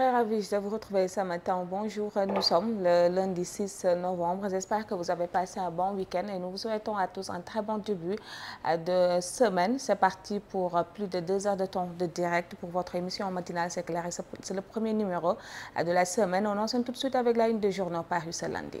très ravie de vous retrouver ce matin. Bonjour, nous sommes le lundi 6 novembre. J'espère que vous avez passé un bon week et nous souhaitons à tous un très bon début euh, de semaine. C'est parti pour euh, plus de deux heures de temps de direct pour votre émission matinale. C'est clair, c'est le premier numéro euh, de la semaine. On enchaîne tout de suite avec la une de journaux paru ce lundi.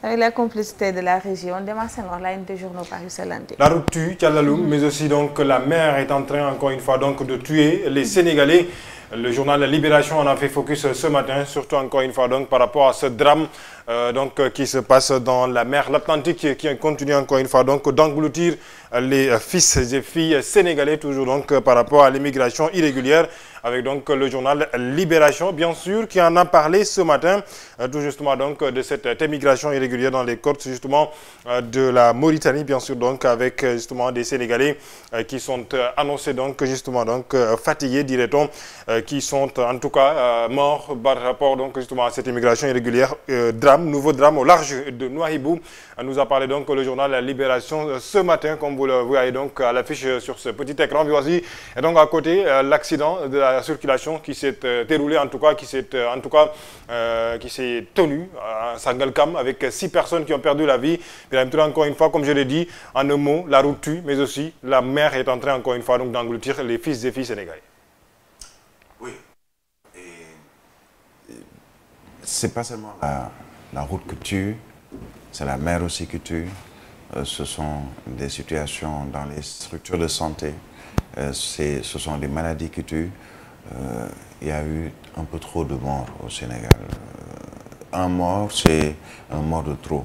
Avec la complicité de la région, on démarre la ligne des journaux parus ce lundi. La route tue Tchalaloum, mhm. mais aussi donc la mer est en train encore une fois de tuer les Sénégalais. Le journal Libération en a fait focus ce matin, surtout encore une fois donc par rapport euh, donc, euh, qui se passe dans la mer, l'Atlantique qui, qui continue encore une fois donc d'engloutir les fils filles sénégalais, toujours donc par rapport à l'immigration irrégulière, avec donc le journal Libération, bien sûr, qui en a parlé ce matin. Euh, tout justement donc euh, de cette euh, émigration irrégulière dans les côtes de la Mauritanie, bien sûr donc avec justement des Sénégalais qui sont annoncés donc justement donc fatigués, dirait-on, qui sont en tout cas morts par rapport donc à cette immigration irrégulière. Drame, nouveau drame au large de Nouadhibou. Nous a parlé donc le journal La Libération ce matin, comme vous le voyez donc à l'affiche sur ce petit écran. Voici l'accident de la circulation qui s'est déroulé en tout cas, qui s'est en tout cas, s'est tenu à Sangalkam avec six personnes qui ont perdu la vie. Bilamitouré, encore une fois, comme je l'ai dit, en un mot, la route tue, mais aussi la mer est en train, encore une fois, donc d'engloutir les fils et filles sénégalais. Oui. Et c'est pas seulement la, la route que tue, c'est la mer aussi que tue. Euh, ce sont des situations dans les structures de santé. Euh, ce sont des maladies qui tuent. Euh, il y a eu un peu trop de morts au Sénégal euh, un mort, c'est un mort de trop.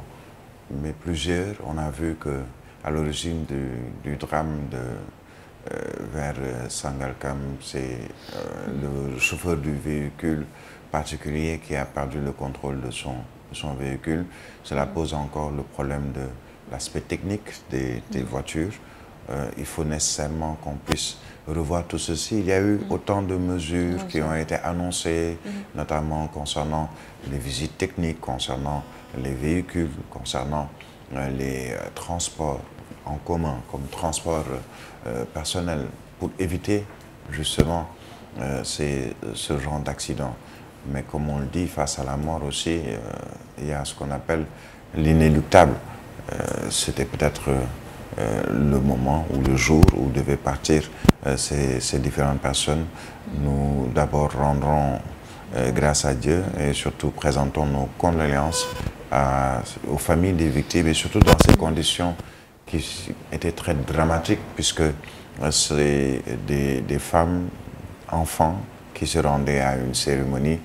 Mais plusieurs, on a vu que à l'origine du, du, drame de, euh, vers euh, Sangalkam, c'est euh, le chauffeur du véhicule particulier qui a perdu le contrôle de son, de son véhicule. Cela mm. pose encore le problème de l'aspect technique des, des voitures. Euh, il faut nécessairement qu'on puisse revoir tout ceci. Il y a eu mm. autant de mesures qui ont été annoncées, mm. notamment concernant les visites techniques concernant les véhicules, concernant euh, les euh, transports en commun, comme transport euh, personnel, pour éviter justement ces, ce genre d'accident. Mais comme on le dit, face à la mort aussi, il y a ce qu'on appelle l'inéluctable. C'était peut-être le moment ou le jour où devaient partir ces, ces différentes personnes. Nous d'abord rendrons Euh, grâce à Dieu et surtout présentons nos condoléances à, aux familles des victimes et surtout dans ces conditions qui étaient très dramatiques puisque euh, c'est des, des femmes, enfants qui se rendaient à une cérémonie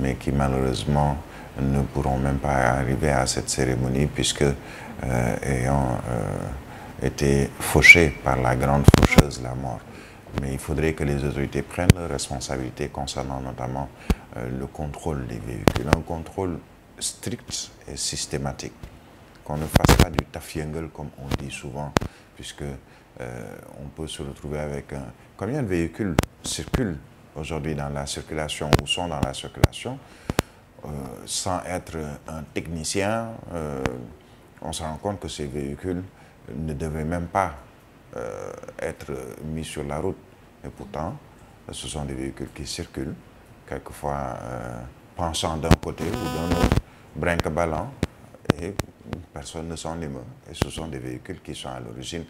mais qui malheureusement ne pourront même pas arriver à cette cérémonie puisque euh, ayant euh, été fauchés par la grande faucheuse, la mort. Mais il faudrait que les autorités prennent leurs responsabilités concernant notamment Euh, le contrôle des véhicules, un contrôle strict et systématique. Qu'on ne fasse pas du tafiengle comme on dit souvent, puisque euh, on peut se retrouver avec un... Combien de véhicules circulent aujourd'hui dans la circulation ou sont dans la circulation euh, sans être un technicien euh, On se rend compte que ces véhicules ne devaient même pas euh, être mis sur la route. Et pourtant, ce sont des véhicules qui circulent. quelquefois euh, penchant d'un côté ou d'un autre, brinque-ballant, et personne ne s'en émeut. Et ce sont des véhicules qui sont à l'origine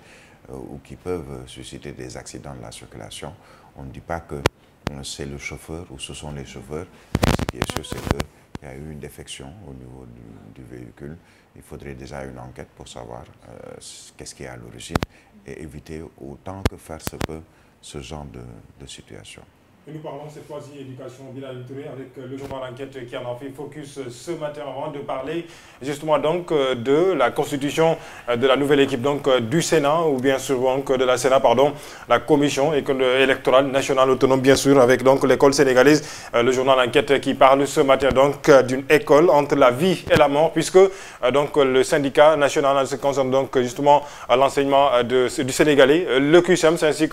euh, ou qui peuvent susciter des accidents de la circulation. On ne dit pas que euh, c'est le chauffeur ou ce sont les chauffeurs. Ce qui est sûr, c'est qu'il y a eu une défection au niveau du, véhicule. Il faudrait déjà une enquête pour savoir euh, qu'est-ce qui est à l'origine et éviter autant que faire se peut ce genre de situation. Et nous parlons cette fois-ci éducation Bilal Touré avec euh, le journal Enquête qui en fait focus euh, ce matin de parler euh, de la constitution de la nouvelle équipe donc du Sénat ou bien sûr donc de la Sénat la commission électorale nationale autonome bien sûr avec donc l'école sénégalaise le journal Enquête qui parle ce matin d'une école entre la vie et la mort puisque le syndicat national en concerne donc justement l'enseignement du sénégalais le CUSEMS e ainsi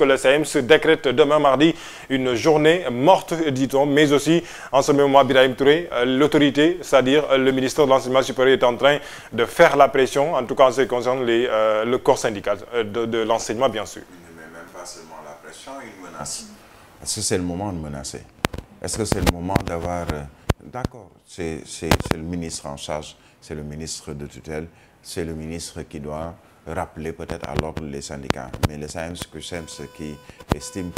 journée morte, dit-on, mais aussi en ce même moment, Birahim Touré, euh, l'autorité, c'est-à-dire euh, le ministère de l'Enseignement supérieur est en train de faire la pression, en tout cas en ce qui concerne les, euh, le corps syndical euh, de, de l'enseignement, bien sûr. Mais même pas seulement la pression, une menace. Est-ce que c'est le moment de menacer Est-ce que c'est le moment d'avoir... Euh, D'accord, c'est le ministre en charge, c'est le ministre de tutelle, c'est le ministre qui doit rappeler peut-être les syndicats. Mais le saems qui estime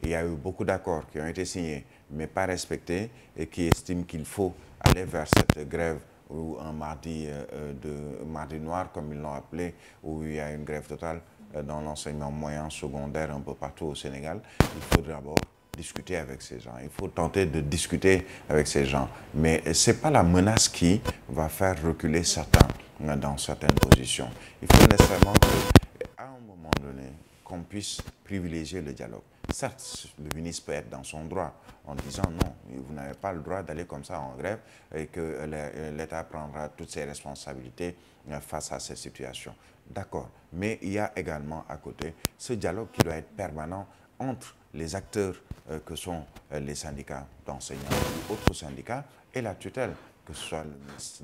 qu'il y a eu beaucoup d'accords qui ont été signés mais pas respectés et qui estime qu'il faut aller vers cette grève ou un euh, euh, mardi noir comme ils l'ont appelé où il y a une grève totale euh, dans l'enseignement moyen secondaire un peu partout au Sénégal il faut d'abord discuter avec ces gens, il faut tenter de discuter avec ces gens. Mais ce n'est pas la menace qui va faire reculer certains dans certaines positions. Il faut nécessairement qu'à un moment donné, qu'on puisse privilégier le dialogue. Certes, le ministre peut être dans son droit en disant non, vous n'avez pas le droit d'aller comme ça en grève et que l'État prendra toutes ses responsabilités euh, face à ces situations. D'accord, mais il y a également à côté ce dialogue qui doit être permanent entre les acteurs euh, que sont euh, les syndicats d'enseignants ou autres syndicats et la tutelle, que ce soit de,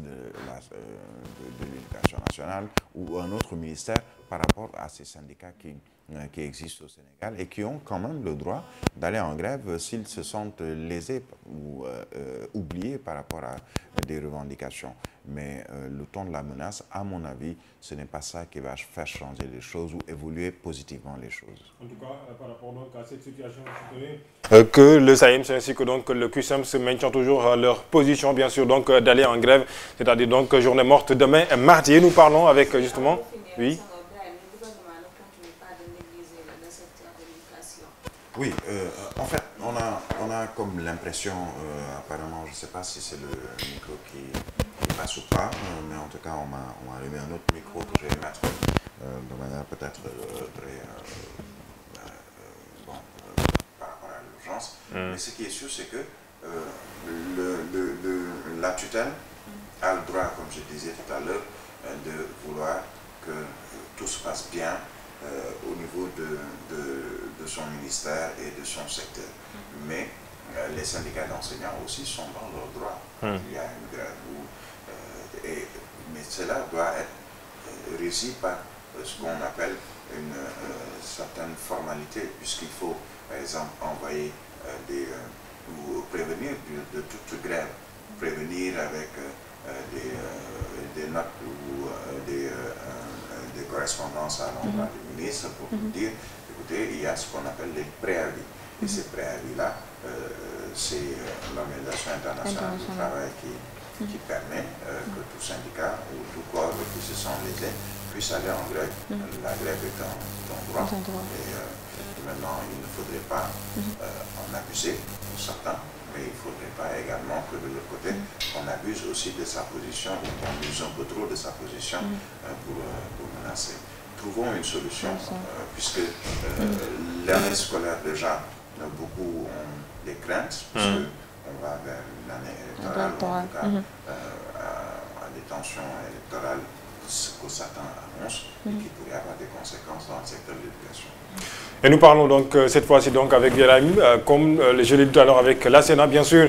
euh, de, de l'éducation nationale ou un autre ministère par rapport à ces syndicats qui Euh, qui existent au Sénégal et qui ont quand même le droit d'aller en grève s'ils se sentent lésés ou euh, euh, oubliés par rapport à des revendications. Mais euh, le ton de la menace, à mon avis, ce n'est pas ça qui va faire changer les choses ou évoluer positivement les choses. En tout cas, euh, par rapport donc à cette situation, euh, que le SAEMS ainsi que donc le QSEM se maintiennent toujours à euh, leur position, bien sûr, donc d'aller en grève, c'est-à-dire donc journée morte demain, mardi. Et nous parlons avec justement... Oui. Oui, euh, en fait, on a, on a comme l'impression, euh, apparemment, je ne sais pas si c'est le micro qui, qui, passe ou pas, euh, mais en tout cas, on m'a allumé un autre micro que je vais mettre euh, de manière peut-être euh, très. Euh, bon, par rapport à l'urgence. Mm. Mais ce qui est sûr, c'est que le, le, le, la tutelle a le droit, comme je disais tout à l'heure, de vouloir que tout se passe bien au niveau de, de de son ministère et de son secteur. Mm-hmm. Mais euh, les syndicats d'enseignants aussi sont dans leurs droits. Mmh. Il y a une grève où, euh, et, cela doit être euh, régi par ce qu'on appelle une certaine formalité, puisqu'il faut, par exemple, envoyer des, ou prévenir de, toute grève, prévenir avec des, des, notes ou des, correspondances à l'endroit mmh. du pour mmh. dire côté, il y a ce qu'on appelle les préavis. Mhm. Et mm préavis-là, c'est l'Organisation internationale du travail qui, permet que tout syndicat ou tout corps qui se sent lésé puisse aller La grève mhm. mhm. est un, un droit. E, il ne faudrait pas en abuser pour certains mais il ne faudrait pas également que de l'autre côté, on abuse aussi de sa position ou qu'on un peu trop de sa position euh, euh, pour menacer. trouvons une solution, euh, puisque euh, mm. l'année scolaire déjà, beaucoup ont euh, des craintes, mm. parce que on va vers une année électorale, ou en mm-hmm. que Satan annonce, et mm-hmm. qui pourrait avoir nous parlons donc cette fois-ci donc avec Biram, comme euh, je l'ai tout à l'heure avec la Sénat, bien sûr,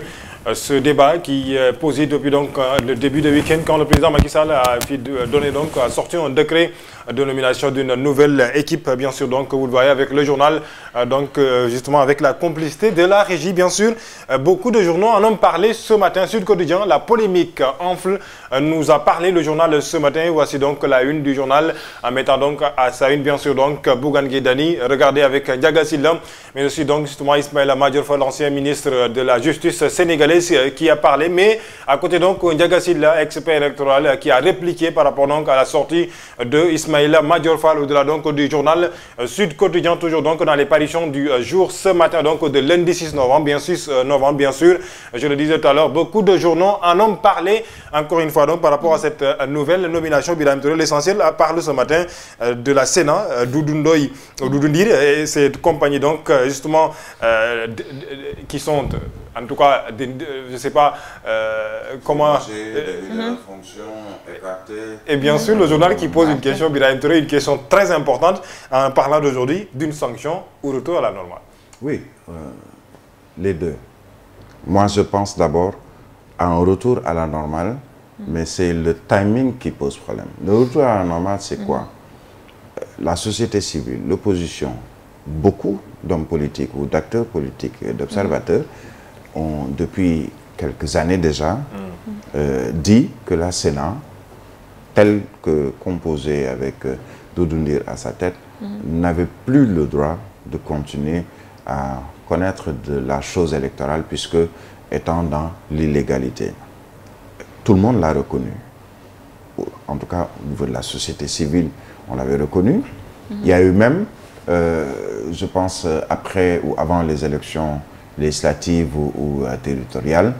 ce débat qui est depuis le début du week quand le président Macky a fait donc a un décret de nomination d'une nouvelle équipe, bien sûr, donc vous le voyez avec le journal, euh, donc euh, avec la complicité de la régie, bien sûr. Euh, beaucoup de journaux en ont ce matin sur quotidien. La polémique enfle nous a parlé le journal ce matin. Voici donc la une du journal en mettant Regardez avec Diaga mais aussi donc justement Ismaël l'ancien ministre de la Justice sénégalaise qui a parlé. Mais à côté donc Diaga Silla, expert électoral, a répliqué par rapport donc à la sortie de Ismaïla Madior Fall au-delà donc du journal euh, Sud Quotidien toujours donc dans les parutions du euh, jour ce matin donc de lundi 6 novembre bien 6 euh, novembre bien sûr je le disais tout à l'heure beaucoup de journaux en ont parlé encore une fois donc par rapport à cette nouvelle nomination Birahim Touré l'essentiel parle ce matin de la Sénat Doudou Ndoye Doudou Ndir et cette compagnie donc justement euh, qui sont en tout cas, je ne sais pas euh, comment. Euh, et bien mhm. sûr, le journal qui pose une question, une question très importante en parlant d'aujourd'hui d'une sanction ou retour à la normale. Oui, euh, les deux. Moi, je pense d'abord à un retour à la normale, mhm. mais c'est le timing qui pose problème. Le retour à la normale, c'est quoi mhm. euh, La société civile, l'opposition, beaucoup d'hommes politiques ou d'acteurs politiques, d'observateurs. Mm -hmm ont depuis quelques années déjà mm. euh, dit que la Sénat, telle que composée avec euh, Doudou Ndir à sa tête, mm. n'avait plus le droit de continuer à connaître de la chose électorale puisque étant dans l'illégalité. Tout le monde l'a reconnu. En tout cas, au niveau de la société civile, on l'avait reconnu. Mm -hmm. Il y a eu même, euh, je pense, euh, après ou avant les élections législatives ou, ou euh, territoriales,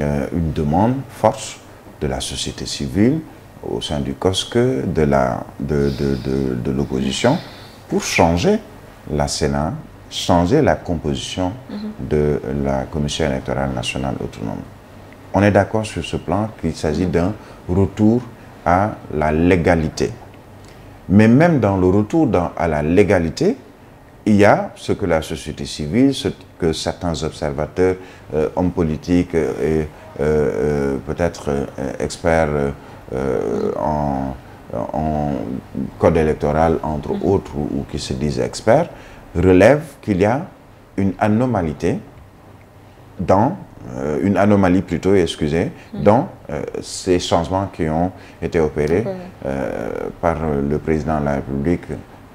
euh, une demande forte de la société civile au sein du COSC, de la de de de, de l'opposition pour changer la Sénat, changer la composition mhm. de la Commission électorale nationale autonome. On est d'accord sur ce plan qu'il s'agit d'un retour à la légalité. Mais même dans le retour dans, à la légalité, il y a ce que la société civile, ce que certains observateurs, euh, hommes politiques et euh, euh peut-être euh, experts euh, en, en, code électoral, entre mm -hmm. autres, ou, ou, qui se disent experts, relèvent qu'il y a une anomalie dans euh, une anomalie plutôt, excusez, mmh. dans euh, ces changements qui ont été opérés euh, par le président de la République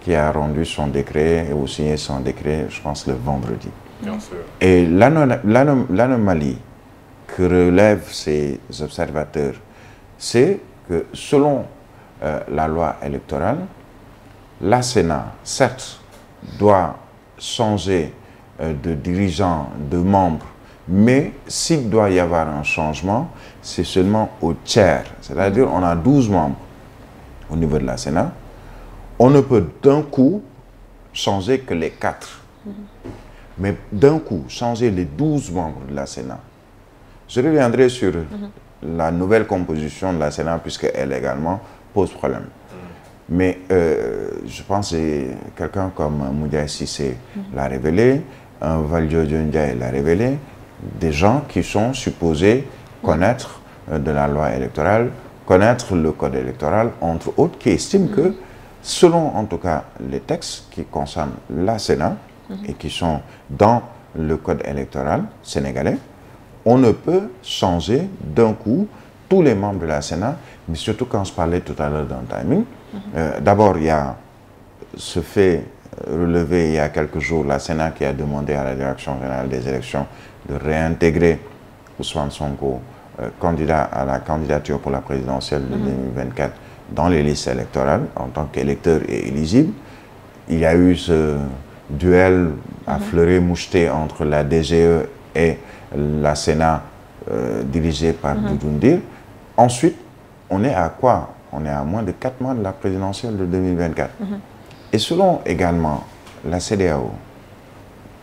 qui a rendu son décret et aussi son décret, je pense, le vendredi. Bien sûr. Et l'anomalie que relèvent ces observateurs, c'est que selon euh, la loi électorale, la Sénat, certes, doit changer euh, de dirigeants, de membres, mais s'il doit y avoir un changement, c'est seulement au tiers. C'est-à-dire on a 12 membres au niveau de la Sénat, on ne peut d'un coup changer que les quatre. Mmh. Mais d'un coup, changer les douze membres de la Sénat. Je reviendrai sur mmh. la nouvelle composition de la Sénat, puisqu'elle également pose problème. Mmh. Mais euh, je pense que quelqu'un comme Moudia Sissé mm-hmm. l'a révélé, un Valdio Diondia l'a révélé, des gens qui sont supposés mm-hmm. connaître euh, de la loi électorale, connaître le code électoral, entre autres, qui estiment mm-hmm. que selon en tout cas les textes qui concernent la Sénat mmh. et qui électoral sénégalais, on ne peut les membres de la Sénat, mais surtout tout à l'heure d'un timing. Mmh. Euh, D'abord, il euh, la Sénat qui a demandé à la Direction des élections de réintégrer Ousmane euh, la candidature la présidentielle de mmh. dans les listes électorales en tant qu'électeur et éligible. Il y a eu ce duel à mhm. moucheté entre la DGE et la Sénat euh, dirigée par mmh. Doudou Ensuite, on est à quoi On de la présidentielle de mhm. selon également la CDAO,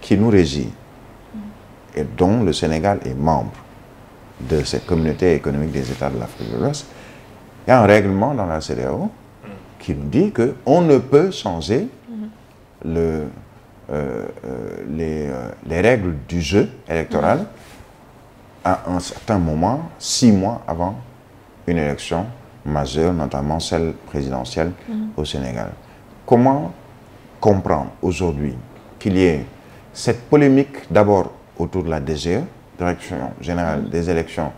qui nous régit mhm. et dont le Sénégal est membre de cette communauté économique des États de l'Afrique de l'Ouest, Il y a un règlement dans la CEDEAO qui nous dit que on ne peut changer le, euh, euh les, euh, les, règles du jeu électoral à un certain moment, six mois avant une élection majeure, notamment celle présidentielle au Sénégal. Comment comprendre aujourd'hui qu'il y ait cette polémique d'abord autour de la DGE, Direction générale des élections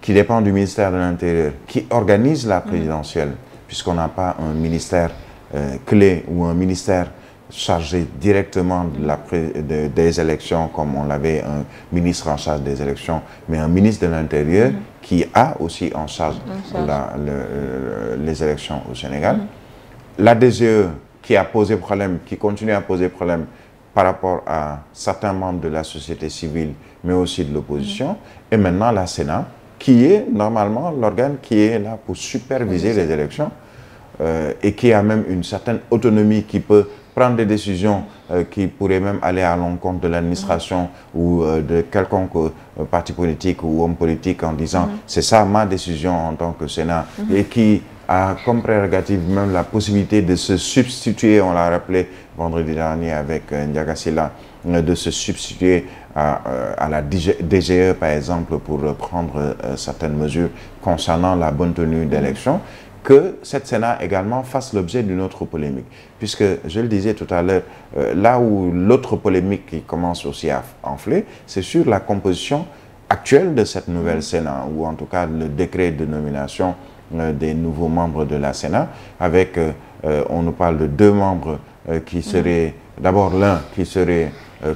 qui dépend du ministère de l'Intérieur, qui organise la présidentielle, puisqu'on n'a pas un ministère euh, clé ou un ministère chargé directement de la pré de, des élections, comme on l'avait un ministre en charge des élections, mais un ministre de l'Intérieur mm -hmm. qui a aussi en charge, en charge. La, le, les élections au Sénégal. Mm -hmm. La DGE qui a posé problème, qui continue à poser problème par rapport à certains membres de la société civile, mais aussi de l'opposition. Mm -hmm. Et maintenant, la Sénat, qui est normalement l'organe qui est là pour superviser oui, les élections euh, et qui a même une certaine autonomie qui peut prendre des décisions euh, qui pourraient même aller à l'encontre de l'administration mmh. ou euh, de quelconque euh, parti politique ou homme politique en disant mmh. c'est ça ma décision en tant que Sénat mmh. et qui a comme prérogative même la possibilité de se substituer, on l'a rappelé vendredi dernier avec euh, Ndiaga Sylla, euh, de se substituer à, euh, à la DGE, par exemple, pour prendre euh, certaines mesures concernant la bonne tenue d'élection, que cette Sénat également fasse l'objet d'une autre polémique. Puisque, je le disais tout à l'heure, euh, là où l'autre polémique qui commence aussi à enfler, c'est sur la composition actuelle de cette nouvelle Sénat, ou en tout cas le décret de nomination euh, des nouveaux membres de la Sénat, avec, euh, euh on nous parle de deux membres qui seraient, d'abord l'un qui serait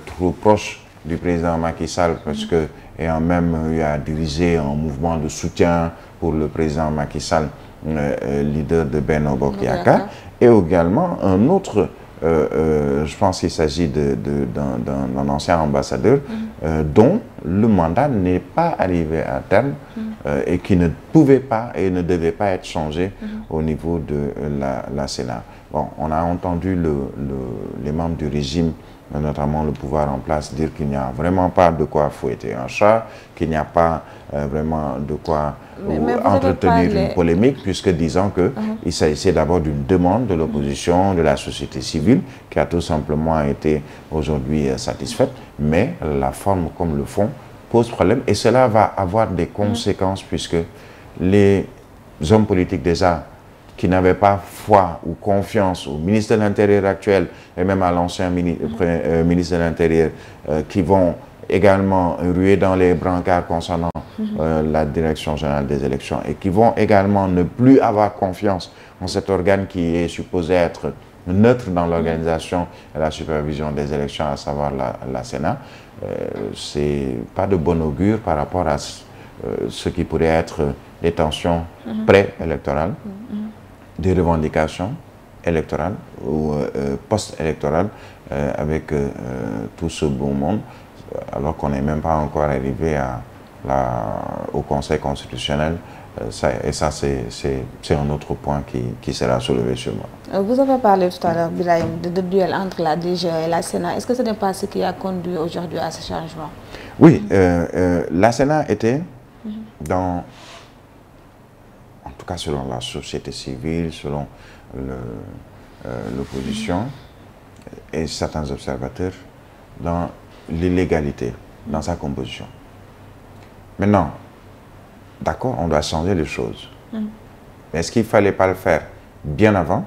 trop proche du président Macky Sall parce que ayant même eu à diriger un mouvement de soutien pour le président Macky Sall euh, euh leader de Benno Bokk Yakaar et également un autre euh, euh, je pense qu'il s'agit de de d'un ancien ambassadeur mm. Euh, dont le mandat n'est pas arrivé à terme mm. Euh, et qui ne pouvait pas et ne devait pas être changé mm. au niveau de la la Sénat. Bon, on a entendu le le les membres du régime notamment le pouvoir en place, dire qu'il n'y a vraiment pas de quoi fouetter un chat, qu'il n'y a pas euh, vraiment de quoi mais, mais entretenir les... une polémique, puisque disons qu'il uh -huh. s'agissait d'abord d'une demande de l'opposition, de la société civile, qui a tout simplement été aujourd'hui euh, satisfaite, mais la forme comme le fond pose problème, et cela va avoir des uh-huh. conséquences, uh -huh. puisque les hommes politiques déjà qui n'avaient pas foi ou confiance au ministre de l'Intérieur actuel et même à l'ancien mini euh, euh, ministre de l'Intérieur euh, qui vont également ruer dans les brancards concernant euh, la direction générale des élections et qui vont également ne plus avoir confiance en cet organe qui est supposé être neutre dans l'organisation et la supervision des élections, à savoir la, la Sénat. Euh, c'est pas de bon augure par rapport à ce euh, qui pourrait être des tensions mhm. préélectorales. Mhm. des revendications électorales ou euh, euh post-électorales euh, avec euh, euh, tout ce beau monde, alors qu'on n'est même pas encore arrivé à la, au Conseil constitutionnel. Ça, et ça, c'est un autre point qui, qui sera soulevé sûrement. Vous avez parlé tout à l'heure, Birahim, de, de, duel entre la DG et la Sénat. Est-ce que ce n'est pas ce qui a conduit aujourd'hui à ce changement Oui, la Sénat était dans cas selon la société civile, selon euh, l'opposition euh, et certains observateurs dans l'illégalité, dans sa composition. Maintenant, d'accord, on doit changer les choses. Mm. Mais est-ce qu'il ne fallait pas le faire bien avant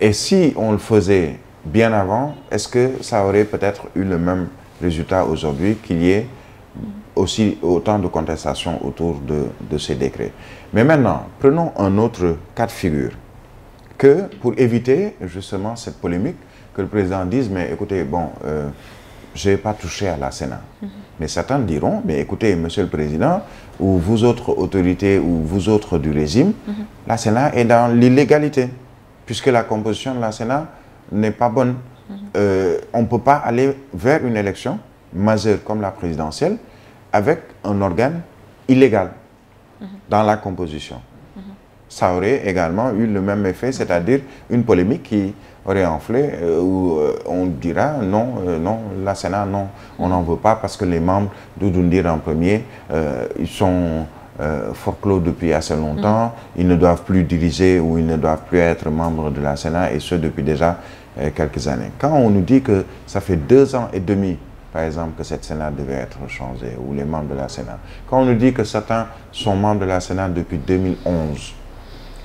Et si on le faisait bien avant, est-ce que ça aurait peut-être eu le même résultat aujourd'hui qu'il y ait mm. aussi autant de contestations autour de, de ces décrets Mais maintenant, prenons un autre cas de figure. Que pour éviter justement cette polémique, que le président dise, mais écoutez, bon, euh, je n'ai pas touché à la Sénat. Mm -hmm. Mais certains diront, mais écoutez, monsieur le président, ou vous autres autorités, ou vous autres du régime, mm -hmm. la Sénat est dans l'illégalité, puisque la composition de la Sénat n'est pas bonne. Mm -hmm. euh, on ne peut pas aller vers une élection majeure comme la présidentielle avec un organe illégal. Mhm. dans la composition. Mhm. Ça aurait également eu le même effet, c'est-à-dire une polémique qui aurait enflé euh, où euh, on dira non, euh, non, la Sénat, non, on n'en veut pas parce que les membres d'Oudoundir en premier, euh, ils sont euh, forclos depuis assez longtemps, mmh. ils ne doivent plus diriger ou ils ne doivent plus être membres de la Sénat et ce depuis déjà euh, quelques années. Quand on nous dit que ça fait deux ans et demi par exemple, que cette Sénat devait être changée, ou les membres de la Sénat. Quand on nous dit que certains sont membres de la Sénat depuis 2011,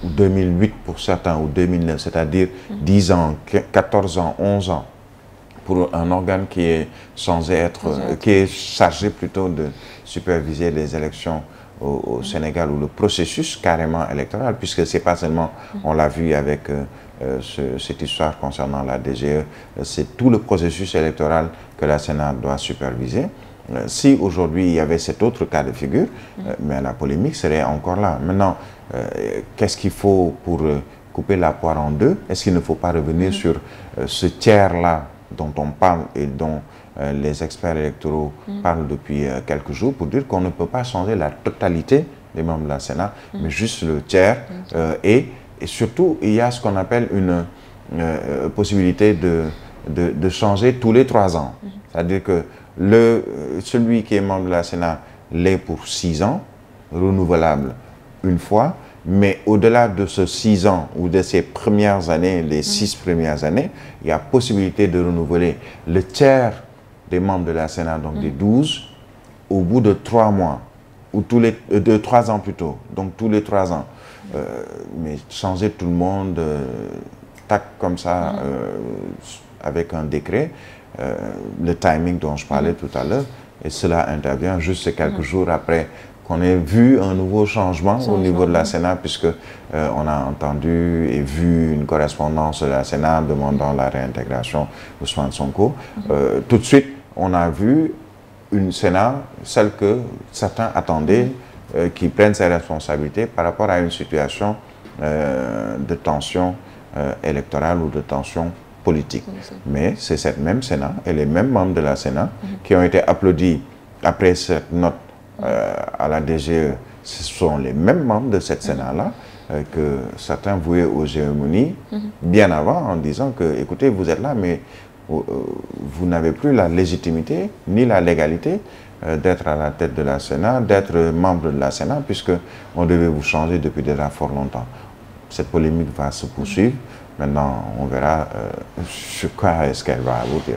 ou 2008 pour certains, ou 2009, c'est-à-dire 10 mm. ans, 14 ans, 11 ans, pour un organe qui est censé être, euh, qui est chargé plutôt de superviser les élections au, au mm. Sénégal, ou le processus carrément électoral, puisque c'est pas seulement, mm. on l'a vu avec... Euh, Euh, ce, cette histoire concernant la DGE, euh, c'est tout le processus électoral que la Sénat doit superviser. Euh, si aujourd'hui il y avait cet autre cas de figure, mais la polémique serait encore là. Maintenant, qu'est-ce qu'il faut pour couper la poire en deux Est-ce qu'il ne faut pas revenir sur ce tiers-là dont on parle et dont euh, les experts électoraux mmh. parlent depuis euh, quelques jours pour dire qu'on ne peut pas changer la totalité des membres de la Sénat, mmh. mais juste le tiers mmh. euh, et Et surtout, il y a ce qu'on appelle une euh, euh possibilité de, de, de, changer tous les trois ans. Mm -hmm. C'est-à-dire que le, euh, celui qui est membre de la Sénat l'est pour six ans, renouvelable une fois, mais au-delà de ces six ans ou de ces premières années, les mhm. six premières années, il y a possibilité de renouveler le tiers des membres de la Sénat, donc mmh. des 12, mhm. au bout de trois mois, ou tous les, euh, de trois ans plutôt, donc tous les trois ans. Euh, mais changer tout le monde, euh, tac comme ça, mm-hmm. euh, avec un décret, euh, le timing dont je parlais mm-hmm. tout à l'heure, et cela intervient juste mm-hmm. quelques jours après qu'on ait vu un nouveau changement, changement au niveau de la Sénat, puisque euh, on a entendu et vu une correspondance de la Sénat demandant la réintégration Ousmane Sonko. Euh, tout de suite, on a vu une Sénat, celle que certains attendaient. Euh, qui prenne ses responsabilités par rapport à une situation euh, de tension euh, électorale ou de tension politique. Mais c'est cette même Sénat et les mêmes membres de la Sénat mhm. qui ont été applaudis après cette note à la DGE. Ce sont les mêmes membres de cette mhm. Sénat-là que certains vouaient aux géomonies mhm. bien avant en disant que, écoutez, vous êtes là, mais vous n'avez plus la légitimité ni la légalité Euh, d'être à la tête de la Sénat, d'être membre de la Sénat, puisque on devait vous changer depuis déjà fort longtemps. Cette polémique va se poursuivre. Maintenant, on verra euh, sur quoi est-ce qu'elle va aboutir.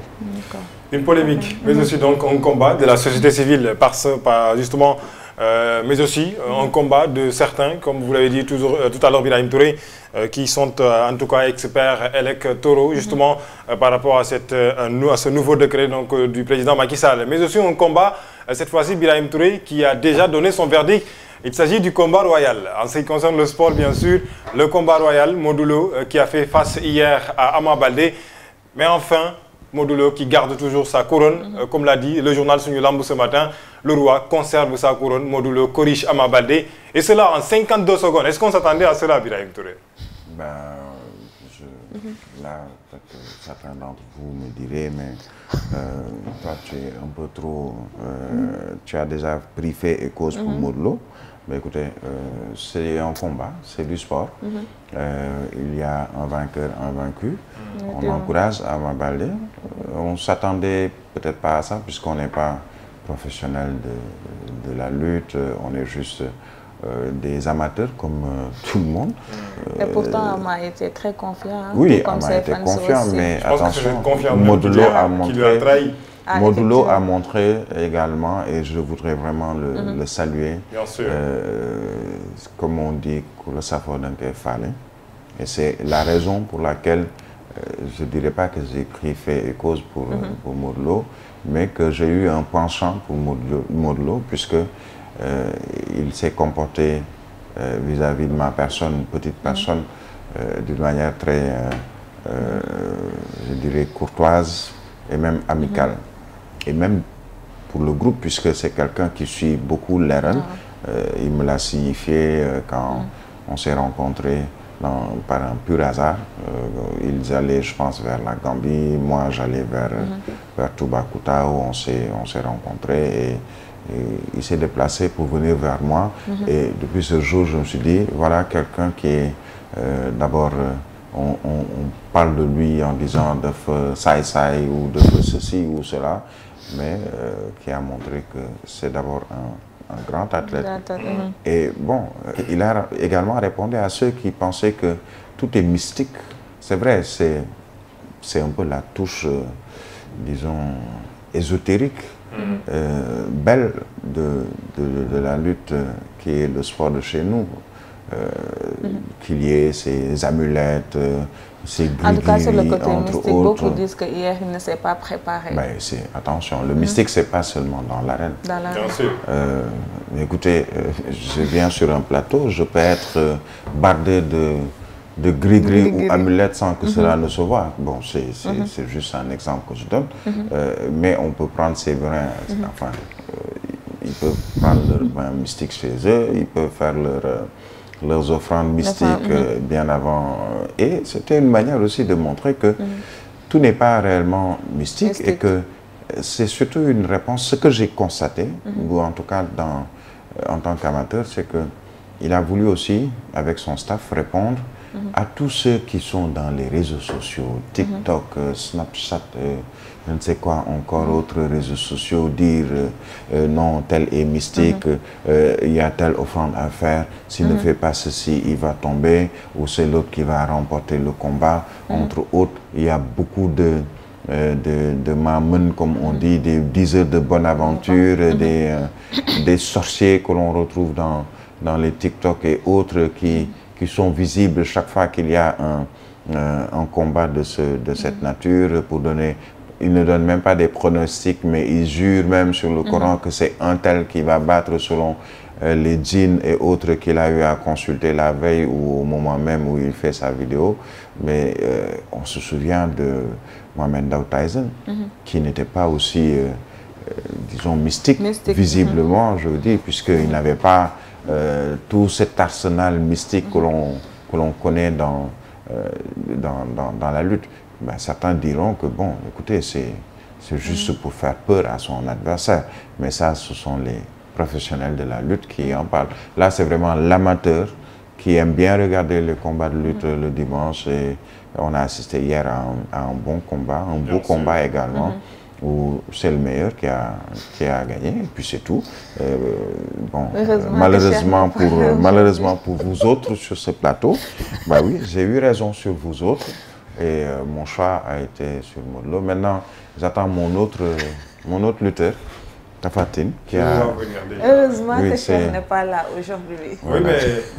Une polémique, mais aussi donc un combat de la société civile par, ce, par justement Euh, mais aussi euh, un combat de certains, comme vous l'avez dit toujours, euh, tout à l'heure, Birahim Touré, qui sont en tout cas experts élec Toro, mhm. justement, par rapport à, cette, à ce nouveau décret donc, du président Macky Sall. Mais aussi un combat, cette fois-ci, Birahim Touré, qui a déjà donné son verdict il s'agit du combat royal. En ce qui concerne le sport, bien sûr, le combat royal, Modulo, qui a fait face hier à Amabalde. Mais enfin, Modou Lo qui garde toujours sa couronne. Mhm. Euh, comme l'a dit le journal Sunu Lamb ce matin, le roi conserve sa couronne, Modou Lo corrige Ama Baldé. Et cela en 52 secondes. Est-ce qu'on s'attendait à cela, Birahim Touré et cause pour mhm. Bah écoutez, euh, c'est un combat, c'est du sport. Mm -hmm. euh, il y a un vainqueur, un vaincu. Mm -hmm. On encourage à Balde. Euh, on s'attendait peut-être pas à ça, puisqu'on n'est pas professionnel de, de, la lutte, euh, on est juste euh, des amateurs comme euh, tout le monde. Mhm. Et pourtant, Ama était très confiant. Hein, oui, Ama était confiant, aussi. mais Je pense attention, Modulo a montré... Qui le a trahi. Ah, Modou Lo a montré également, et je voudrais vraiment le, mm -hmm. le saluer, Bien sûr. Euh, comme on dit, le savoir d'un Et c'est la raison pour laquelle euh, je ne dirais pas que j'ai pris fait et cause pour, mm -hmm. pour Modou Lo, mais que j'ai eu un penchant pour Modou Lo, puisque euh, il s'est comporté euh, vis-à-vis -vis de ma personne, petite mm-hmm. personne, mm -hmm. d'une manière très, je dirais, courtoise et même amicale. Mm-hmm. et même pour le groupe puisque c'est quelqu'un qui suit beaucoup Leral. Ah. Euh, il me l'a signifié euh, quand mm. on s'est rencontrés dans, par un pur hasard. Euh, ils allaient, je pense, vers la Gambie. Moi, j'allais vers, mm -hmm. vers Toubacouta où on s'est, on s'est rencontrés. Et, et il s'est déplacé pour venir vers moi. Mm -hmm. Et depuis ce jour, je me suis dit, voilà quelqu'un qui est euh, d'abord... Euh, on, on, on, parle de lui en disant de saï saï ou de feu ceci ou cela. mais euh, qui a montré que c'est d'abord un, un, grand athlète. Et bon, euh, il a également répondu à ceux qui pensaient que tout est mystique. C'est vrai, c'est, c'est un peu la touche, euh, disons, ésotérique, mm-hmm. euh, belle de, de, de, la lutte euh, qui est le sport de chez nous. Euh, mm-hmm. Qu'il y ait ces amulettes c'est En tout cas, sur le côté mystique, autres. beaucoup disent que hier, il ne s'est pas préparé. Ben, attention, le mystique, c'est pas seulement dans l'arène. Dans l'arène. Euh, écoutez, euh, je viens sur un plateau, je peux être euh, bardé de de gris-gris ou amulette sans que mm -hmm. cela mhm. ne se voit. Bon, c'est mm -hmm. juste un exemple que je donne. Mm -hmm. mais on peut prendre ces brins, mhm. enfin, euh, ils peuvent prendre leur bain mystique chez eux, ils peuvent faire leur euh, leurs offrandes mystiques mhm. euh, bien avant. Euh, et c'était une manière aussi de montrer que mhm. tout n'est pas réellement mystique, mystique. et que euh, c'est surtout une réponse. Ce que j'ai constaté, mhm. ou en tout cas dans, euh, en tant qu'amateur, c'est que il a voulu aussi, avec son staff, répondre à tous ceux qui sont dans les réseaux sociaux, TikTok, Snapchat. je ne sais quoi encore autres réseaux sociaux dire euh, euh, non tel est mystique mhm. euh, il mm -hmm. euh, y a telle offrande à faire s'il mm -hmm. ne mhm. fait pas ceci il va tomber ou c'est l'autre qui va remporter le combat mm -hmm. entre autres il y a beaucoup de euh, de de mamoun comme on dit des diseurs de bonne aventure mhm. des euh, des sorciers que l'on retrouve dans dans les TikTok et autres qui qui sont visibles chaque fois qu'il y a un un combat de ce de cette nature pour donner ils ne donnent même pas des pronostics, mais ils jurent même sur le Coran que c'est un tel qui va battre selon euh, les djinns et autres qu'il a eu à consulter la veille ou au moment même où il fait sa vidéo. Mais euh, on se souvient de Mohamed Daoud Tyson, mm -hmm. qui n'était pas aussi, euh, euh, disons, mystique, mystique. visiblement, mm -hmm. je vous dis, puisqu'il n'avait pas euh, tout cet arsenal mystique mhm. que l'on connaît dans Euh, dans, dans, dans, la lutte. Ben, certains diront que, bon, écoutez, c'est juste mm. pour faire peur à son adversaire. Mais ça, ce sont les professionnels de la lutte qui en parlent. Là, c'est vraiment l'amateur qui aime bien regarder le combat de lutte mm. le dimanche. Et on a assisté hier à un, à un bon combat, un beau combat également. Mm -hmm où c'est le meilleur qui a, qui a gagné, et puis c'est tout. Euh, bon, euh, malheureusement pour, euh, malheureusement pour vous autres sur ce plateau, bah oui, j'ai eu raison sur vous autres, et euh, mon choix a été sur Modelo. Maintenant, j'attends mon autre, mon autre lutteur. Tafatine, qui a... Heureusement oui, que n'est pas là aujourd'hui. Oui, mais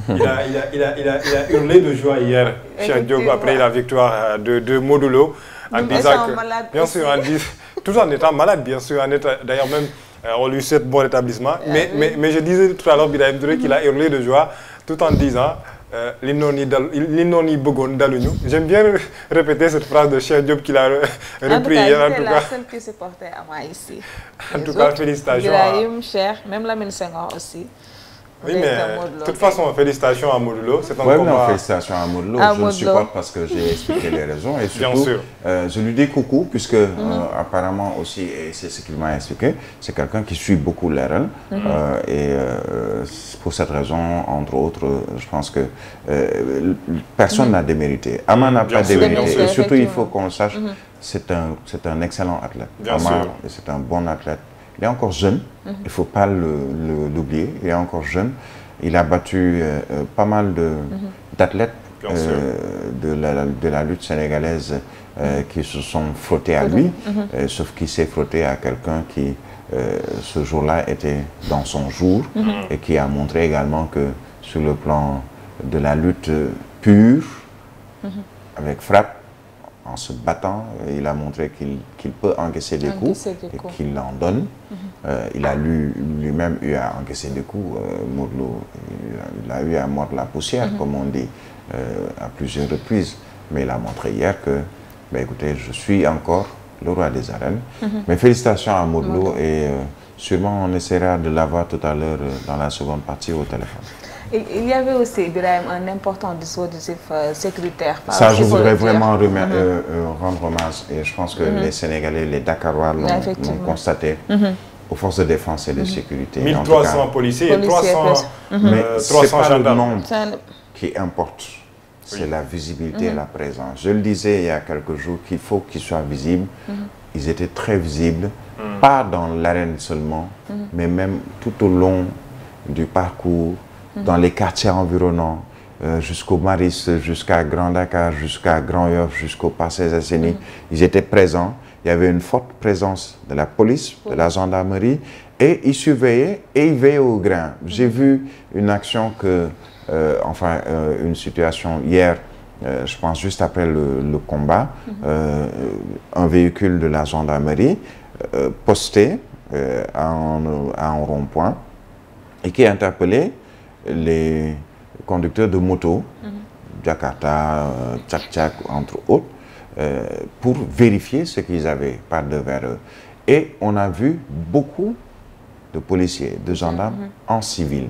il a, il, a, il, a, il, a, il a hurlé de joie hier, cher Diogo, après la victoire euh, de, de Modulo. En disant que, bien sûr, en disant tout en étant malade, bien sûr, en d'ailleurs même, euh, on lui souhaite bon rétablissement. Ah, mais, oui. mais, mais, je disais tout à l'heure, Bidaïm Touré, qu'il a mm-hmm. tout en disant euh, l'inoni bogon d'Alunou. J'aime bien répéter cette prise de Cheikh Diop qu'il a repris hier en tout cas. la seule qui supportait à moi ici. En Les tout cas, félicitations. Bidaïm, cher, Oui, mais de toute façon, félicitations à Modulo. C'est un ouais, combat. Non, félicitations à Modulo. je Modulo. le supporte parce que j'ai expliqué les raisons. Et surtout, Bien sûr. Euh, je lui dis coucou, puisque mm -hmm. euh, apparemment aussi, et c'est ce qu'il m'a expliqué, c'est quelqu'un qui suit beaucoup l'RL. Mm -hmm. euh, et euh, pour cette raison, entre autres, je pense que euh, personne mm -hmm. n'a démérité. Aman n'a pas sûr, démérité. Sûr, et surtout, il faut qu'on sache, mhm. c'est un, un excellent athlète. Bien Aman, c'est un bon athlète. il est encore jeune. Mm -hmm. Il faut pas le l'oublier. Il est encore jeune. Il a battu euh, euh pas mal de mhm. d'athlètes euh, de la de la lutte sénégalaise euh, mhm. qui se sont frottés à lui, mhm. sauf qu'il s'est frotté à quelqu'un qui ce jour-là était dans son jour et qui a montré également que sur le plan de la lutte pure avec frappe en se battant, euh, il a montré qu'il qu peut encaisser des encaisser coups des et qu'il en donne. Mm -hmm. euh, il a lui-même lui eu à encaisser des coups. Euh, Modlo, il, il, a eu à mordre la poussière, mm -hmm. comme on dit, euh, à plusieurs reprises. Mais il a montré hier que, bah, écoutez, je suis encore le roi des arènes. Mm -hmm. Mes félicitations à Modlo et euh, sûrement on essaiera de l'avoir tout à l'heure euh, dans la seconde partie au téléphone. Il y avait aussi, Ibrahim, un important dispositif euh, sécuritaire. Par Ça, je voudrais vraiment remer, mm -hmm. euh, euh, rendre hommage. Et je pense que mm -hmm. les Sénégalais, les Dakarois l'ont constaté. Mm -hmm. aux forces de défense et de mm-hmm. sécurité. 1300 policiers et 300, euh, mm-hmm. mais 300 gendarmes. qui importe. C'est oui. la visibilité et mm-hmm. la présence. Je le disais il y a quelques jours qu'il faut qu'ils soient visibles. Ils étaient très visibles, mm. pas dans l'arène seulement, mais même tout au long du parcours Mhm. dans les quartiers environnants euh, jusqu'au Maristes, jusqu'à Grand Dakar, jusqu'à Grand Yoff, jusqu'au Parcelles Assainies, mhm. ils étaient présents. Il y avait une forte présence de la police, de la gendarmerie, et ils surveillaient et ils veillaient au grain. Mhm. J'ai vu une action que, euh, enfin, euh, une situation hier, euh, je pense juste après le, le combat, euh, un véhicule de la gendarmerie euh, posté euh, à un, un rond-point et qui interpellait les conducteurs de moto, mhm. Jakarta, Tchak-Tchak, euh, entre autres, euh, pour vérifier ce qu'ils avaient par devers eux. Et on a vu beaucoup de policiers, de gendarmes mhm. en civil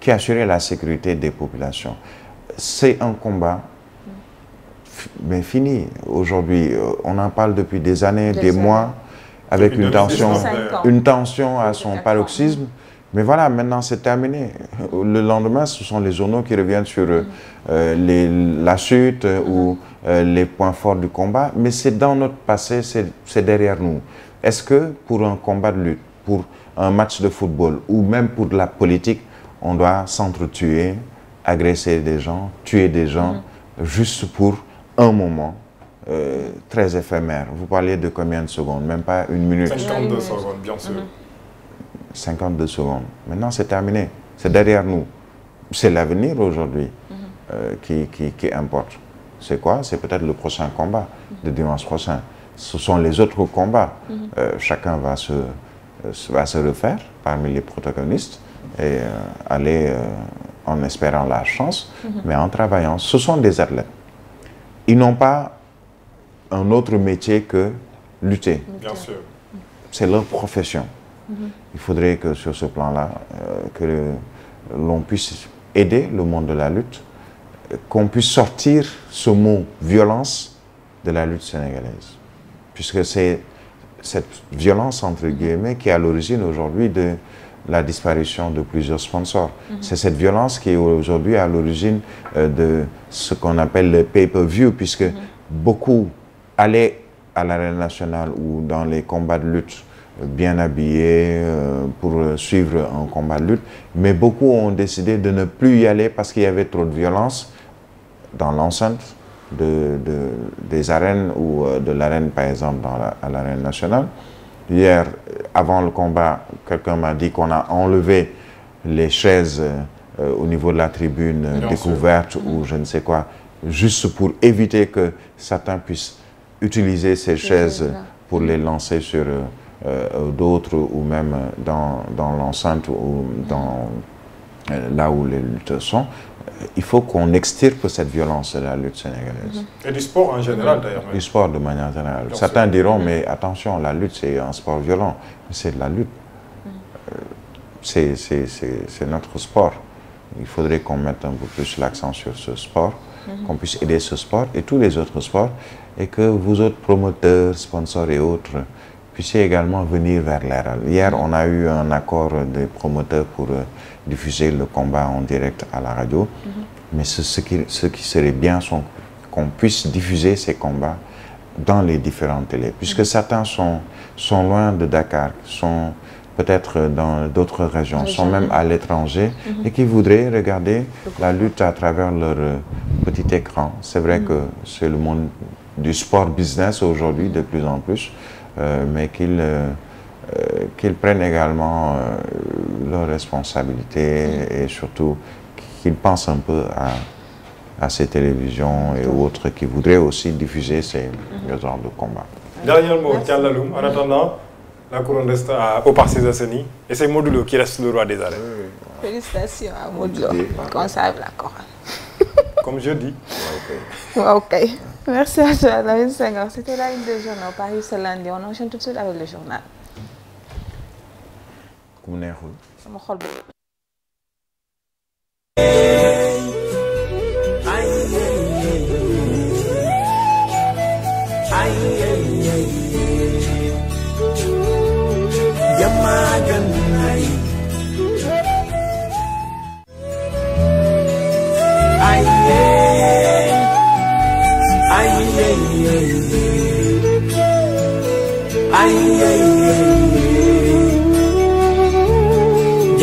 qui assuraient la sécurité des populations. C'est un combat mais fini. Aujourd'hui, euh, on en parle depuis des années, des, des mois, avec une tension, une tension à son paroxysme. mais voilà maintenant c'est terminé le lendemain ce sont les journaux qui reviennent sur euh, les la chute ou mm-hmm. euh, les points forts du combat mais c'est dans notre passé c'est c'est derrière nous est-ce que pour un combat de lutte pour un match de football ou même pour de la politique on doit s'entretuer agresser des gens tuer des gens mm. juste pour un moment euh, très éphémère vous parlez de combien de secondes même pas une minute 52 secondes bien sûr mm. 52 secondes. Maintenant, c'est terminé. C'est derrière nous. C'est l'avenir aujourd'hui mm -hmm. euh, qui, qui, qui importe. C'est quoi C'est peut-être le prochain combat de mhm. dimanche prochain. Ce sont les autres combats. Mm -hmm. euh, chacun va se, refaire euh, parmi les protagonistes et euh, aller euh, en espérant la chance, mhm. mais en travaillant. Ce sont des athlètes. Ils n'ont pas un autre métier que lutter. C'est leur profession. Mm-hmm. Il faudrait que sur ce plan-là, euh, que l'on puisse aider le monde de la lutte, qu'on puisse sortir ce mot violence de la lutte sénégalaise. Puisque c'est cette violence, entre guillemets, qui est à l'origine aujourd'hui de la disparition de plusieurs sponsors. Mm -hmm. C'est cette violence qui est aujourd'hui à l'origine euh, de ce qu'on appelle le pay-per-view, puisque mm -hmm. beaucoup allaient à l'arène nationale ou dans les combats de lutte bien habillés euh, pour suivre un combat de lutte. Mais beaucoup ont décidé de ne plus y aller parce qu'il y avait trop de violence dans l'enceinte de, de, des arènes ou euh, de l'arène, par exemple, dans la, à l'arène nationale. Hier, avant le combat, quelqu'un m'a dit qu'on a enlevé les chaises euh, au niveau de la tribune euh, découverte ou je ne sais quoi, juste pour éviter que certains puissent utiliser ces chaises pour les lancer sur... Euh, Euh, d'autres ou même dans, dans l'enceinte ou dans euh, là où les luttes sont, euh, il faut qu'on extirpe cette violence de la lutte sénégalaise. Mm-hmm. Et du sport en général mm-hmm. d'ailleurs. Du sport de manière générale. Donc, Certains diront, mais attention, la lutte c'est un sport violent. C'est de la lutte. Mm-hmm. C'est notre sport. Il faudrait qu'on mette un peu plus l'accent sur ce sport, qu'on puisse aider ce sport et tous les autres sports, et que vous autres promoteurs, sponsors et autres, puissiez également venir vers Leral. Hier, on a eu un accord des promoteurs pour euh, diffuser le combat en direct à la radio. Mm -hmm. Mais ce, ce, qui, ce, qui, serait bien, sont qu'on puisse diffuser ces combats dans les différentes télés. Puisque mm -hmm. certains sont, sont loin de Dakar, sont peut-être dans d'autres régions, sont même à l'étranger mm -hmm. et qui voudraient regarder la lutte à travers leur euh, petit écran. C'est vrai mm-hmm. que c'est le monde du sport business aujourd'hui de plus en plus. Euh, mais qu'ils euh, euh, qu'ils prennent également leurs responsabilités mm. et surtout qu'ils pensent un peu à à ces télévisions et mm. autres qui voudraient aussi diffuser ces mm. genres de combat. Dernier mot, Thialaloum. En attendant, la couronne reste à, au et c'est Modou qui reste le roi des arènes. Félicitations à Modou Lo, la couronne. comme je dis. waaw kay merci à toi Lamine Senghor c'était la une des journaux Paris ce lundi on enchaîne tout de suite avec le journal.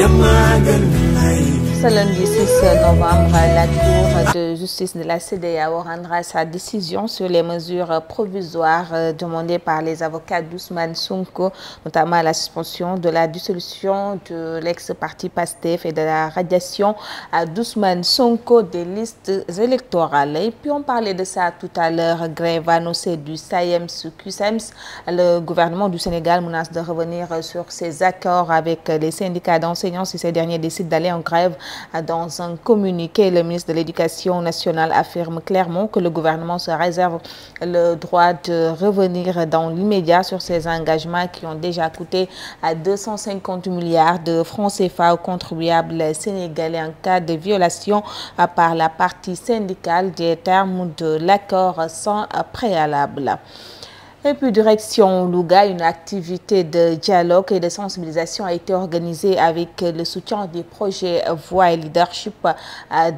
ñëpp maa gën ce lundi de la CEDEAO rendra sa décision sur les mesures provisoires euh, demandées par les avocats d'Ousmane Sonko, notamment la suspension de l'ex-parti PASTEF et de la radiation à Ousmane Sonko des listes électorales. Et parlait de ça tout du SAEMS-QSEMS. Le gouvernement du Sénégal menace de revenir sur ses accords avec les syndicats d'enseignants si ces derniers décident d'aller en grève Dans un communiqué, le ministre de l'Éducation nationale affirme clairement que le gouvernement se réserve le droit de revenir dans l'immédiat sur ces engagements qui ont déjà coûté à 250 milliards de francs CFA aux contribuables sénégalais en cas de violation par la partie syndicale des termes de l'accord sans préalable. Et puis direction Louga, une activité de dialogue et de sensibilisation a été organisée avec le soutien des projets Voix et Leadership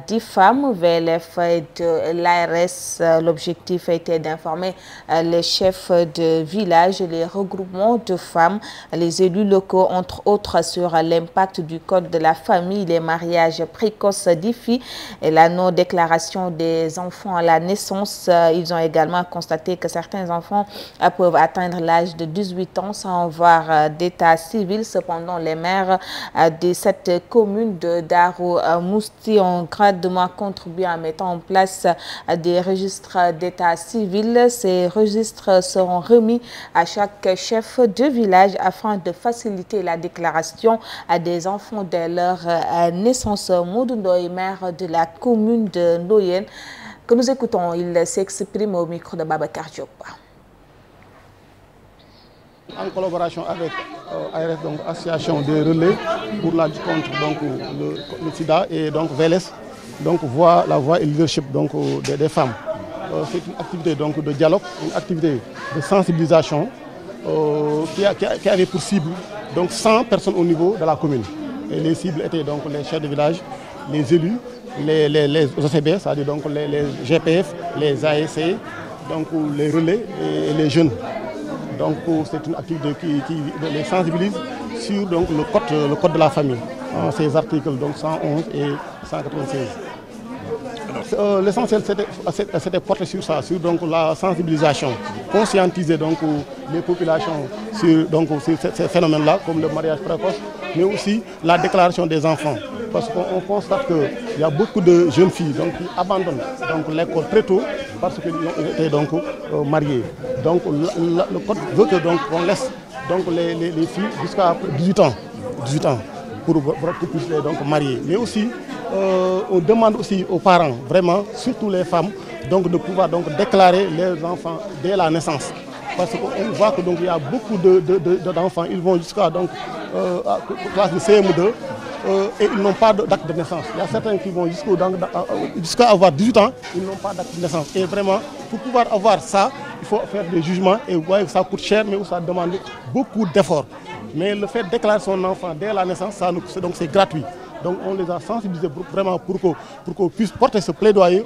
des femmes, VLF de l'ARS. L'objectif était d'informer les chefs de village, les regroupements de femmes, les élus locaux, entre autres, sur l'impact du code de la famille, les mariages précoces des filles et la non-déclaration des enfants à la naissance. Ils ont également constaté que certains enfants peuvent atteindre l'âge de 18 ans sans voir euh, d'état civil. Cependant, les maires euh, de cette commune de Darou euh, Mousti ont grandement contribué en mettant en place des registres d'état civil. Ces registres seront remis à chaque chef de village afin de faciliter la déclaration à des enfants dès leur naissance. Modou Ndoye, maire de la commune de Ndoyen, que nous écoutons, il s'exprime au micro de Babacar Diop. en collaboration avec euh, ARS, donc Association des relais pour la lutte contre donc, le, le, sida et donc VLS, donc voix, la voix et leadership donc, euh, des, femmes. Euh, C'est une activité donc, de dialogue, une activité de sensibilisation euh, qui, a, qui, avait pour cible donc, 100 personnes au niveau de la commune. Et les cibles étaient donc les chefs de village, les élus, les, les, les OCB, c'est-à-dire donc les, les, GPF, les AEC, donc les relais et les jeunes. Donc c'est une activité qui, qui, les sensibilise sur donc, le, code, le code la famille, hein, ah. ces articles donc 111 et 196. Euh, l'essentiel c'était porté sur ça, sur donc, la sensibilisation, conscientiser donc, les populations sur, donc, sur ces phénomènes comme le mariage précoce, mais la déclaration des enfants. Parce qu'on constate qu'il y a beaucoup de jeunes filles donc, qui abandonnent parce qu'elles ont été euh, Donc la, la, le code donc les, les, les filles jusqu'à 18 ans, 18 ans pour, pour, pour puissent donc marier. Mais aussi euh, on demande aussi aux parents vraiment surtout les femmes donc de pouvoir donc déclarer les enfants dès la naissance parce qu'on voit que donc il y a beaucoup de de de d'enfants ils vont jusqu'à donc euh, à classe de euh, et ils n'ont pas d'acte de naissance. Il y a certains qui vont euh, jusqu'à jusqu avoir 18 ans, ils n'ont pas d'acte de naissance. Et vraiment, pour pouvoir avoir ça, il faut faire des jugements et vous voyez, ça ça demande beaucoup d'efforts. Mais le fait de déclarer son enfant dès la naissance, ça nous, c'est gratuit. Donc on les a sensibilisés vraiment pour qu'on pour qu puisse porter ce plaidoyer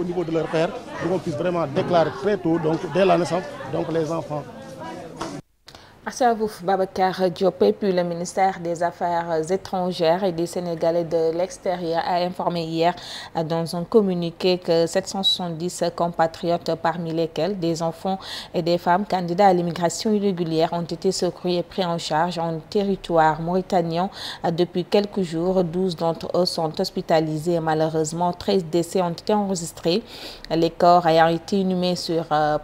au, niveau de leur père, pour qu'on puisse vraiment déclarer très tôt, donc dès la naissance, les enfants. Assa Abouf Babacar Diop puis le ministère des Affaires étrangères et des Sénégalais de l'extérieur a informé hier dans un communiqué que 770 compatriotes parmi lesquels des enfants et des femmes candidats à l'immigration irrégulière ont été secourus et pris en charge en territoire mauritanien depuis quelques jours. d'entre eux sont hospitalisés et malheureusement 13 décès ont été enregistrés. Les corps ayant été inhumés sur euh,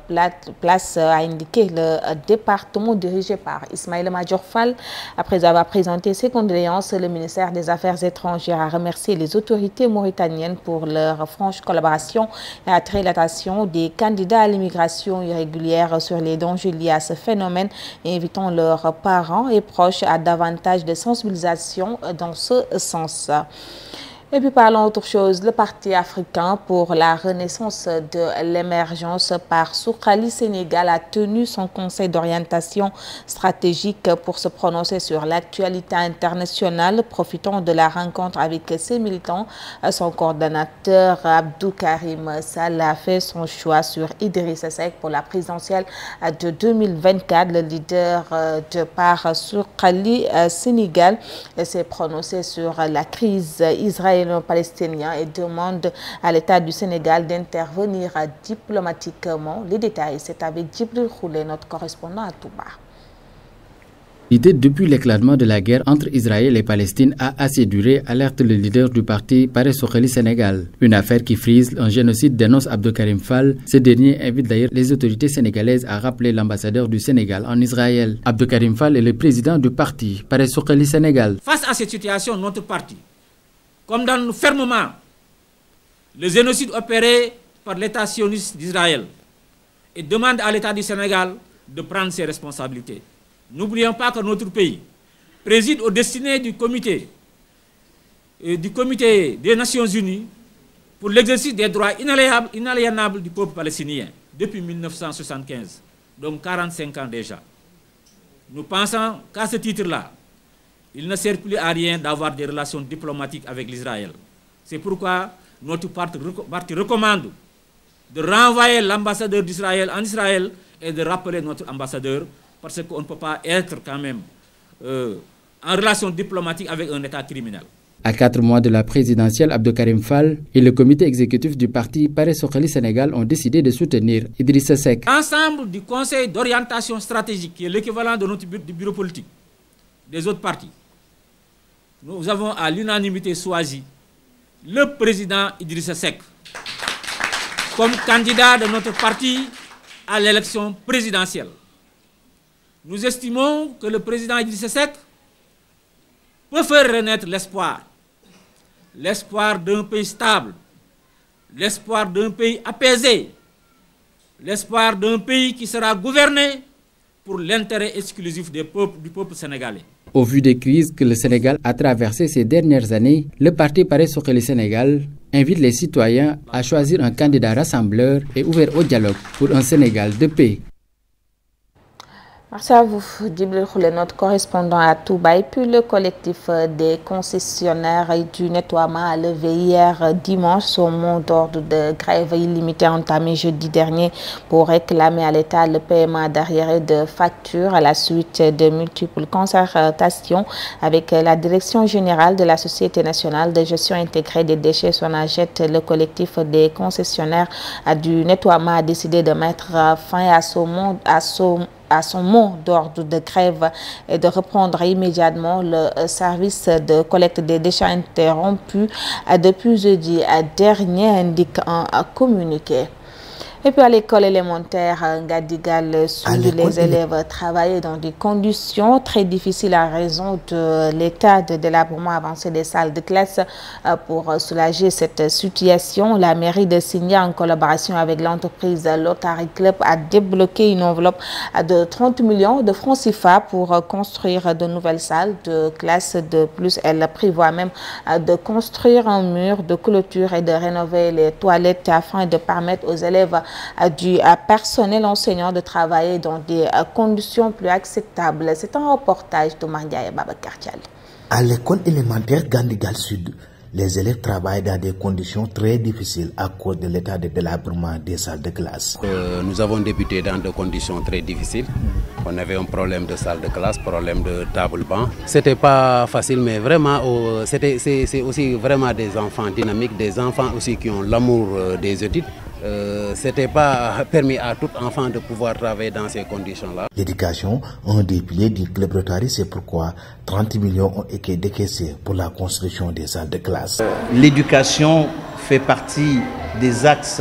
place a indiqué le porté par Ismaël Majorfal. Après avoir présenté ses condoléances, le ministère des Affaires étrangères a remercié les autorités mauritaniennes pour leur franche collaboration et a trait l'attention des candidats à l'immigration irrégulière sur les dangers liés à ce phénomène et invitant leurs parents et proches à davantage de sensibilisation dans ce sens. Et puis parlons le Parti africain pour la renaissance de l'émergence par Soukhali Sénégal a tenu pour se prononcer sur l'actualité de la rencontre avec ses militants. Son coordonnateur son choix sur Idrissa Seck pour la présidentielle de 2024. Le leader de par Soukhali israélo-palestinien et demande à l'État du Sénégal d'intervenir diplomatiquement. Les détails, c'est avec Djibril Roulet, L'idée depuis l'éclatement de la guerre entre Israël et Palestine a assez duré, alerte le leader du parti Paris Sokhali Sénégal. Une affaire qui frise un génocide dénonce Abdelkarim Fall. Ce dernier invite d'ailleurs les autorités sénégalaises à rappeler l'ambassadeur du Sénégal en Israël. Abdelkarim Fall est le président du parti Paris Sokhali Sénégal. Face à cette situation, notre parti condamne fermement le génocide opéré par l'État sioniste d'Israël et demande à l'État Sénégal de prendre ses responsabilités. N'oublions pas que notre pays préside aux destinées du comité, euh, du comité des Nations Unies pour l'exercice des droits inaliénables, inaliénables du peuple palestinien depuis 1975, donc 45 ans déjà. Nous pensons qu'à ce titre-là, Il ne sert plus à rien d'avoir des relations diplomatiques avec l'Israël. C'est pourquoi notre parti recommande de renvoyer l'ambassadeur d'Israël en Israël et de rappeler notre ambassadeur parce qu'on ne peut pas être quand même euh, en relation diplomatique avec un État criminel. À quatre mois de la présidentielle, Abdou Karim Fall et le comité exécutif du parti Paris Sokhali Sénégal ont décidé de soutenir Idrissa Seck. L'ensemble du conseil d'orientation stratégique, qui est l'équivalent de notre nous avons à l'unanimité choisi le président Idrissa Seck comme candidat de notre parti à l'élection présidentielle. Nous estimons que le président Idrissa Seck peut faire renaître l'espoir, l'espoir d'un pays stable, l'espoir d'un pays apaisé, l'espoir d'un pays qui sera gouverné pour l'intérêt exclusif des peuples, du peuple sénégalais. Au vu des crises que le Sénégal a traversées ces dernières années, le parti Paris le Sénégal invite les citoyens à choisir un candidat rassembleur et ouvert au dialogue pour un Sénégal de paix. Merci à vous, Djibril Khoulé, notre correspondant à Touba. Et puis le collectif des concessionnaires et du nettoiement a levé hier dimanche au mot d'ordre de grève illimitée entamé jeudi dernier pour réclamer à l'État le paiement d'arriérés de factures à la suite de multiples concertations avec la Direction générale de la Société nationale de gestion intégrée des déchets Sonaged. Le collectif des concessionnaires du nettoiement a décidé de mettre fin à ce mot à ce à son mot d'ordre de grève et de reprendre immédiatement le euh, service de collecte des déchets interrompu euh, depuis jeudi dernier, indique un communiqué. Et puis à l'école élémentaire Ngadigal, euh, euh, les élèves travaillaient dans des conditions très difficiles à raison de euh, l'état de délabrement avancé des salles de classe. Pour soulager cette situation, la mairie de Signa, en collaboration avec l'entreprise Lotary Club, a débloqué une enveloppe de millions de francs pour construire de nouvelles salles de classe. De plus, elle prévoit même de construire un mur de clôture et de rénover les toilettes afin de permettre du euh, personnel enseignant de travailler dans des euh, conditions plus acceptables. C'est un reportage de Mandia et Babacar Diallo. À l'école élémentaire Gandigal Sud, les élèves travaillent dans des conditions très difficiles à cause de l'état de délabrement des salles de classe. Euh, nous avons débuté dans des conditions très difficiles. On avait un problème de salle de classe, problème de table-banc. C'était pas facile, mais vraiment, euh, vraiment des enfants dynamiques, des enfants aussi qui des études. Euh, ce pas permis à tout enfant de pouvoir travailler dans ces conditions-là. L'éducation, un des piliers du club Rotary, c'est pourquoi 30 millions ont été décaissés pour la construction des salles de classe. Euh, l'éducation fait partie des axes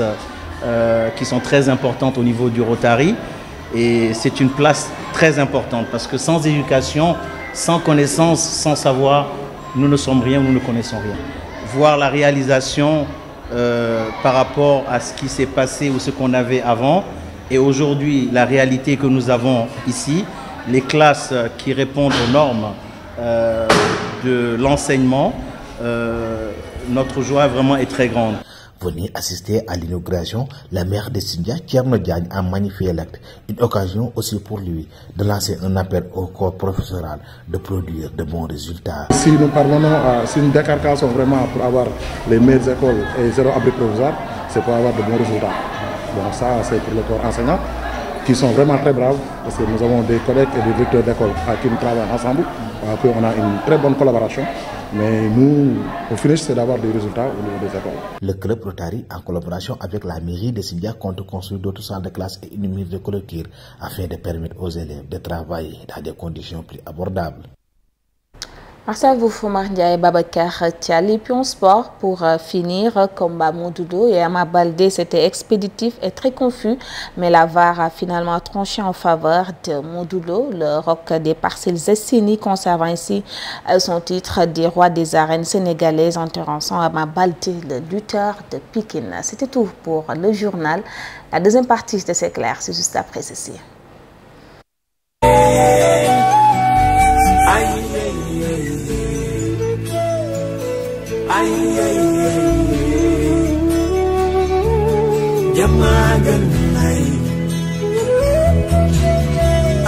euh, qui sont très importants niveau du Rotary et c'est une place parce que sans éducation, sans connaissance, sans savoir, nous ne sommes rien, nous ne connaissons rien. Voir la réalisation euh, par rapport à ce qui s'est passé ou ce qu'on avait avant. Et aujourd'hui, la réalité que nous avons ici, les classes qui répondent aux normes euh, de l'enseignement, euh, notre joie vraiment est très grande. Venez assister à l'inauguration. La maire de Sindia, Tcherno Diagne, a magnifié l'acte. Une occasion aussi pour lui de lancer un appel au corps professoral de produire de bons résultats. Si nous décarcassons vraiment pour avoir les meilleures écoles et zéro abri provisoire, c'est pour avoir de bons résultats. Bon, ça, c'est pour le corps enseignant qui nous avons des collègues et des directeurs d'école qui nous travaillons ensemble, on a une très bonne collaboration. Mais nous, au final, c'est d'avoir des résultats au niveau des écoles. Le club Rotary, en collaboration avec la mairie de Sidia, compte construire d'autres salles de classe et une mur de clôture afin de permettre aux élèves de travailler dans des conditions plus abordables. Marcel Bouffoumar Ndiaye Babacar Thiali Pion Sport pour euh, finir combat Modou et Ama c'était expéditif et très confus mais la VAR a finalement tranché en faveur de Modou Lô le roc des Parcelles Assainies conservant ainsi euh, son titre des rois des arènes sénégalaises en terrassant le lutteur de Pikine c'était tout pour le journal la deuxième partie de C'est clair juste après ceci Jamagan ay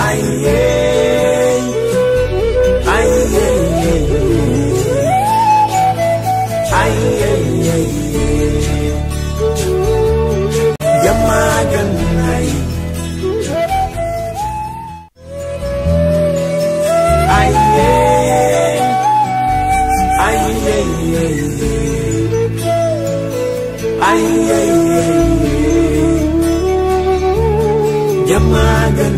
ay yëpp maa gën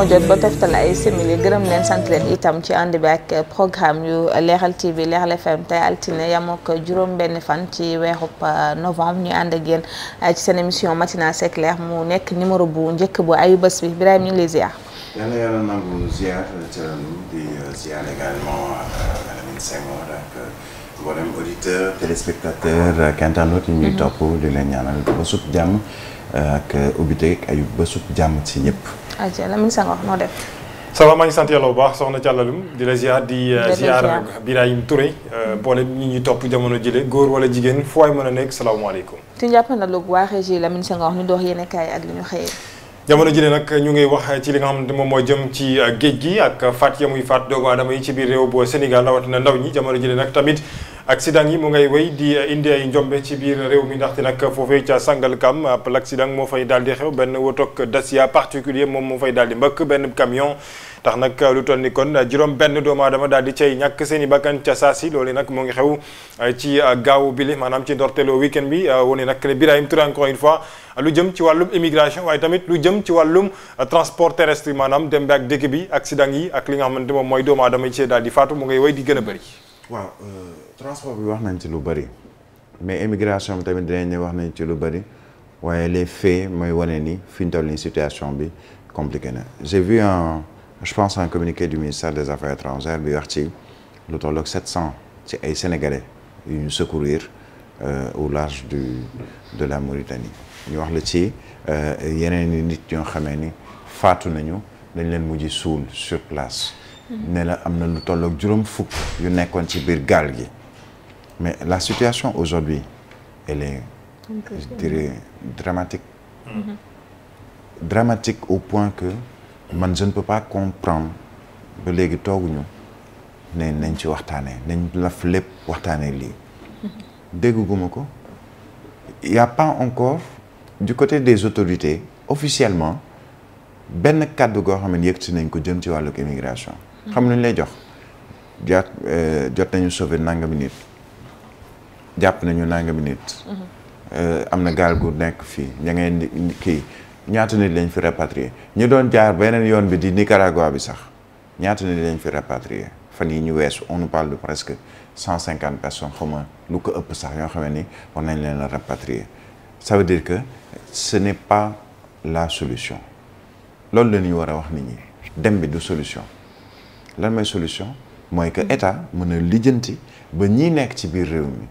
moo jot ba toftal ay simili gërëm leen sant itam ci ànd bi ak programme yu Leral TV Leral FM tey altine yamook juróom benn fan ci weerub euh, novembre ñu ànd ak yéen euh, ci seen émission matinale c'est clair mu nekk numéro bu njëkk bu ayu bés bi Birahim ñu ngi lay ziar yàlla yàlla nangu ziar yi ñuy euh, mm-hmm. topp di leen ñaanal ba sut jàmm ak ubbite ak ay bésub jàmm ci ñëpp. ayca Lamine Senghor noo def. ça va maa ngi sant yàlla bu baax soxna Thialalum di la ziar di euh, ziar Birahim Touré euh, boole ñi ñuy topp jamono jile góor wala jigéen fu waay mën a nekk salaamaaleykum. ci njàppandalug waa régie Lamine Senghor ñu dox yéen kaay ak li ñu xëyee. jamono jile nag ñu ngi wax ci li nga xam ne moom moo jëm ci euh, géej gi ak faat ya muy faat doomu aadama yi ci biir réew bu Sénégal rawatina ndaw ñi jamono jile nag tamit. accident yi mu ngay wéy di indi ay njombe ci biir réew mi ndaxte nag foofee ca sangal kam accident moo fay daal di xew benn wotoog Dacia particulier moom moo fay daal di mbëkk benn camion tax nag lu toll ni kon juróom benn doomu aadama daal di cay ñàkk seen i bakkan ca saa si loolu nag moo ngi xew eh, ci eh, gaawu bile maanaam ci ndorteeloo weekend bi eh, wane nak ne Birahim Touré encore une fois lu jëm ci wàllum immigration waaye tamit lu jëm ci wàllum transport terrestre maanaam dem bi ak dëkk bi accident yi ak li nga xamante moom mooy doomu aadama yi daal di faatu mu ngay way di gën a bëri waaw euh, transport bi wax nañ ci lu bëri mais immigration bi tamit dinañ ne wax nañ ci lu bëri waaye les faits mooy wane ni fi ñu toll nii situation bi compliqué na j'ai vu un je pense un communiqué du ministère des affaires étrangères bi wax ci lu toll ak 700 ci ay sénégalais yu ñu secourir euh, au large du de la Mauritanie ñu wax la ci euh, yeneen i nit ñoo xamee ni faatu nañu dañ leen mujj suul sur place. Mm-hmm. ne la am na lu tollook juróom fukk yu nekkoon ci biir gaal gi. Mais la situation aujourd'hui, elle est, je dirais, dramatique. Mm -hmm. Dramatique au point que man je ne peux pas comprendre ba léegi tooguñu ne nañ ci waxtaanee nañ laf lépp waxtaanee lii. Mm-hmm. dégguma ko il y a pas encore du côté des autorités officiellement benn kàddu goo xam ne yëkkati nañ ko jëm ci wàlluk immigration. Mm-hmm. xam nañ lay jox jot euh, jot nañu sauver nangami nit. jàpp nañu nangami nit. Euh, am na gaal gu nekk fii ña ngeen kii ñaata nit lañ fi rapatrier ñu doon jaar beneen yoon bi di Nicaragua bi sax ñaata nit lañ fi rapatrier fan yi ñu weesu on parle de presque cent cinquante personnes xaw lu ko ëpp sax yoo xam ni war nañ leen a rapatrier ça veut dire que ce n'est pas la solution loolu la ñu war a wax nit ñi dem bi du solution lan mooy solution mooy que état mën a lijjanti ba ñi nekk ci biir réew mi.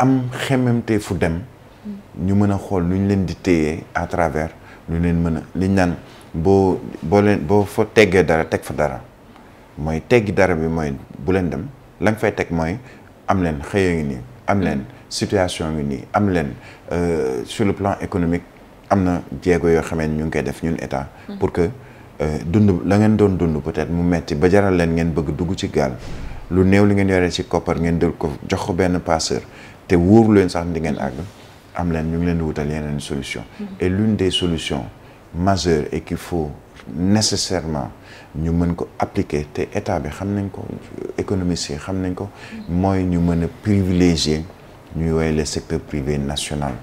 am xemmemte fu dem ñu mën a xool lu ñu leen di téyee à travers lu leen mën a liñ naan boo boo leen boo fa teggee dara teg fa dara mooy teggi dara bi mooy bu leen dem la nga fay teg mooy am leen xëya ngi nii am mm. leen situation ngi nii am leen euh, sur le plan économique am na jéego yoo xamee ñu ngi koy def ñun état mm. pour que euh, dund la ngeen doon dund peut-être mu metti ba jaral leen ngeen bëgg dugg ci gaal lu néew li ngeen yoree ci koppar ngeen dël ko jox ko benn passeur te wóoru leen sax di ngeen àgg am leen ñu ngi leen di wutal yeneen solution mm-hmm. et l'une des solution majeures et qu'il faut nécessairement ñu mën ko appliquer te état bi xam nañ ko économice yi xam nañ ko mm-hmm. mooy ñu mën a privilégier ñuy woy le secteur privé national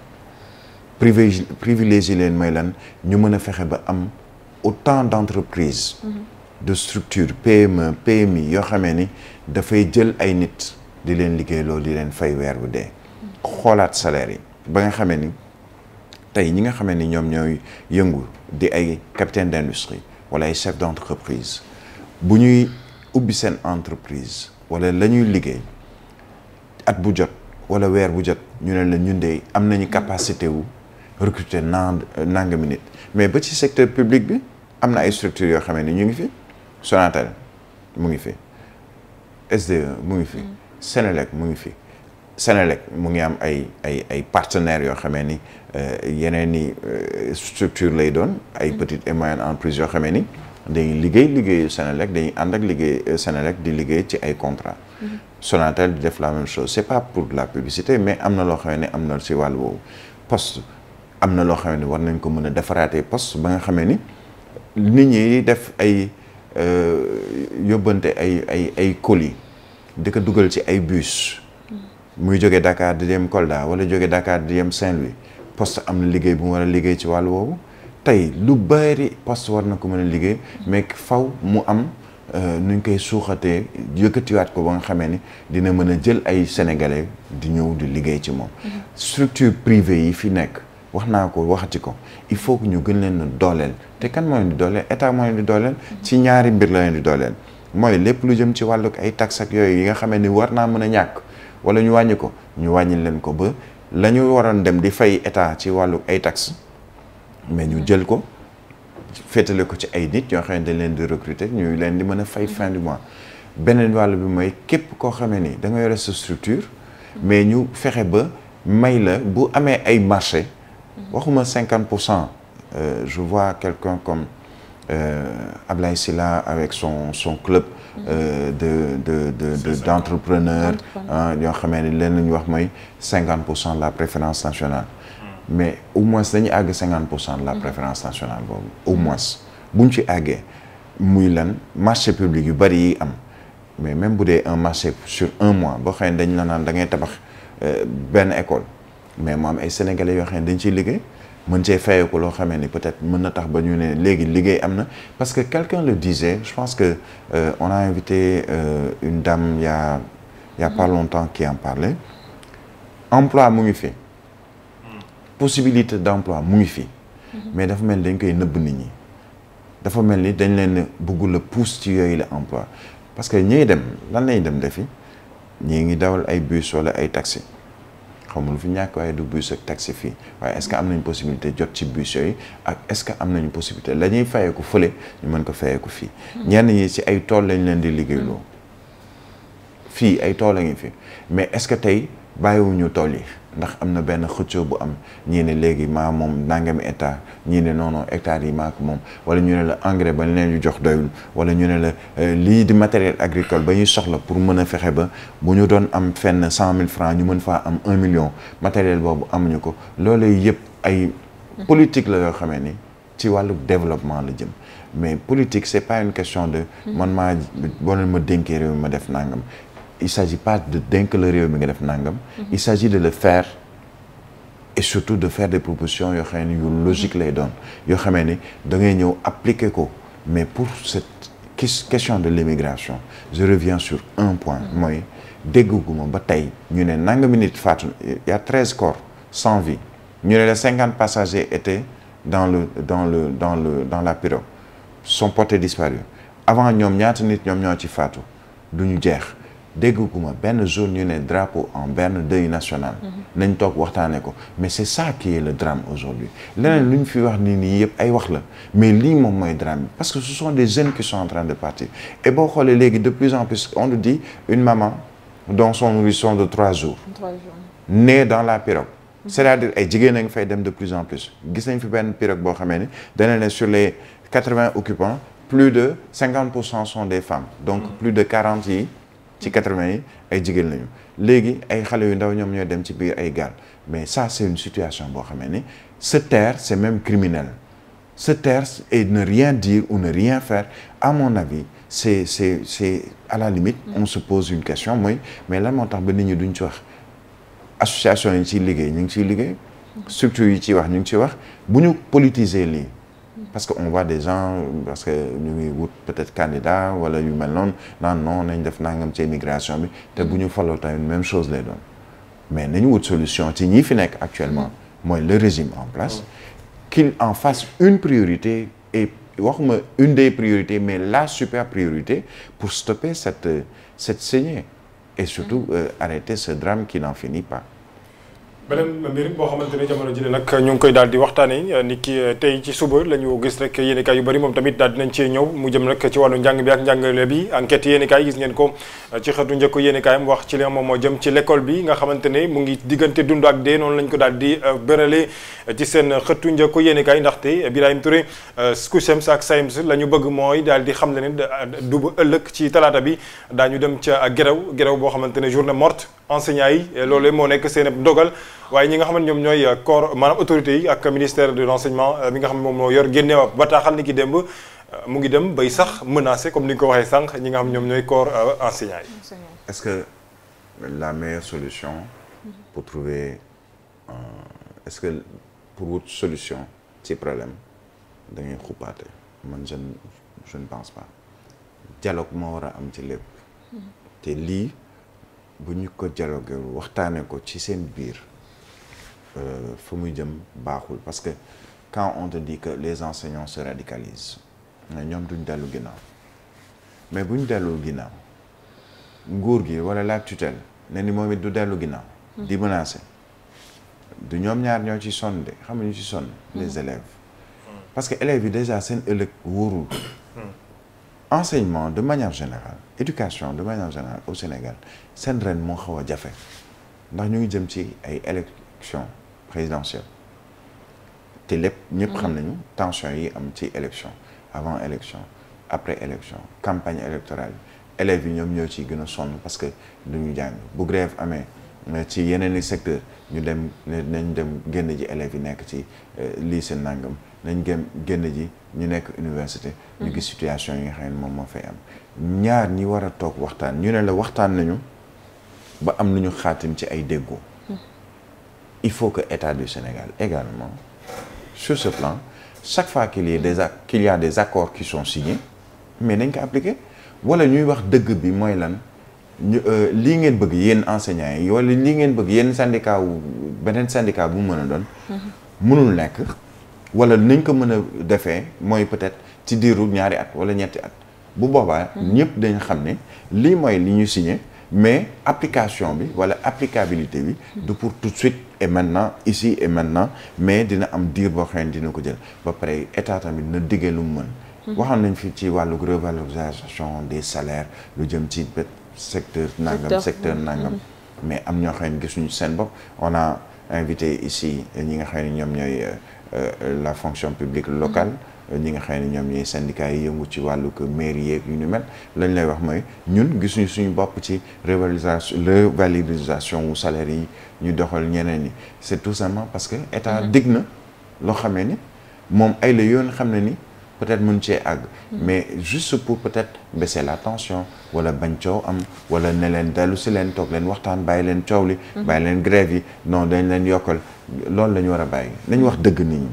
privé privilégier leen mooy lan ñu mën a fexe ba am autant d'entreprises mm-hmm. de structures PME PMI yoo xamee ni dafay jël ay nit di leen liggéeyloo di leen fay weer bu dee xoolaat salaire yi ba nga xamee ni tey ñi nga xamee ni ñoom ñooy yëngu di ay capitaine d'industrie wala ay chef d'entreprise bu ñuy ubbi seen entreprise walla lañuy liggéey at bu jot wala weer bu jot ñu ne la ñun de am nañu capacité wu recruter nang nangami nit mais ba ci secteur public bi am na ay structures yoo xamee ni ñu ngi fi Sonatel mu ngi fi SDE mu ngi fi mm. Senelec mu ngi fi Sénélec mu ngi am ay ay ay partenaires yoo xamee ni euh, yeneen i euh, structure lay doon ay mm-hmm. petites et moyennes entreprises yoo xamee ni dañuy liggéey liggéeyu Sénélec dañuy ànd ak liggéey euh, Sénélec di liggéey ci ay contrats. Mm-hmm. Sonatel di def la même chose c'est pas pour la publicité mais am na loo xamee ni am na si wàll woowu poste am na loo xamee ni war nañ ko mën a defaraatee poste ba nga xamee ni nit ñi def ay yóbbante ay ay ay colis di ko dugal ci ay bus. muy jóge dakaar di dem Kolda wala jóge dakaar di dem Saint-Louis poste am na liggéey bu mu war a liggéey ci wàll woowu tey lu bari poste war na ko mën a liggéey mais faw mu am euh, nuñ koy suuxatee yëkkatiwaat ko ba nga xamee ni dina mën a jël ay sénégalais di ñëw di liggéey ci moom. Mm-hmm. structure privée yi fi nekk wax naa ko waxati ko il faut que ñu gën leen a dooleel te kan moo leen di dooleel état moo di dooleel. Mm-hmm. ci ñaari mbir la di dooleel mooy lépp lu jëm ci wàllug ay taxes yooyu yi nga xamee ni war naa mën a ñàkk. wala ñu wàññi ko ñu wàññil leen ko ba la ñu waroon dem di fay état ci wàllu ay taxes mais ñu jël ko féetale ko ci ay nit ñoo xam dañ leen di recruter ñu leen di mën a fay fin du beneen wàll bi mooy képp koo xamee ni da nga yore sa structure mais ñu fexe ba may la bu amee ay marché waxuma cinquante pour cent euh, je vois quelqu'un comme euh, Ablaye Sylla avec son son club Euh, de de de d' entrepreneur yoo xamee ni leen la ñu wax mooy cinquante pour cent de la préférence nationale hmm. mais au moins dañu àgg cinquante pour cent de la hmm. préférence nationale boobu au moins bu buñ ci àggee muy lan marché public yu bari yi am mais même bu dee un marché sur un mois boo xam ne dañ la naan da ngay tabax euh, benn école mais mu am ay sénégalais yoo xam ne dañ ciy liggéey mën cee fayeeku loo xamee ni peut-être mën na tax ba ñu ne léegi liggéey am na parce que quelqu'un le disait je pense que euh, on a invité euh, une dame il y a longtemps qui en parlait emploi mu ngi fi possibilité d'emploi mu ngi fi mais dafa mel ni dañ koy nëbb nit ñi dafa mel ni dañ leen buggul la pousse ci yooyu la emploi parce que ñiy dem lan lañ dem defi ñii ngi dawal ay bus wala ay taxi xamul lu fi ñàkk waaye du bus ak taxi fii waaye est-ce que am nañ possibilité jot ci bus yooyu ak est-ce que am nañu possibilité la ñuy fayeeku fële ñu mën ko fayeeku fii hmm. ñenn ñi ci ay tool lañ leen di liggéeyloo hmm. fii ay tool a ngi fi mais est-ce que tey bàyyiwuñu tool yi ndax am na benn xëccoo bu am ñii ne léegi maa moom nangami hectare ñii ne non non hectares yi maa ko moom wala ñu ne la engrais ba leen ñu jox doyul wala ñu ne la euh, lii di matériel agricole ba ñu soxla pour mën a fexe ba bu ñu doon am fenn cent mille francs ñu mën faa am un million matériel boobu amuñu ko loolu yëpp ay politique la yoo xamee ni ci wàllu développement la jëm mais politique c'est pas une question de mm. man maa boo leen ma dénkee réew ma def nangam il s'agit pas de dénk la réew mi nga def nangam mhm. il s'agit de le faire et surtout de fair des propositions yoo xam ne yu logique mhm. lay doon yoo xamee ni da ngay ñëw appliquer ko mais pour cette question de l'immigration je reviens sur un point mhm. mooy dégguguma ba tey ñu ne nangami nit faatu y a treize corps sans vie ñu ne les cinquante passagers dans le dans le dans le dans la pirogue sont portés disparus avant ñoom ñaata nit ñoom ñoo ci faatu du ñu jeex dégguma benn zone ñu ne drapeau en benn deuil national mhm. nañ toog waxtaanee ko mais c'est ça qui est le drame aujourd'hui leneen lu ñu fi wax nii nii yëpp ay wax la mais lii moom mooy drame parce que ce sont des jeunes qui sont en train de partir et boo xoolee léegi de plus en plus on nous dit une maman dont son nourrisson de trois jours née dans la pirogue mhm. c'est-à-dire ay jigéen a ngi fay dem de plus en plus gis nañ fi benn pirogue boo xamee ni dana ne sur les quatre-vingts occupants plus de cinquante pour cent sont des femmes donc mhm. plus de quarante yi ci quatre-vingt yi ay jigéen lañu léegi ay xale yu ndaw ñoom ñoo dem ci biir ay gaal mais ça c'est une situation boo xamee ni se taire c'est même criminel se taire et ne rien dire ou ne rien faire à mon avis c'est c'est c'est à la limite mm. on se pose une question mooy mais lan moo tax ba nit ñi duñ ci wax association yi ciy liggéey ñu ngi ciy liggéey mm-hmm. surtout yi ciy wax ñu ngi ciy wax bu ñu politiser lii parce que on voit des gens parce que ñu ngi wut peut-être candidat wala yu mel noonu naan non nañ def nangam ci immigration bi te bu ñu faloo tamit même chose lay doon mais nañu wut solution ci ñi fi nekk actuellement mooy le régime en place qu'il en fasse une priorité et waxuma une des priorités mais la super pour stopper cette cette saignée et surtout mm. euh, arrêter ce drame qui n'en finit pas beneen mbir boo xamante ne jamono ji ne nag ñu ngi koy daal di waxtaanee nit ki eh, tey ci suba la ñu gis rek yéenekaay yu bari moom tamit daal dinañ cee ñëw mu jëm nag ci wàllu bi ak njàngale bi enquête yéenekaay gis ngeen ko eh, ci xëtu njëkk yéenekaayam wax ci lee moom moo jëm ci lekkool bi nga xamante ne mu ngi diggante dund ak dee noonu lañ ko daal di eh, bërale ci seen xëtu njëkk yéenekaay ndaxte Birahim Touré SCOUSEMS ak SAEMS la ñu bëgg mooy daal di xam le ne du ba ëllëg ci talaata bi daañu dem ca gerew gerew boo xamante ne journée morte enseignants yi loolee moo nekk seen dogal waaye ñi nga xam ne ñoom ñooy corps maanaam autorités yi ak ministère de l'enseignement euh, mi nga xam ne moom moo yor génne wa bataaxal ni ki démb euh, mu ngi dem bay sax menacé comme ni nga ko waxee sànq ñi nga xam ñoom ñooy corps euh, enseignants yi. est-ce que la meilleure solution. pour trouver est-ce que pour wut solution ci problème da ngay xuppaate man je ne je ne pense pas dialogue moo war a am ci lépp. Mm-hmm. te lii bu ñu ko dialogué waxtaanee ko ci seen biir. Euh, fa muy jëm baaxul parce que quand on te dit que les enseignants se radicalisent ñoom duñ dellu ginnaaw mais buñ dellu ginnaaw nguur gi wala la tutelle ne moom it du dellu ginnaaw. Mm-hmm. di menacer du ñoom ñaar ñoo ci sonn xam ñu ci sonn. les mm-hmm. parce que élèves yi déjà seen ëllëg wóorul. Mm-hmm. enseignement de manière générale éducation de manière générale au Sénégal seen ren moo xaw a jafe ndax ñu ngi jëm ci ay élections. présidentielle te lépp ñëpp xam nañu tension yi am ci élection avant élection après élection campagne électorale éleve yi ñoom ñoo ciy gën a sonn parce que duñu jàng bu grève amee ci yeneen i secteur ñu dem nañ dem génn ji élèves yi nekk ci lii euh, lycée nangam nañ gém génn ji ñu nekk université ñu gis situation yi nga xam ne moom moo fay am ñaar ñi war a toog waxtaan ñu ne la waxtaan nañu ba am nu ñu xaatim ci ay déggoo il faut que État du Sénégal également sur ce plan chaque fois qu'il y a des des accords qui son signés mais dañ ko appliquer wala ñuy wax dëgg bi mooy lan ñu euh, lii ngeen bëgg yéen enseignants yi wala lii ngeen bëgg yenn syndicat wu beneen syndicat bu mu mën a doon mm-hmm. mënul nekk wala nañ ko mën a defee mooy peut-être ci diiru ñaari at wala ñetti at bu boobaa mm-hmm. ñëpp dañ xam ne lii mooy li ñu signé mais application bi wala applicabilité bi du pour tout de suite et maintenant ici et maintenant mais dina am diir boo xam ne dina ko jël ba pare état tamit na diggee lu mu mën waxoon nañ fii ci wàllu revalorisation des salaires lu jëm ci secteur nangam secteur mm-hmm. nangam mm-hmm. mais am ñoo xam ne gisuñu seen bopp on a invité ici ñi nga xam ne ñoom ñooy euh, euh, la fonction publique locale ñi nga xam ne ñoom ñooy syndicat yi yëngu ci wàllu que mairie yeeg yu ni mel lay wax mooy ñun gisuñu suñu bopp ci revalorisation revalorisation wu salaire yi ñu doxal ñeneen yi c'est tout simplement parce que état mm-hmm. digg na loo xamee ni moom ay yoon xam ne ni peut-être mun cee àgg mm-hmm. mais juste pour peut-être baisser la tension wala bañ coow am wala ne leen dellu si leen toog leen waxtaan bàyyi leen coow li mm-hmm. bàyyi leen grève yi non dañ leen yokkal loolu la ñu war a bàyyi nañ wax dëgg nit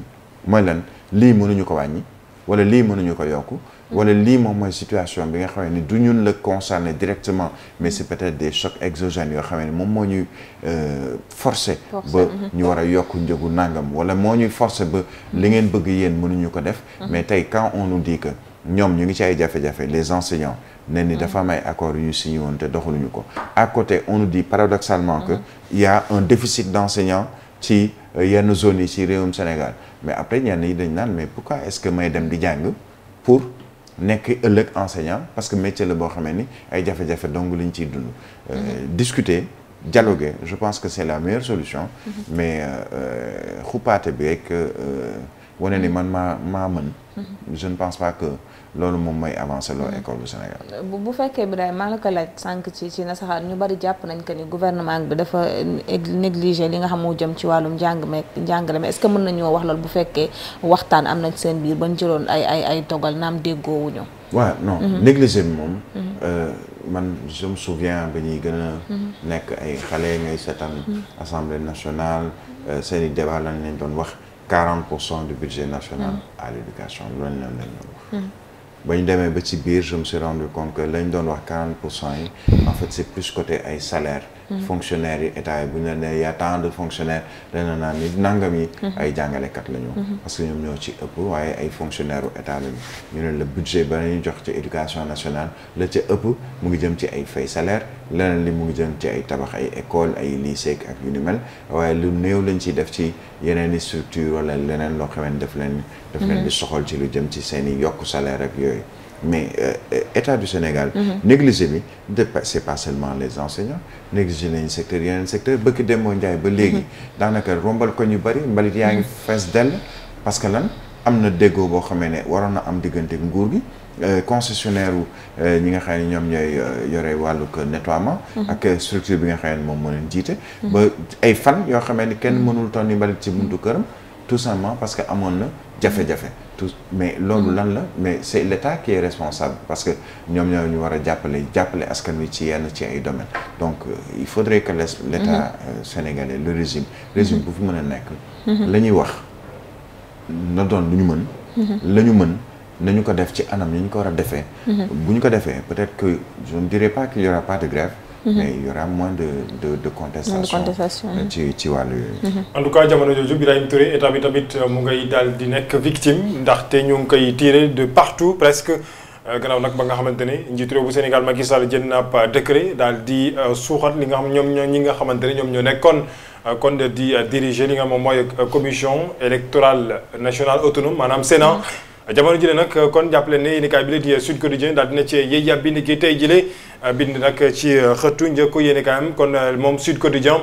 mooy lan lii mënuñu ko wàññi wala lii mënuñu ko yokk wala lii moom mooy situation bi nga xamee ni du ñun la concerné directement mais c'est peut-être des chocs exogènes yoo xamee ni moom moo ñuy euh, forcé ba mhm. ñu war a yokk njëgu nangam wala moo ñuy forcé ba li ngeen bëgg yéen mënuñu ko def mhm. mais tey quand on nous dit que ñoom ñu ngi ci ay jafe-jafe les enseignants ne ni mhm. dafa am ay accords yu ñu signé woon te doxaluñu ko à côté on nous dit paradoxalement que il y a un déficit d'enseignants ci euh, yenn zones yi ci réewum Sénégal mais après ñenn yi dañ naan mais pourquoi est-ce que may dem di jàng pour nekk ëllëg enseignant parce que métier la boo xamee ni ay jafe-jafe dong lañ ciy dund. Euh, mhm. discuter dialoguer je pense que c'est la meilleure solution. Mhm. mais euh, xupaate bi rek euh, wane ni mhm. man maa maa mën. je ne pense pas que. loolu moom mooy avancé loo école bu Sénégal. bu bu fekkee Ibrahima maa la ko laaj sànq ci ci nasaxaar ñu bari jàpp nañ que ni gouvernement bi dafa négligé li nga xam moo jëm ci wàllum njàng meek njàngale ce que mën nañoo wax loolu bu fekkee waxtaan am na seen biir bañ jëloon ay ay ay togal naam déggoowuñu waaw non mhm. négligé bi moom. Mhm. Euh, man je me souviens ba ñuy gën a. Mhm. nekk ay xale ngay seetaan. assemblée nationale euh, seen i débat lañ leen doon wax quarante pour cent du budget nationa à l'éducation ba ñu demee ba ci biir je me suis rendu compte que lañ doon wax 40 pour cent yi en fait c'est plus côté ay salaire fonctionnaire yi état yi bu ñu la nee y a de fonctionnaires dana naa ni nangam yi. ay jàngalekat la ñu. parce que ñoom ñoo ci ëpp waaye ay fonctionnaires u état la ñu. ñu ne le budget ba ñu jox ci éducation nationale la ca ëpp mu ngi jëm ci ay fay salaire leneen li mu ngi jëm ci ay tabax ay école ay lycée ak yu ni mel waaye lu néew lañ ciy def ci yeneen i structure wala leneen loo xamante daf leen. daf leen di mhm. soxal ci lu jëm ci seen i yokku salaire ak yooyu. mais euh, état du Sénégal. Mhm. négligé bi c' est pas seulement les enseignants négligé nañu secteur yeneen secteur bëkk Demba Ndiaye ba léegi. Mhm. daanaka rombal ko yu bëri mbalit yaa ngi mhm. fees dell parce que lan am na déggoo boo xamee ne waroon na am diggante nguur gi. Euh, concessionnaire wu euh, ñi nga xam ne ñoom ñooy yore wàllu nettoiement ak structure bi nga xam ne moom moo leen jiite ba ay fan yoo xamee ni kenn mënul tonni mbalit ci buntu këram tout simplement parce que amoon na jafe tout mais loolu mm-hmm. lan la mais c' est l' état qui est responsable parce que ñoom ñoo ñu war a jàppale jàppale askan wi ci yenn ci ay domaines donc euh, il faudrait que l' état mm-hmm. euh, sénégalais le régime régime mm-hmm. bu fi mën a nekk la ñuy wax na doon lu ñu mën lañu mën nañu ko def ci anam ñu ñu ko war a defee bu ñu ko defee peut-être que je ne dirais pas qu'il y aura pas de grève Mm-hmm. mais il y aura moins de de contestation euh, mm-hmm. ci ci wàllu yooyu. Mm-hmm. en tout cas jamono jooju Birahim Touré état bi tamit mu ngay daal di nekk victime ndaxte ñu ngi koy tiire de partout presque. Euh, ganaaw nag ba nga xamante ne njiitu réew bu Sénégal Macky Sall jënd na ab daal di euh, suuxat li nga xam ñoom ñoom ñi nga xamante ne ñoom ñoo nekkoon kon di diriger li nga moom mooy commission électorale nationale autonome maanaam Sénat. jamono jile nag kon jàppale ne yéenekaay bi la di Sud bind nag ci euh, xëttu njëkku yéen kaayam kon euh, moom Sud Quotidien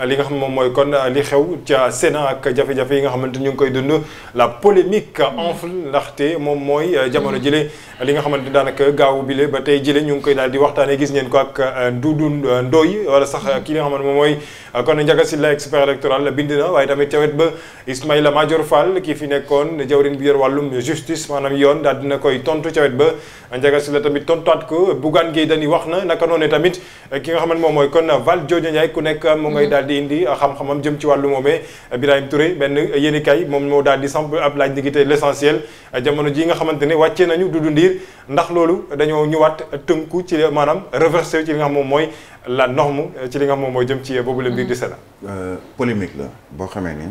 euh, li nga xam moom mooy kon li xew ca Sénat ak jafe-jafe yi nga xamante ñu ngi koy dund la polémique enfle ndaxte moom mooy jamono jile li nga xamante daanaka gaaw bile ba tey jile ñu ngi koy daal di waxtaanee gis ngeen ko ak Doudou Ndoye wala sax ki nga xamante moom mooy kon Ndiaga Sylla expert électoral bind na waaye tamit ca wet ba Ismaïla Madior Fall ki fi nekkoon jawrin bi yor wàllum justice maanaam yoon daal dina koy tontu ca wet ba Ndiaga Sylla tamit tontuwaat ko Bougane Gueye dañuy wax na naka noonu tamit eh, ki nga xamante moom mooy kon Val joojo Ndiaye ku nekk mu ngay mm-hmm. daal di indi xam-xamam jëm ci wàllu moomee Birahim Touré benn yéeni kay moom moo daal di samp ab laaj digité l'essentiel eh, jamono ji nga xamante ne wàccee nañu du Ndir ndax loolu dañoo ñëwaat tënku ci maanaam reversé ci li nga xam moom mooy la norme eh, ci li nga xam moom mooy jëm ci boobu la mbir di mm-hmm. sena euh, polémique la boo xamee ni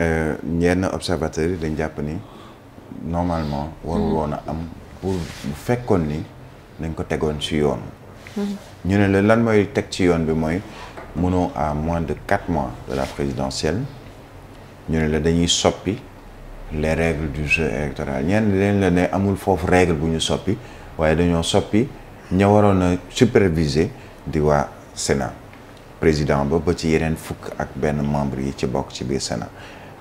euh, ñenn observateurs yi dañ jàpp ni normalement warul mm-hmm. woon a am ni nañ ko tegoon ci yoon. ñu ne la lan mooy teg ci yoon bi mooy mënoo à mois de quatre mois de la présidentielle ñu ne la dañuy soppi les règles du jeu électoral ñenn leen la ne amul foofu règle bu ñu soppi waaye dañoo soppi ña waroon a superviser di waa Sénat président ba ba ci yeneen fukk ak benn membre yi ci bokk ci biir Sénat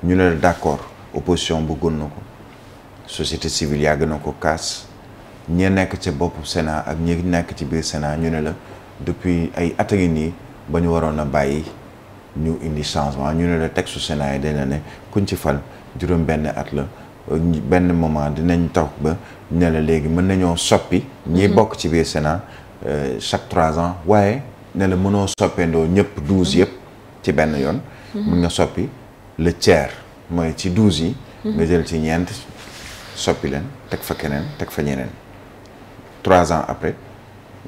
ñu ne la d'accord opposition bëggoon na ko société civile yàgg na ko kaas. ñu nekk ci boppu Sénat ak ñi nekk ci biir Sénat ñu ne la depuis ay at ngi nii ba ñu waroon a bàyyi ñu indi changement ñu ne la teg su Sénat yi dañ la ne kuñ ci fal juróom benn at la benn moment dinañ taw ba ne la léegi mën nañoo soppi. ñi mhm. bokk ci biir Sénat euh, chaque trois ans waaye ne la mënoo soppeendoo ñëpp duus mhm. yëpp ci benn yoon. mun mhm. nga soppi le tiers mooy ci douze yi. nga jël ci ñeent soppi leen teg fa keneen teg fa ñeneen. trois ans après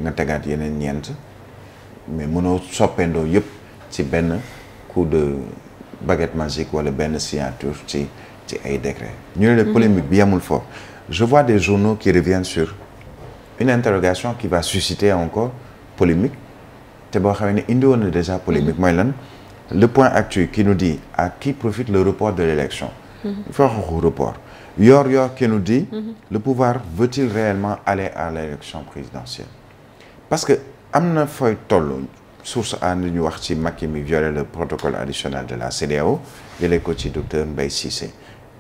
nga tegaat yeneen ñeent mais mënoo soppeendoo yëpp ci benn coup de baguette magique wala benn signature ci ci ay décret ñu ne la mhm. polémique bi yamul foofu je vois des journaux qui reviennent sur une interrogation qui va susciter encore polémique te boo xamee ne indi woon na déjà polémique mhm. mooy lan le point actuel qui nous dit à qui profite le report de l'élection mhm. il faut waxu report Yor Yor qui nous dit mhm. le pouvoir veut-il réellement aller à l'élection présidentielle parce que am na fooy toll source a ñu wax ci Macky mi violer le protocole additionnel de la CEDEAO jëlee ko ci docteur Mbaye Cissé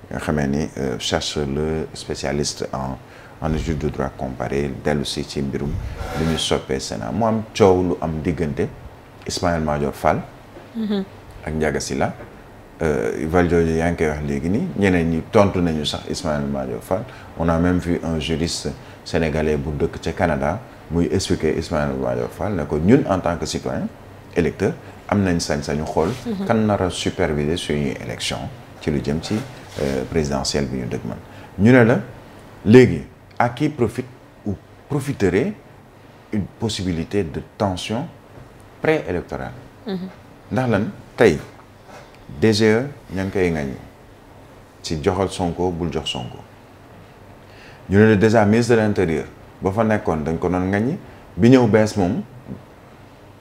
nga xamee ni euh, chercheur le spécialiste en en de droit comparé dellu si ci mbirum lu ñu soppee Sénat mu am coow lu am diggante Ismaël Madior Fall mhm. ak Ndiaga Euh, Val jooju yaa ngi koy wax léegi nii ñeneen ñi tontu nañu sax Ismaïla Madior Fall on a même vu un juriste sénégalais bu dëkk ca Canada muy expliquer Ismaïla Madior Fall ne ko ñun en tant que citoyen électeur am nañ sañ-sañu xool. Mhm. kan nar suñu superviser élection ci lu jëm ci euh, présidentielle bi ñu dëgg man ñu ne la léegi à qui profite ou profiterait une possibilité de tension préélectorale. Mhm. ndax lan tey. DGE ña ngi koy ŋaññi ci joxal Sonko bul jox Sonko ñu ne déjà ministre de l'intérieur ba fa nekkoon dañ ko doon ŋaññi bi ñëw bees moom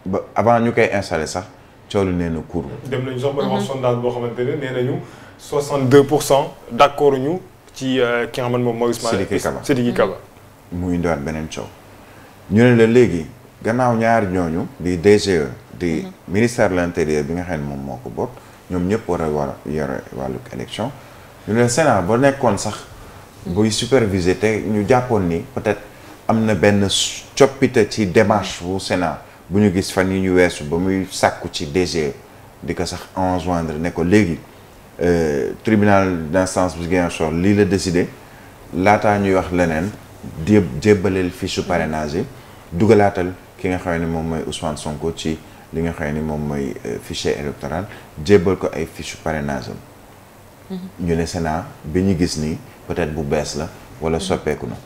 ba avant ñu koy installé sax coow nee na kuur. dem nañu sax ba wax mhm. boo xamante ne nee nañu 62 pour cent d'accord ñu ci euh, ki nga moom ne moom mooy Ousmane di Kaba Sidiki Kaba. Mhm. mu indiwaat beneen coow ñu ne la léegi gannaaw ñaar ñooñu di DGE di mhm. ministère de l'intérieur bi nga xam ne moom moo ko bokk. ñoom ñëpp war a war a yore wàllu élection ñu ne Sénat ba nekkoon sax. buy superviser te ñu jàppoon ni peut-être am na benn coppite ci démarche bu Sénat bu ñu gis fan yi ñu weesu ba muy sàkku ci DG di ko sax enjoindre ne ko léegi euh, tribunal d'instance bu Ziguinchor lii la décidé laataa ñuy wax leneen jé jébbaleel fiche su parrainage yi dugalaatal ki nga xam ne moom mooy Ousmane Sonko ci. li nga xam ni moom mooy euh, fichier électoral jébbal ko ay fiche parrainage mm-hmm. ñu ne Sénat bi ñu gis ni peut-être bu bees la wala mm-hmm. soppeeku na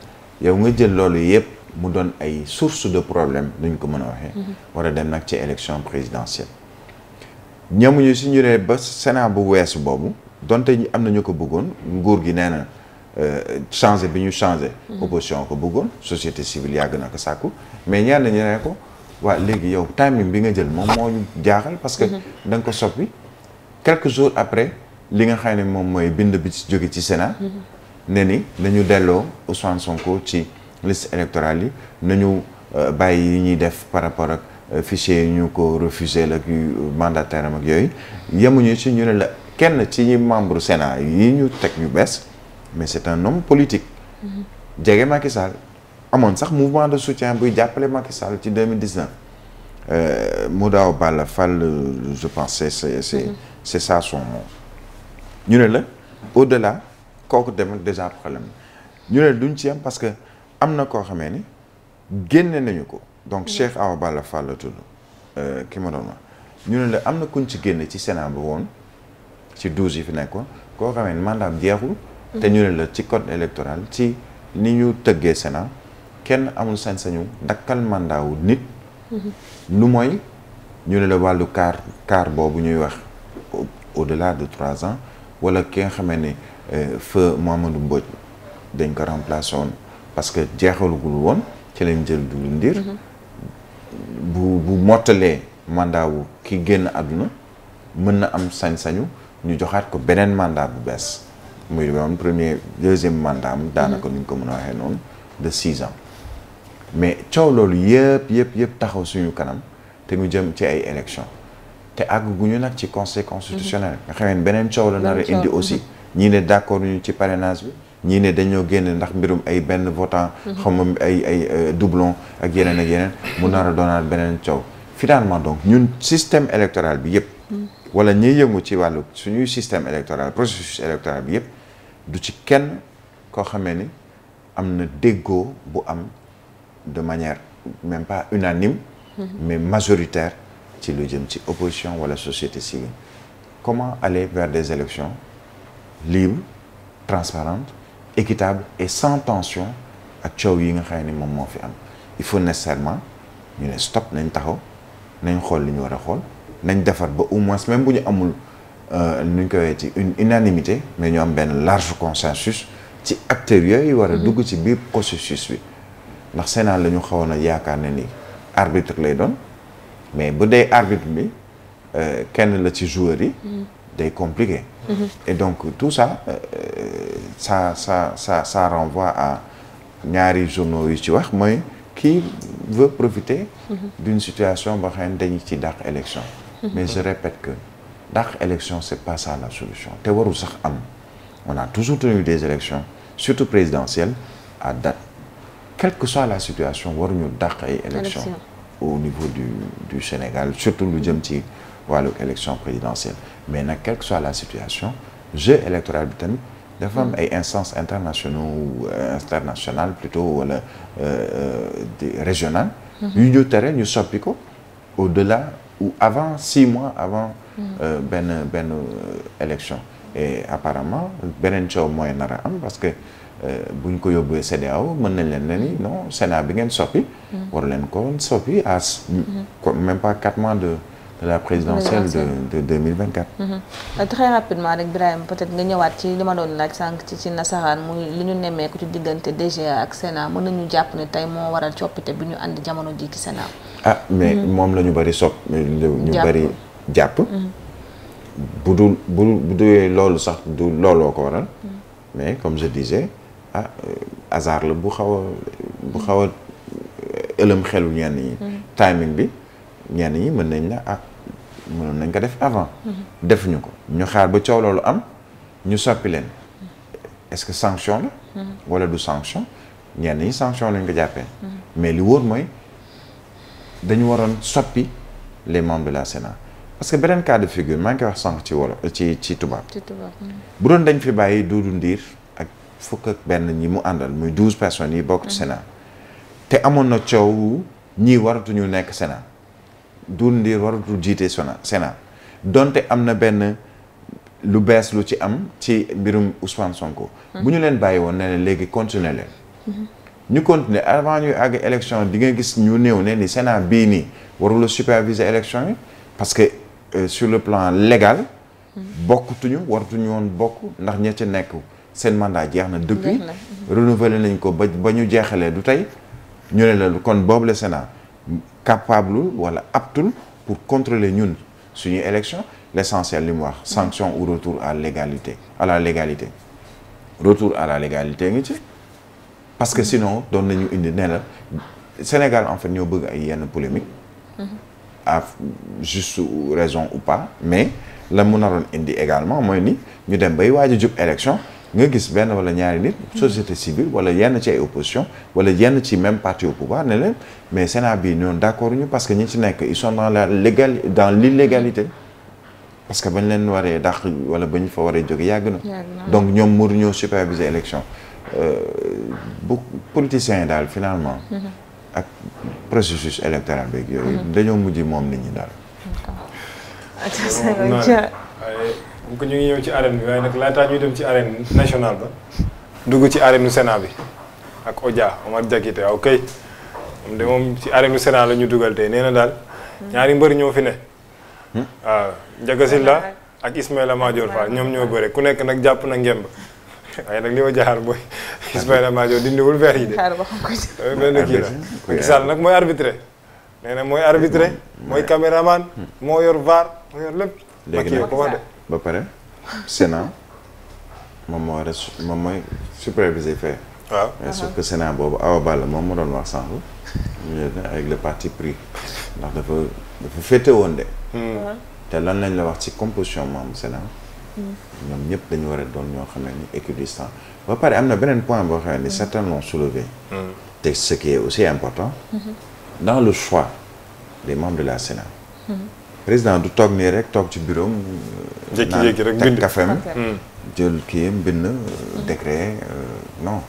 yow nga jël loolu yëpp mu doon ay source de problème nañ ko mën a waxee mm-hmm. war a dem nag ci élection présidentielle ñamuñu si ñu nee ba Sénat bu weesu boobu donte am na ñu ko bëggoon nguur gi nee na euh, changé bi ñu changé opposition ko bëggoon société civile yàgg na ko sàkku mais ñaar nañu ko waaw léegi yow timing bi nga jël moom moo ñu jaaxal parce que mhm. da ko soppi quelques jours après li nga xam ne moom mooy bind bi ci jóge ci Sénat mhm. ne ni nañu delloo Ousmane Sonko ci liste électorale yi nañu euh, bàyyi yi ñuy def par rapport ak euh, fichier yi ñu ko refusé la yu mandataire am ak yooyu yemuñu si ñu ne la kenn ci ñi membre Sénat yi ñu teg yu bees mais c'est un homme politique mhm. jege Macky Sall amoon sax mouvement de soutien buy jàppale Macky Sall ci 2019 euh, Moudao Balla Fall je pense c'est c'est c'est mm-hmm. c'est ça son ñu ne la de delà kooku dem déjà problème ñu ne duñ ci am parce que am na koo xamee ni génne nañu ko donc mm-hmm. Cheikh Awa Balla Fall la tudd euh, ki ma ñu ne la am na kuñ ci génne ci Sénat bi woon ci douze yi fi nekkoon koo xamee ni mandaam jeexul mm-hmm. te ñu ne la ci code électoral ci ni ñu tëggee Sénat kenn amul sañ-sañu ndakkal mandat wu nit. Mhm. lu mooy ñu ne la wàllu car car boobu ñuy wax au delà de trois ans wala ki nga ni ne euh, feu Mamadou Mbodj dañ ko remplacé woon parce que jeexalugul woon ci leen jël Doudou Ndir. Mhm. bu bu mottalee mandat wu ki génn àdduna mën na am sañ-sañu ñu joxaat ko beneen mandat bu bees muy doon premier deuxième mandat mu mhm. daanaka ni ñu ko mën a waxee noonu de six ans. mais coow loolu yëpp yëpp yëpp taxaw suñu kanam te mu jëm ci ay élection te ñu nag ci conseil constitutionnel mhm. nga xam ni beneen coow la nar indi aussi ñii ne d'accord ñu ci parrainage bi ñii ne dañoo génn ndax mbirum ay benn votant mhm. xam ay ay euh, doublon ak yeneen ak yeneen mu nar a doonaat beneen coow finalement donc ñun système électoral bi yëpp mhm. wala ñiy yëngu ci wàllu suñuy système électoral processus électoral bi yëpp du ci kenn koo xamee ni am na déggoo bu am de manière même pas unanime mhm. mais majoritaire ci lu jëm ci opposition wala société civile comment aller vers des élections libres transparentes équitables et sans tension ak coow yi nga xam ni moom moo fi am il faut nécessairement ñu ne stop nañ taxaw nañ xool li ñu war a xool nañ defar ba au moins même bu ñu amul euh, nu ñu koy waxee ci une unanimité mais ñu am benn large consensus ci acteurs yooyu war a mhm. dugg ci biir processus bi ndax Sénat la ñu xawoon a yaakaar ne ni arbitre lay doon mais bu dee arbitre bi euh, kenn la ci joueur yi. Mm-hmm. day compliqué. Mm-hmm. et donc tout ça euh, ça ça ça ça renvoie à ñaari journaux yu ci wax mooy qui veut profiter. Mm-hmm. d'une situation boo xam ne dañu ci dàq élection. mais je répète que dàq élection c'est pas ça la solution te warul sax am on a toujours tenu des élections surtout présidentielles à date. quelle que soit la situation waruñu dàq ay élection au niveau du du Sénégal surtout lu jëm ci wàllu élection présidentielle mais nag quelle que soit la situation jeu électoral bi tamit dafa am mm. ay instances internationaux euh, internationales plutôt wala euh, euh, régionales mm-hmm. yu ñu tere ñu soppi ko au-delà ou avant six mois avant mm. benn benn élection et apparemment beneen coow mooy nar a am parce que bu ñu ko yóbbee aw mën nañ leen ne ni non Sénat bi ngeen soppi. Mm-hmm. war leen ko soppi à mm-hmm. même pas quatre mois de. de la présidentielle de de 2024. Mm-hmm. Euh, très rapidement rek Birahim peut-être nga ñëwaat ci li ma doon laaj sànq ci ci nasaraan muy li ñu nemmeeku ci diggante DGA ak Sénat mën nañu jàpp ne tey moo waral coppite bi ñu ànd jamono ji ci Sénat. ah mais moom la ñu bari sopp ñu bari jàpp. bu dul bu dul loolu sax du looloo ko waral. mais comme je disais. ah hasard la bu xaw a bu xaw a eh, ëlëm xelu ñenn ñi. Mm-hmm. timing bi ñenn ñi mën nañ la ak ah, mënoon nañ ko def avant. Mm-hmm. defuñu ko ñu xaar ba coow loolu am ñu soppi leen mm-hmm. est-ce que sanction la. walla du sanction ñenn ñi sanction lañ ko jàppee. mais li wóor mooy dañu waroon soppi les membres de la Sénat parce que beneen cas figure maa ngi koy wax sànq ci wolof ci ci tubaab. bu doon dañ fi bàyyi Doudou Ndir. fukk ak benn ñi mu àndal muy douze personnes yi bokk sena te amoon na coow ñii waratuñu nekk sena Doudou Ndir waratu jiite Sénat Sénat donte am na benn lu bees lu ci am ci mbirum Ousmane Sonko. Hmm. bu ñu leen bàyyi woon ne leen léegi continuer leen. Hmm. ñu continuer avant ñuy àgg élection di nga gis ñu néew ne ni Sénat bii nii warula superviser élection yi parce que euh, sur le plan légal. Hmm. bokkutuñu waratuñu woon bokk ndax ña ca nekk. seen mandat jeex na depuis mhm. renouvelé nañ ko ba ba ñu jeexalee du tey ñu ne la kon boobu le Sénat capable wala aptul pour contrôler ñun suñu élection l'essentiel li mu wax mhm. sanction ou retour à l'égalité à la légalité retour à la légalité ngi parce que mhm. sinon doon nañu indi ne la Sénégal en fait ñoo bëgg ay yenn polémique à juste raison ou pas mais la a naroon indi également mooy nii ñu dem bay waaj a jub élection nga gis benn wala ñaari nit société civile wala yenn ci ay opposition wala yenn ci même parti au pouvoir ne leen mais Sénat bi ñoon d'accord ñu parce que ñi ci nekk ils sont dans la légal parce que bañ leen waree dax wala ba ñu fa waree jóge yàgg na donc ñoom mur ñoo superviser élection euh, bu politiciens yi daal finalement mm-hmm. ak processus électoral beeg yooyu mm-hmm. dañoo mujj moom nit ñi daal bu ñu ngi ñëw ci arène bi waaye nag laataa ñuy dem ci arène dugg ci arène Sénat bi ak Odia Omar ci arène Sénat la ñu dugal nee na daal ñaari mbër ñoo fi ne hmm? ah, ak Ismaïla Madior ñoom ñoo bëre ku nekk nag jàpp na ngemb waaye nag li ma jaaxal mooy Ismaïla Madior dindiwul verre yi de benn kii mooy arbitré nee na mooy arbitré hmm. mooy caméraman hmm. moo yor VAR moo yor lépp Macky ko wax de ba pare Sénat moom moo war a moom mooy superviser fait. waaw mais sauf que Sénat boobu Awa moom mu doon wax sànq. avec le parti pris ndax dafa dafa féete woon de. Hmm. te lan lañ la wax ci composition moom Sénat. Hmm. ñoom ñëpp dañu war a doon ñoo xam ne équidistant ba pare am na beneen point boo xam ne hmm. certains l'ont soulevé. te ce qui est aussi important. dans le choix des membres de la Sénat. président du toog nii rek toog ci bureau euh, jékki-jékki rek bind kafem hmm. jël kiyam bind euh, hmm. décret euh, non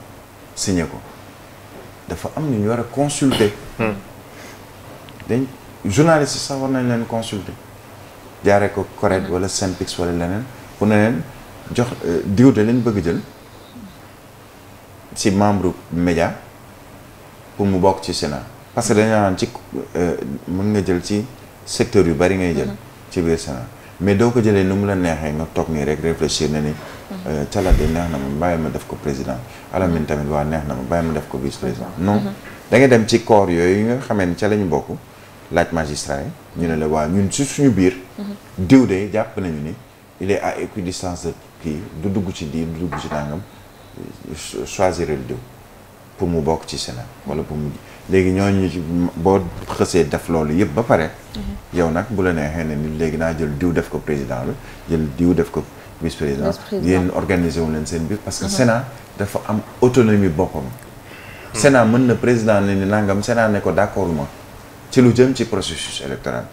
signé ko dafa am lu ñu war a consulter hmm. dañ journaliste sax war nañ leen consulter jaare ko CORED wala SYNPICS wala leneen pour ne leen jox diw de leen bëgg jël ci membre média pour mu bokk ci Sénat parce que dañu naan ci mën nga jël ci secteur yu bari ngay jël mhm. ci biir Sénégal mais doo ko jëlee ni mu la neexee nga toog nii rek réfléchir na ni calat mhm. euh, di neex na ma bàyyi ma def ko président alamin mhm. tamit waa neex na ma bàyyi ma def ko vice président non da ngay dem ci corps yooyu nga xamee ni ca la ñu bokk laaj magistrat yi ñu ne la waa ñun su suñu biir diw de jàpp nañu ni il est à équidistance de kii du dugg ci diir du dugg ci nangam euh, choisir diw pour mu bokk ci Sénat wala pour mu léegi ñooñu ci boo xësee def loolu yëpp ba pare. Mhm. yow nag bu la neexee ne ni léegi naa jël diw def ko président la jël diw def ko vice président. yéen organiser wu leen seen biir. parce que mhm. sena dafa am autonomie boppam. Mhm. Sénat mën na président ne ni nangam Sénat ne ko d' accord ma ci lu jëm ci processus électoral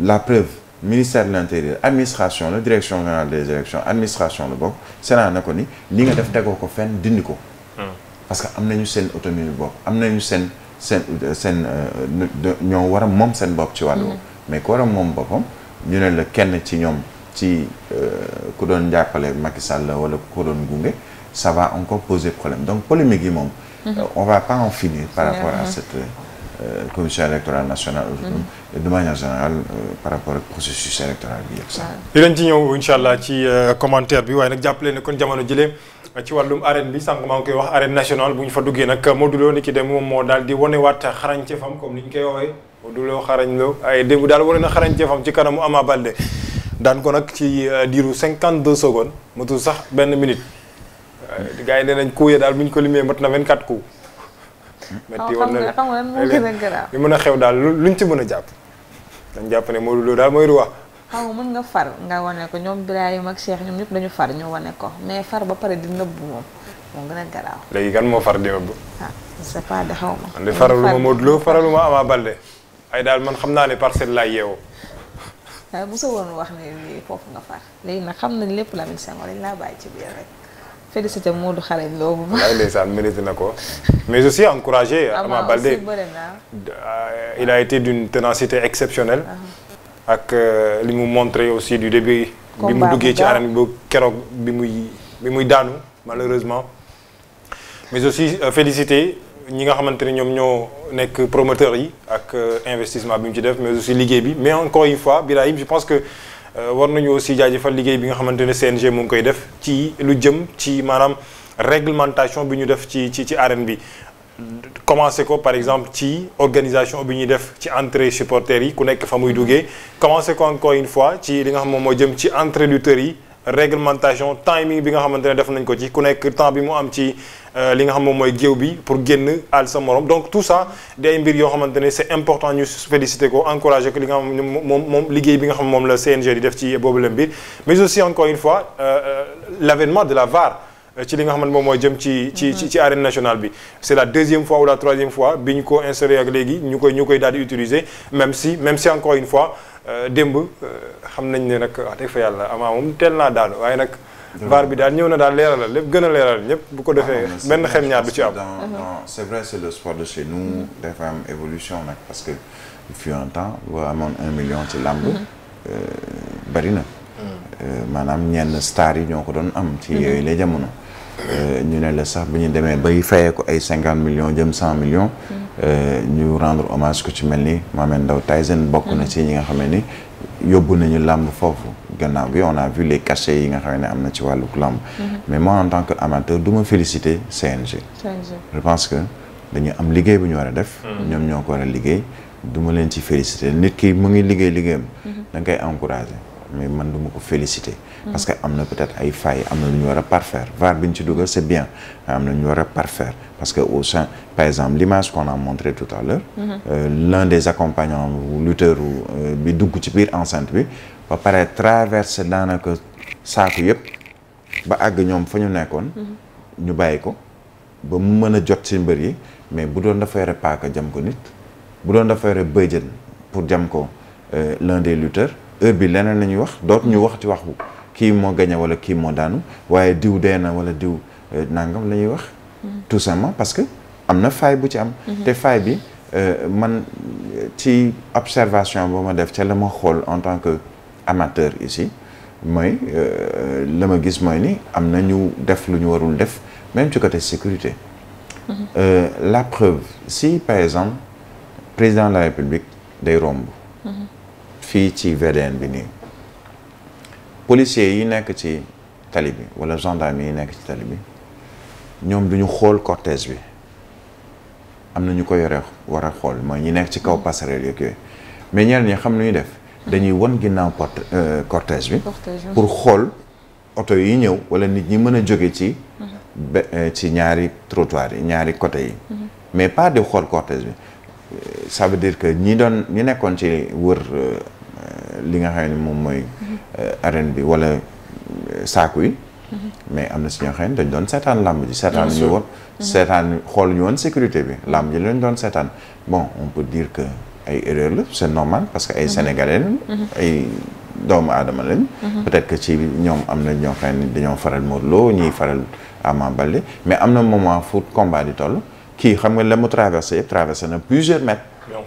la preuve ministère de administration la direction générale des élections administration la bopp Sénat ne ko ni li nga def tegoo ko fenn dindi ko. parce que am nañu seen autonomie bopp am nañu seen. seen seen euh, ñoo war moom seen bopp ci wàllu mm-hmm. mais ku war moom boppam ñu ne la kenn ci ñoom ci euh, ku doon jàppale Macky Sall wala ku ko doon gunge ça va encore poser problème donc polémique yi moom mm-hmm. on va pas en par rapport à mm-hmm. cette euh, commission électorale nationale et de manière par rapport ak processus électoral bi yëpp sax dinañ ci ñëw incha allah ci commentaire bi waaye nag jàppale ne kon jamono jëlee ci wàllum arène bi sànq maa ngi koy wax arène nationale bu ñu fa duggee nag Modou Lo ni ki dem moom moo daal di wanewaat xarañte fam comme ni ñu koy woowee Modou Lo xarañ lo ay démb daal wane na xarañte fam ci kanamu Ama Baldé daan ko nag ci euh, diiru 52 secondes matul sax benn minute euh, gars nee nañ coups ya daal bu ñu ko limee mat na 24 coups. Hmm. metti oh, woon na xam mën a xew daal luñ ci mën a jàpp. dañ jàpp ne Modou daal mooy ruwa. xam nga mën nga far nga wane ko ñoom Birahim ak Cheikh ñoom ñëpp dañu far ñu wane ko mais far ba pare di nëbbu moom moo gën moo far di nëbbu. ah c'est pas ma. man faraluma daal man xam naa ne parcelle laay yeewoo. waaye ah, bu wax ne léegi nag xam nañ lépp Lamine Senghor dañ laa bàyyi ko mais aussi encouragé. Ama Baldé euh, il a été d'une ténacité exceptionnelle. Ah. ak euh, li mu montré aussi du début. bi mu duggee ci arène bi keroog bi muy bi muy daanu malheureusement. mais aussi euh, félicité ñi nga xamante ne ñoom ñoo nekk promoteurs yi ak euh, investissement bi mu ci def mais aussi liggéey bi mais encore une fois Birahim je pense que war nañu aussi jaajëfal liggéey bi nga xamante ne CNG mu ngi koy def ci lu jëm ci maanaam réglementation bi ñu def ci ci ci arène bi. commencé ko par exemple ci organisation bi ñuy def ci entrée supporters yi ku nekk fa muy duggee commencé ko encore une fois ci li nga xam moom moo jëm ci entrée lutteurs yi réglementation timing bi nga xamante ne def nañ ko ci ku nekk temps bi mu am ci euh, li nga xam moom mooy géew bi pour génn àll sa morom donc tout ça di ay mbir yoo xamante ne c'est important ñu féliciter ko encourager ko li nga xam moom moom liggéey bi nga xam moom la CNG di def ci boobu la mbir mais aussi encore une fois euh, euh, l'avènement de la VAR ci li nga xamante moom moo jëm ci ci ci ci arène nationale bi c'est la deuxième fois ou la troisième fois bi ñu ko installé ak léegi ñu koy ñu koy daal di utiliser même si même si encore une fois euh, démb euh, xam nañ ne nag ah, fa yàlla amaa moom teel naa daal waaye nag VAR bi daal ñëw na daal leerala lépp gën a leeral ñëpp bu ko defee ah, benn xel ñaar du ci am c'est le sport de chez mm-hmm. évolution parce que fut un temps boo amoon un million ci làmb mm-hmm. euh, bari na mm-hmm. maanaam ñenn star yi ñoo ko doon am ci yooyu jamono Euh, ñu ne la sax bu ñu demee bay fayee ko ay cinquante millions jëm cent millions. Euh, ñu rendre hommage ko ci mel ni Mohamed Ndao Tyson bokk na ci ñi nga xam ni yóbbu nañu làmb foofu gannaaw gi on a vu les cachets yi nga xam ne am na ci wàlluk làmb. Mm-hmm. mais moi en tant que amateur du ma féliciter CNG. CNG je pense que dañu am liggéey bu ñu war a def. Mm-hmm. ñoom ñoo ko war a liggéey duma leen ci féliciter nit ki mu ngi liggéey liggéeyam. Mm-hmm. da ngay encourager. mais man du ma ko féliciter. parce que am na peut-être ay failles am na lu ñu war a parfaire VAR bi ñu ci dugal c'est bien am na ñu war a parfaire parce que au sein par exemple l'image qu'on a montré tout à l'heure mm bi dugg ci biir enceinte bi ba pare traversé daanaka saaku yëpp ba àgg ñoom fa ñu nekkoon. Mhm. ñu bàyyi ko ba mu mën a jot ci mbër yi mais bu doon dafa yore paaka jam ko nit bu doon dafa yore bëjjën pour jam ko euh, l'un des lutteurs. heure bi leneen la ñuy wax dootu ñu waxati waxu kii moo gañe wala kii moo daanu waaye diw dee na wala diw euh, nangam la ñuy wax mm-hmm. tout simplement parce que am na faay bu ci am mm-hmm. te faay bi euh, man euh, ci observation boo ma def ca la ma xool en tant que amateur ici mooy la ma gis mooy ni am na ñu def lu ñu warul def même ci côté sécurité mm-hmm. la preuve si par exemple président la république day romb fii ci VDN bi nii policiers yi nekk ci tali bi wala gendarme yi nekk ci tali bi ñoom duñu xool cortège bi am na ñu ko yore war a xool mooy ñi nekk ci kaw passerelle yeeg yooyu mais ñeneen ñi xam nu ñuy def dañuy wan ginnaaw porte euh, cortège bi pour xool oto yi ñëw walla nit ñi mën a jóge ci mhm. euh, ci ñaari trottoir yi ñaari côté yi mhm. mais pas de xool cortège bi ça veut dire que ñi doon ñu nekkoon ci wër euh, li nga xam ne moom mooy euh, arène bi wala euh, saaku yi mm-hmm. mais am na si ñoo xam ne dañ doon seetaan làmb ji seetaan ñu woon mm-hmm. seetaan xool ñu woon sécurité bi làmb ji lañ doon seetaan bon on peut dire que ay erreur la c'est normal parce que ay mm-hmm. sénégalais ay doomu aadama lañ peut-être que ci ñoom am na ñoo xam dañoo faral Modou Lo ñiy faral Ama Baldé mais am na moment fu combat di toll kii xam nga la mu traversé yëpp traversé na plusieurs mètres bien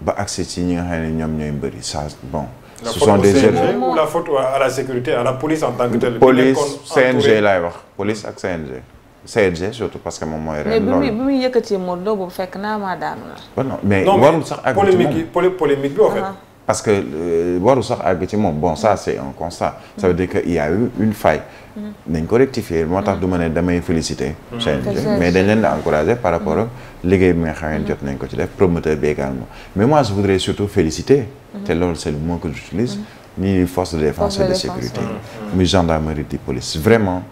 ba accès ci ñi nga xam ne ñoom ñooy mbëri ça bon. La ce sont des jeunes ou la faute à la sécurité la police en tant que telle. police CNG laay wax police ak CNG. CNG surtout parce que moom mooy. ren loolu mais bi muy yëkkatee Modou Lo fekk naa maa daanu la. non mais warul sax ak. polémique bi polémique bi en fait. parce que waru sax àgg ci moom bon ça c' un constat ça veut dire que il y a eu une faille nañ ko rectifier moo tax du ma ne damay féliciter mm-hmm. CNG mais dañ leen di encourager par rapport ak liggéey bi nga xam jot nañ ko ci def promoteur bi également mais moi je voudrais surtout féliciter mm-hmm. te loolu c' est le mot que j'utilise mm-hmm. ñi force de défense et de sécurité muy gendarmerie di police vraiment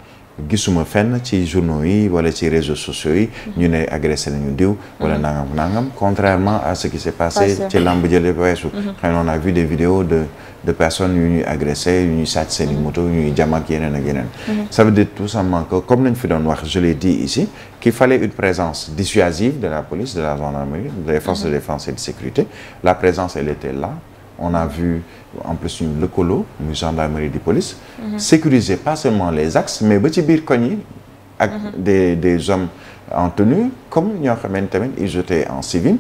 gisuma fenn ci journaux yi wala ci réseau sociaux yi ñu ne agressé nañu diw wala nangam mhm. nangam contrairement à ce qui s'est passé ci lamb jële weesu mhm. xëy na on a vu des vidéos de personnes yu ñuy agressé yu ñuy sàcc seen mhm. moto yu ñuy jam ak yeneen ak yeneen ça veut dire tout simplement que comme nañ fi doon wax je l'ai dit ici qu'il fallait une présence dissuasive de la police de la gendarmerie des forces de défense et de sécurité la présence elle était là a vu en plus ñu lëkkaloo muy gendarmerie di police sécuriser pas seulement les axes mais ba ci biir koñ yi ak mhm. des des hommes en tenue comme ñoo xamante tamit ils étaient en civil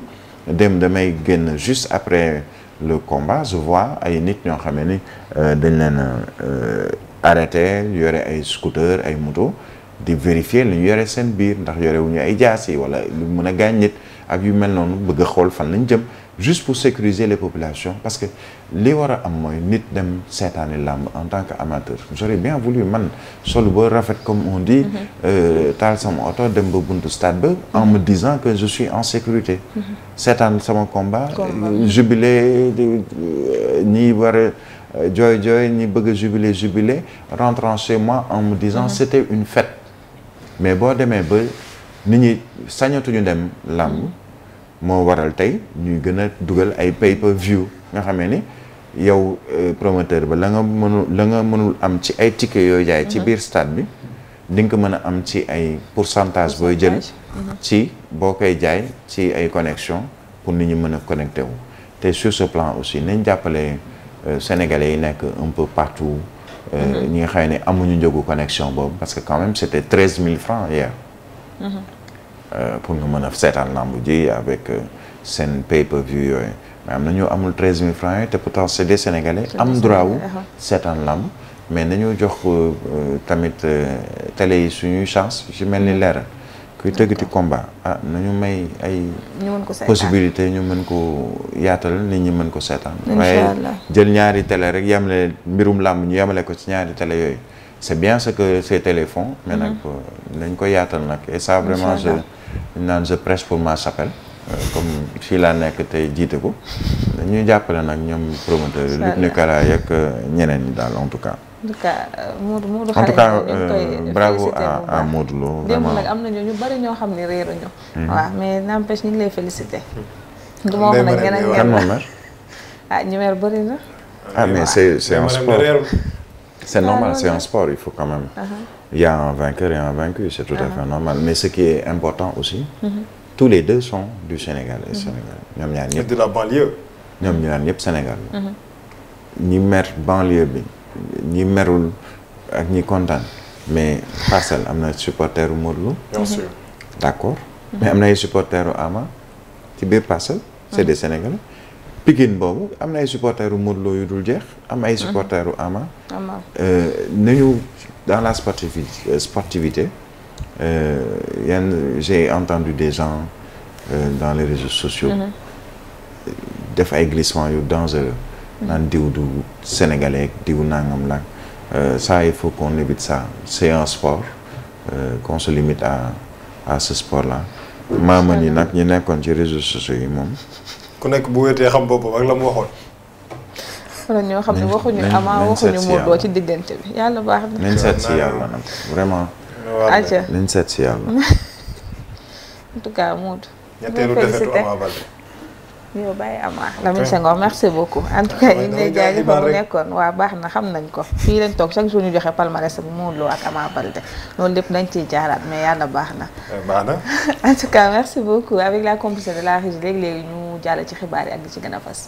dem damay génn juste après le combat je vois ay nit ñoo xam ne euh, dañ leen euh, arrêté yore ay scooter ay moto di vérifier lu ñu yore seen biir ndax yore wu ñu ay jaas yi wala lu mën a gaañ nit ak yu mel noonu bëgg xool fan lañ jëm juste pour sécuriser les populations parce que li war a am mooy nit dem seetaani lamb en tant que amateur j'aurais bien voulu man sol bo rafet comme on dit mhm. euh, taal sama oto dem ba buntu stade ba en me disant que je suis en sécurité mhm. seetaan sama combat euh, jubilé euh, ñi war a jooy jooy ñi bëgg a jubilé jubilé rentrant chez moi en me disant mhm. c'était une fête mais boo demee ba nit ñi sañatuñu dem làmb moo waral tey ñuy gën a dugal ay pay per view nga xamee ni yow euh, promoteur ba la nga mënul la nga mënul am ci ay ticket yooyu jaay ci mhm. biir stade bi dinga ko mën a am ci ay pourcentage booy jël mhm. ci boo koy jaay ci ay connexion pour ni ñu mën a connecté wu te sur ce plan aussi nañ jàppale euh, sénégalais yi nekk un peu partout euh, mhm. ñi nga xam ne amuñu njëgu connexion boobu parce que quand même c'était treize mille francs hier Euh, pour nga mën a seetaan lamb ji avec euh, seen pay per view yooyu mais am na ñu amul treize mille francs yooyu te pourtant c'est des sénégalais am droit wu uh-huh. seetaan lamb mais nañu jox euh, tamit télé yi suñuy chance ci mel ni leeral kuy tëggati combat ah nañu may ay possibilité ñu mën ko yaatal nit ñi mën ko seetaan waaye jël ñaari télé rek yemale mbirum làmb ñu yemale ko ci ñaari télé yooyu c'est bien ce que ces téléphones. mais nag dañ mhm. euh, ko yaatal nag et ça vraiment je naan je presse pour ma chapelle. Euh, comme fii laa nekk tey jiite ko dañuy jàppale nag ñoom promoteur yi. Luc Nicolaï ak euh, ñeneen ñi daal en tout cas. en tout cas Modou Modou ñu bari ñoo xam ne réeruñu. Mhm. waaw mais n'empêche ñu lay féliciter. Hmm. du wax nag ñeneen ñi kan ñu mer ah, bari ah mais c'est c'est un sport. C'est normal, c'est un sport, il faut quand même. Uh -huh. Il y a vainqueur c'est tout à uh-huh. fait normal. Mais ce qui est important aussi, uh tous les deux sont du Sénégal et Sénégal. Uh-huh. ñoom ñaar ñëpp de la banlieue. Sénégal la. ñi banlieue bi ñi merul ak ñi kontaan mais parcelle am na supporteru Modou d'accord mais am na ay supporteru Ama ci biir parcelle. c'est des Sénégalais. Pikine boobu am na ay supporteurs u yu dul jeex am ay mhm. supporteurs u Ama euh, nañu dans la sportivité euh, sportivité euh, yenn j'ai entendu des gens euh, dans les réseaux sociaux mhm. def ay glissement yu dangereux mhm. naan diw du sénégalais diw nangam laag euh, ça il faut qu'on évite ça c'est un sport euh, qu'on se limite à à ce sport là maama yi nag ñu nekkoon ci réseaux sociaux yi moom ku nekk bu wéetee xam boppam ak la mu waxoon. wala ñoo xam ne waxuñu ama waxuñu mu doo ci diggante bi yàlla baax na. nañ seet si yàlla nag vraiment. nañ seet si yàlla. en tout cas Moodu. ñetteelu yow bàyyi Amar Lamine Senghor merci beaucoup en tout cas ñu ngi lay jaajëfal bu nekkoon waa baax na xam nañ ko fii lañ toog chaque jour ñu joxe palmarès ak Modou Lo ak Ama Baldé loolu lépp nañ ciy jaaraat mais yàlla baax na eh, baax na en tout cas merci beaucoup avec la complicité de la régie léegi-léegi ñu jàll ci xibaar yi ak li ci gën a fas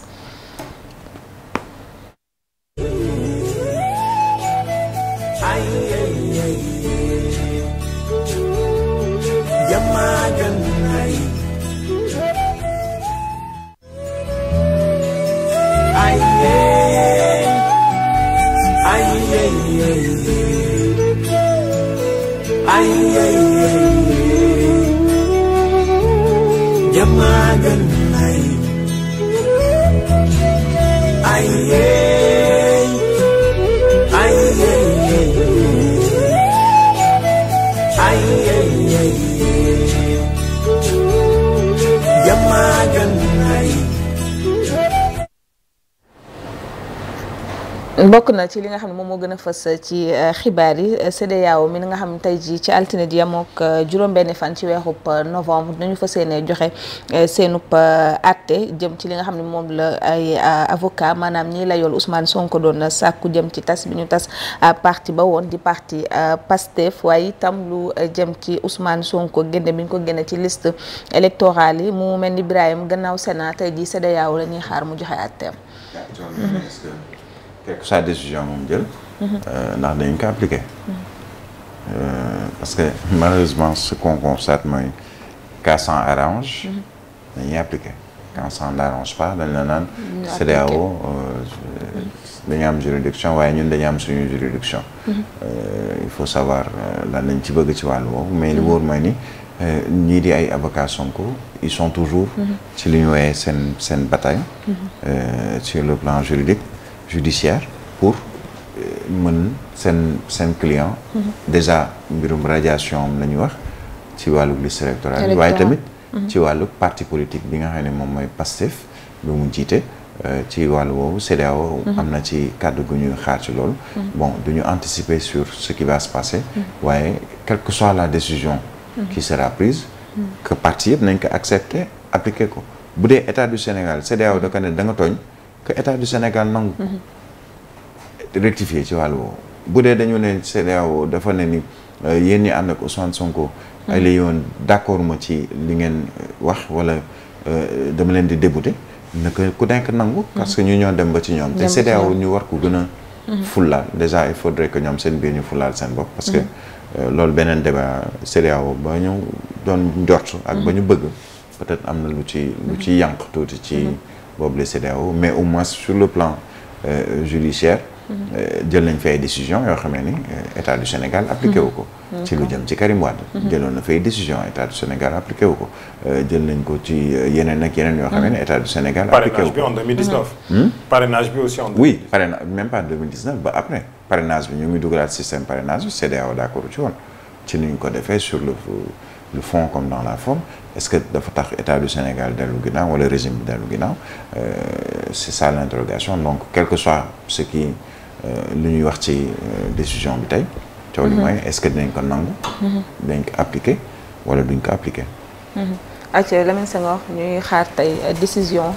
ay ay ay jamagan bokk na ci li nga xam ne moom moo gën a fës ci euh, xibaar yi euh, CEDEAO mi nga xam ne tey jii ci altine di yam ak euh, juróom-benni fan ci weexub novembre dañu fas yéene joxe seenub atte jëm ci li nga xam ne moom la ay avocat maanaam ñi la yool Ousmane Sonko doon sàkku jëm ci tas bi ñu tas parti ba woon di parti Pastef waaye itam lu jëm ci Ousmane Sonko génne bi ñu ko génne ci liste électorale yi mu mel ni Ibrahima gannaaw Sénat tey jii CEDEAO la ñuy xaar mu joxe atteem fekk sa décision moom jël. Mhm. Euh, ndax dañu ko appliqué. Mhm. Euh, parce que malheureusement ce qu'on constate mooy quand ça arrange. Mhm. dañuy appliqué quand ça n'arrange pa dañu la naan. CEDEAO euh, dañu am juridiction waaye ñun dañu am suñu juridiction. il faut savoir lan lañ ci bëgg ci wàllu woowu mais li wóor mooy ni ñii di ay avocats Sonko ils toujours. ci li ñu woowee seen seen bataille. sur le plan juridique. judiciaire pour euh, mën seen seen client mhm. déjà mbirum radiation am la ñuy wax ci wàllu liste électorale waaye tamit ci mhm. wàllu parti politique bi nga xam ne moom mooy Pastef bi mu jiite euh, ci wàllu woowu CEDEAO mhm. am na ci kàddu gu ñuy xaar ci loolu bon du ñu anticiper sur ce qui va se passer waaye quelle que soit la décision qui sera prise que parti yëpp nañ ko accepter appliquer ko bu dee état du Sénégal CEDEAO da ko ne da nga tooñ que état du Sénégal nangu. rectifier ci wàll woowu. bu dee dañu ne CEDEAO dafa ne ni euh, yéen ñi ànd ak Ousmane Sonko. Hmm. ay la yoon d'accord ma ci li ngeen wax wala euh, dama leen di débouté naka ku nekk nangu. Hmm. parce que ñu ñoo dem ba ci ñoom. te CEDEAO ñu war ko gën a. Hmm. fulaal déjà il faudrait que ñoom seen biir ñu fulaal seen bopp. parce que euh, loolu beneen débat CEDEAO ba ñu doon njort. ak ba ñu bëgg peut-être am na lu ci lu ci yànq tuuti ci. boobu la CEDEAO mais au moins sur le plan euh, judiciaire euh, jël nañ fi décision yoo xamee ni euh, état du Sénégal appliqué wu ko mm-hmm. ci lu jëm ci Karim Wade mm-hmm. jëloon na fay décision état du Sénégal wu ko euh, jël nañ ko ci yeneen ak yeneen yoo xamee ni mm-hmm. état du Sénégal appliqué wu ko parrainage bi en 2019 hmm? parrainage bi aussi en 2019 pas ba après parrainage bi ñu ngi dugalaat système parrainage bi CEDEAO d'accord ci woon ci ni ñu ko defee sur le lu fond comme dans la forme est-ce que dafa tax état du Sénégal dellu ginnaaw wala régime bi dellu ginnaaw euh, c'est ça l'interrogation donc quel que soit ce qui euh, lu ñuy wax ci euh, décision bi tey coow li mm-hmm. mooy est-ce que dinañ ko nangu mm-hmm. dinañ ko appliquer wala duñ ko appliquer mm-hmm. ac Lamine Senghor ñuy xaar tey décision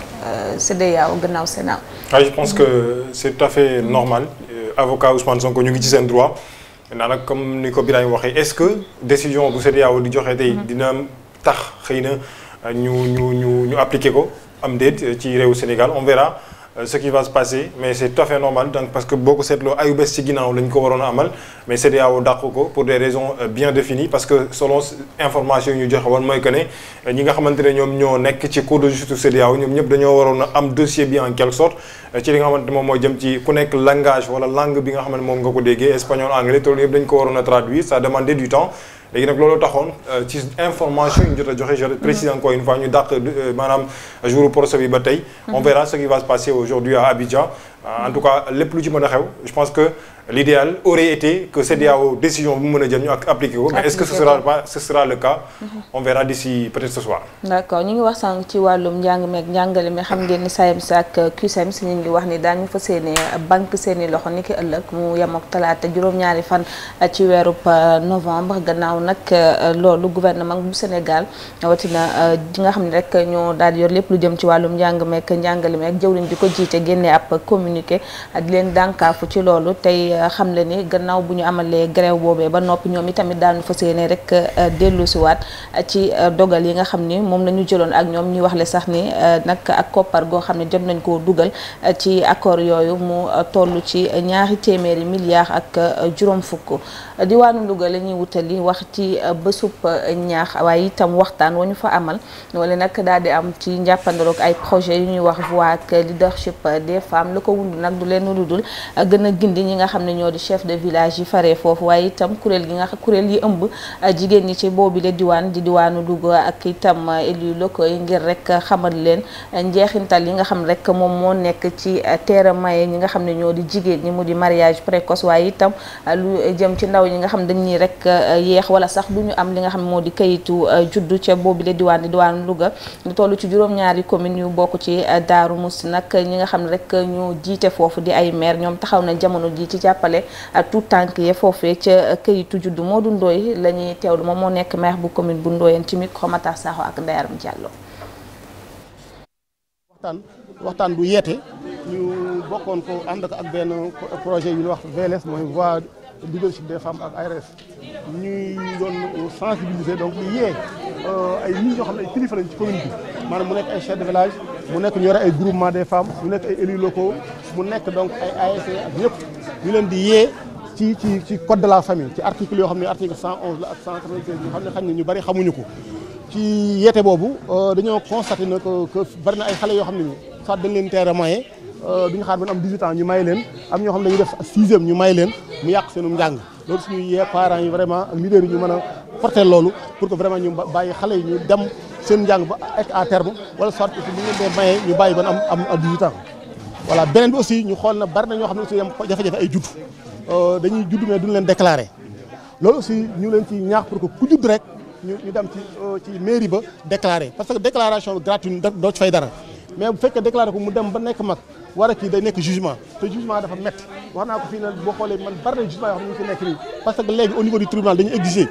CEDEAO gannaaw Sénat ah je pense que c'est tout à fait normal avocat Ousmane Sonko ñu ngi ci seen droit maintenant nag comme ni ko Birame waxee est-ce que décision bu CEDEAO di joxe tey mhm. dina tax xëy na euh, ñu ñu ñu ñu appliquer ko am déet ci réewu Sénégal on Euh, ce qui va se passer mais c' est tout à fait normal donc parce que boo ko seetloo ayu bés ci ginnaaw la ko waroon a amal mais CEDEAO dàq ko pour des raisons euh, bien définies parce que selon information yi ñu joxe woon mooy que ne euh, ñi nga xamante ne ñoom ñoo nekk ci cour de justice CEDEAO ñoom ñëpp dañoo waroon a am dossier bi en quelque sorte ci li nga xamante moom mooy jëm ci ku nekk langage wala langue bi nga xam ne moom nga ko déggee espagnol anglais te loolu yëpp léegi nag loolu taxoon euh, ci information yi ñu jot a joxe je précise encore une fois ñu dàq euh, maanaam jour procès bi ba tey mhm. on verra ce qui va se passer aujourd'hui à Abidjan euh, en tout cas lépp lu ci mën a xew je pense que l'idéal aurait été que CEDEAO décision bu mu mën a jël ñu ak appliqué ko mais est-ce que ce sera le cas mm-hmm. on verra d'ici peut-être ce soir d'accord ñu ngi wax sànq ci wàllum njàng meeg njàngale mi xam ngeen ni sa ak CUSEMS ñu ngi wax ni daañu fa seeni banque seeni loxo ni ki ëllëg mu yem ak talaata juróom-ñaari fan ci weeru weerub euh, novembre gannaaw nag euh, loolu gouvernement bu Sénégal rawatina di euh, nga xam ne rek ñoo daal yor lépp lu jëm ci wàllum njàng meeg njàngale meeg di ko jiite génnee ab communiqué ak leen dànkaafu ci loolu xamle ni gannaaw bu ñu amalee grève boobee ba noppi ñoom itamit daal ñu fas yéene rek euh, dellusiwaat ci euh, dogal yi nga xam ni moom la ñu jëloon ak ñoom ñuy wax le sax ni euh, nag ak koppar goo xam ne jot nañ koo dugal ci accord yooyu mu toll ci ñaari téeméeri milliards ak juróom fukk diwaanu Louga la ñuy wutali wax ci bésub ñaax waaye itam waxtaan wa ñu fa amal loole nag daal di am ci njàppandaloog ay projet yu ñuy wax voix ak leadership des femmes la ko wund xam ne ñoo di chef de village yi faree foofu waaye itam kuréel gi nga kuréel yi ëmb jigéen ñi ci boobile diwaan di diwaanu Louga ak itam élus locaux yi ngir rek xamal leen njeexintal yi nga xam rek moom moo nekk ci terre maye ñi nga xam ne ñoo di jigéen ñi mu di mariage précoce waaye itam lu jëm ci ndaw ñi nga xam ne dañuy rek yeex wala sax du ñu am li nga xam ne moo di kayitu juddu ca boobile diwaan di diwaanu Louga lu toll ci juróom-ñaari commune yu bokk ci Daaru Musi nag ñi nga xam jàppale ak tout tànk ya foofee ca këyitu juddu Modou Ndoye la ñuy teewlu moom moo nekk maire bu commune bu Ndoyeen ci micro Matar Sakho ak Ndayaram Diallo. waxtaan waxtaan bu yeete ñu bokkoon ko ànd ak benn projet yu ñuy wax VLS mooy voix leadership des femmes ak ARS ñuy doon sensibiliser donc ñu yee euh, ay nit xam ne ay kilifa lañ ci mu nekk ay chef de village mu nekk ñu yore ay groupement des femmes mu nekk ay élus locaux. mu nekk donc ay ASC e ak ñëpp ñu leen di yee ci ci ci code de la famille ci article yoo xam ne article 111 la ak 196 yoo xam ne xañ na ñu bari xamuñu ko ci yeete boobu euh, dañoo constaté na que bari na ay xale yoo xam ne soit dañ leen teel a maye euh, duñu xaar ba am 18 ans ñu may leen am ñoo xam ne dañuy def sixième ñu may leen mu yàq seenu njàng loolu suñuy yee parents yi vraiment ak leaders yi ñu mën a porter loolu pour que vraiment ñu bàyyi xale yi ñu dem seen njàng ba ak à terme wala soit que bu ñu leen bàyyi ba am am 18 ans voilà beneen bi aussi ñu xool na bari na ñoo xam ne aussi jafe-jafe ay judd euh, dañuy judd mais duñ leen déclaré loolu aussi ñu leen ci ñaax pour ko ku judd rek ñu dem ci euh, ci mairie ba déclaré parce que déclaration gratuite doo ci fay dara mais bu fekkee déclaré ko mu dem ba nekk mag war a kii day nekk jugement te jugement dafa métti wax naa ko fii ne boo xoolee man bari na jugement yoo xam ne ñu fi nekk nii parce que léegi au niveau du tribunal dañuy exiger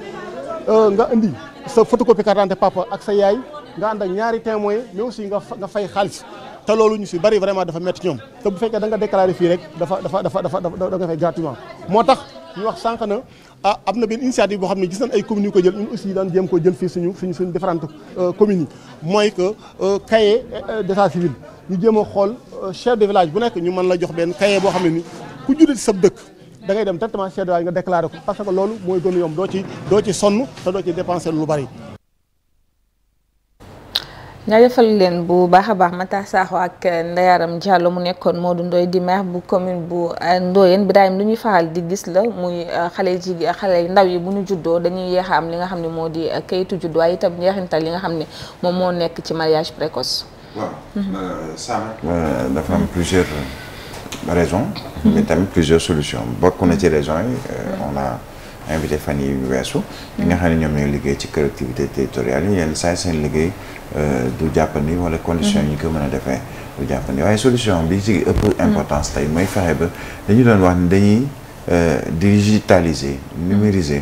euh, nga indi sa photocopie carte d'identité papa ak sa yaay nga ak ñaari témoin mais aussi nga nga fay xaalis te loolu ñu si bari vraiment dafa métti ñoom te bu fekkee danga nga fii rek dafa dafa dafa dafa da nga fay gratuitement moo tax ñu wax sànq na ah am na benn initiative boo xam ne gis nañ ay communes yu ko jël ñun aussi daan jéem koo jël fii suñu suñu suñu différentes euh, communes yi mooy que euh, cahier euh, d'état civil ñu jéem a xool chef de village bu nekk ñu mën la jox benn cahier boo xam ne ni ku juddati sa dëkk da ngay dem directement chef de village nga déclaré ko parce que loolu mooy gën a yomb doo ci doo sonn te doo ci dépenser lu jaajëfal leen bu baax a baax Matar Sakho ak Ndayaram Diallo mu nekkoon Modou Ndoye di maire bu commune bu euh, Ndoyeen Birahim lu ñuy faral di gis la muy euh, xale ji xale ndaw yi bu ñu juddoo dañuy yeexa am li nga xam ne moo di euh, kayitu juddu waaye itam njeexintal li nga xam ne moom moo nekk ci mariage précoce. waaw mhm. Sama. dafa am plusieurs raisons. Mhm. mais tamit plusieurs solutions bokk na ci raisons yi mhm. on a. invité fan yi weesu. ñi nga xam ne ñoom ñooy liggéey ci collectivité territoriale yi yenn seen liggéey Euh, du jàppandi wala condition yi ko mën a defee du jàppandi waaye solution bi si ëpp importance tey mooy fexe ba dañu doon wax ni dañuy euh, digitaliser numériser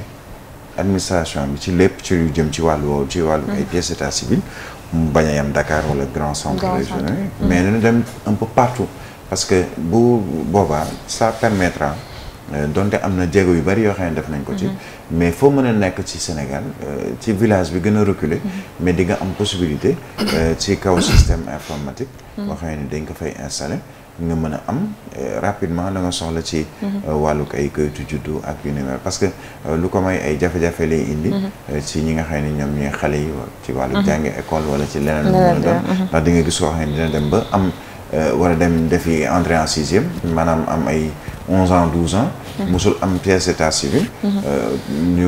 administration bi ci lépp ci lu jëm ci wàllu woowu ci wàllu ay pièces d'état civil mu bañ a yam Dakar wala grand centre régional mais dañu dem un peu partout parce que bu booba ça permettra euh, donte am na jéego yu bari yoo xam ne def nañ ko ci mm-hmm. mais foo mën a nekk ci Sénégal euh, ci village bi gën a reculer mhm. mais di nga am possibilité euh, ci kaw système informatique mhm. boo xam ne dañ ko fay installé nga mën a am euh, rapidement nanga soxla ci mhm. wàlluk ay kayitu juddu ak yu parce que lu ko may ay jafe-jafe lay indi ci ñi nga xam ni ñoom ñuy xale yi ci wàllu jàngi école wala ci leneen lu mën a doon ndax di gis koo xam dina dem ba am Euh, war a dem defi entrée en sixième maanaam am ay onze ans douze ans mosul mhm. am pièce d'état civil mhm. euh, ñu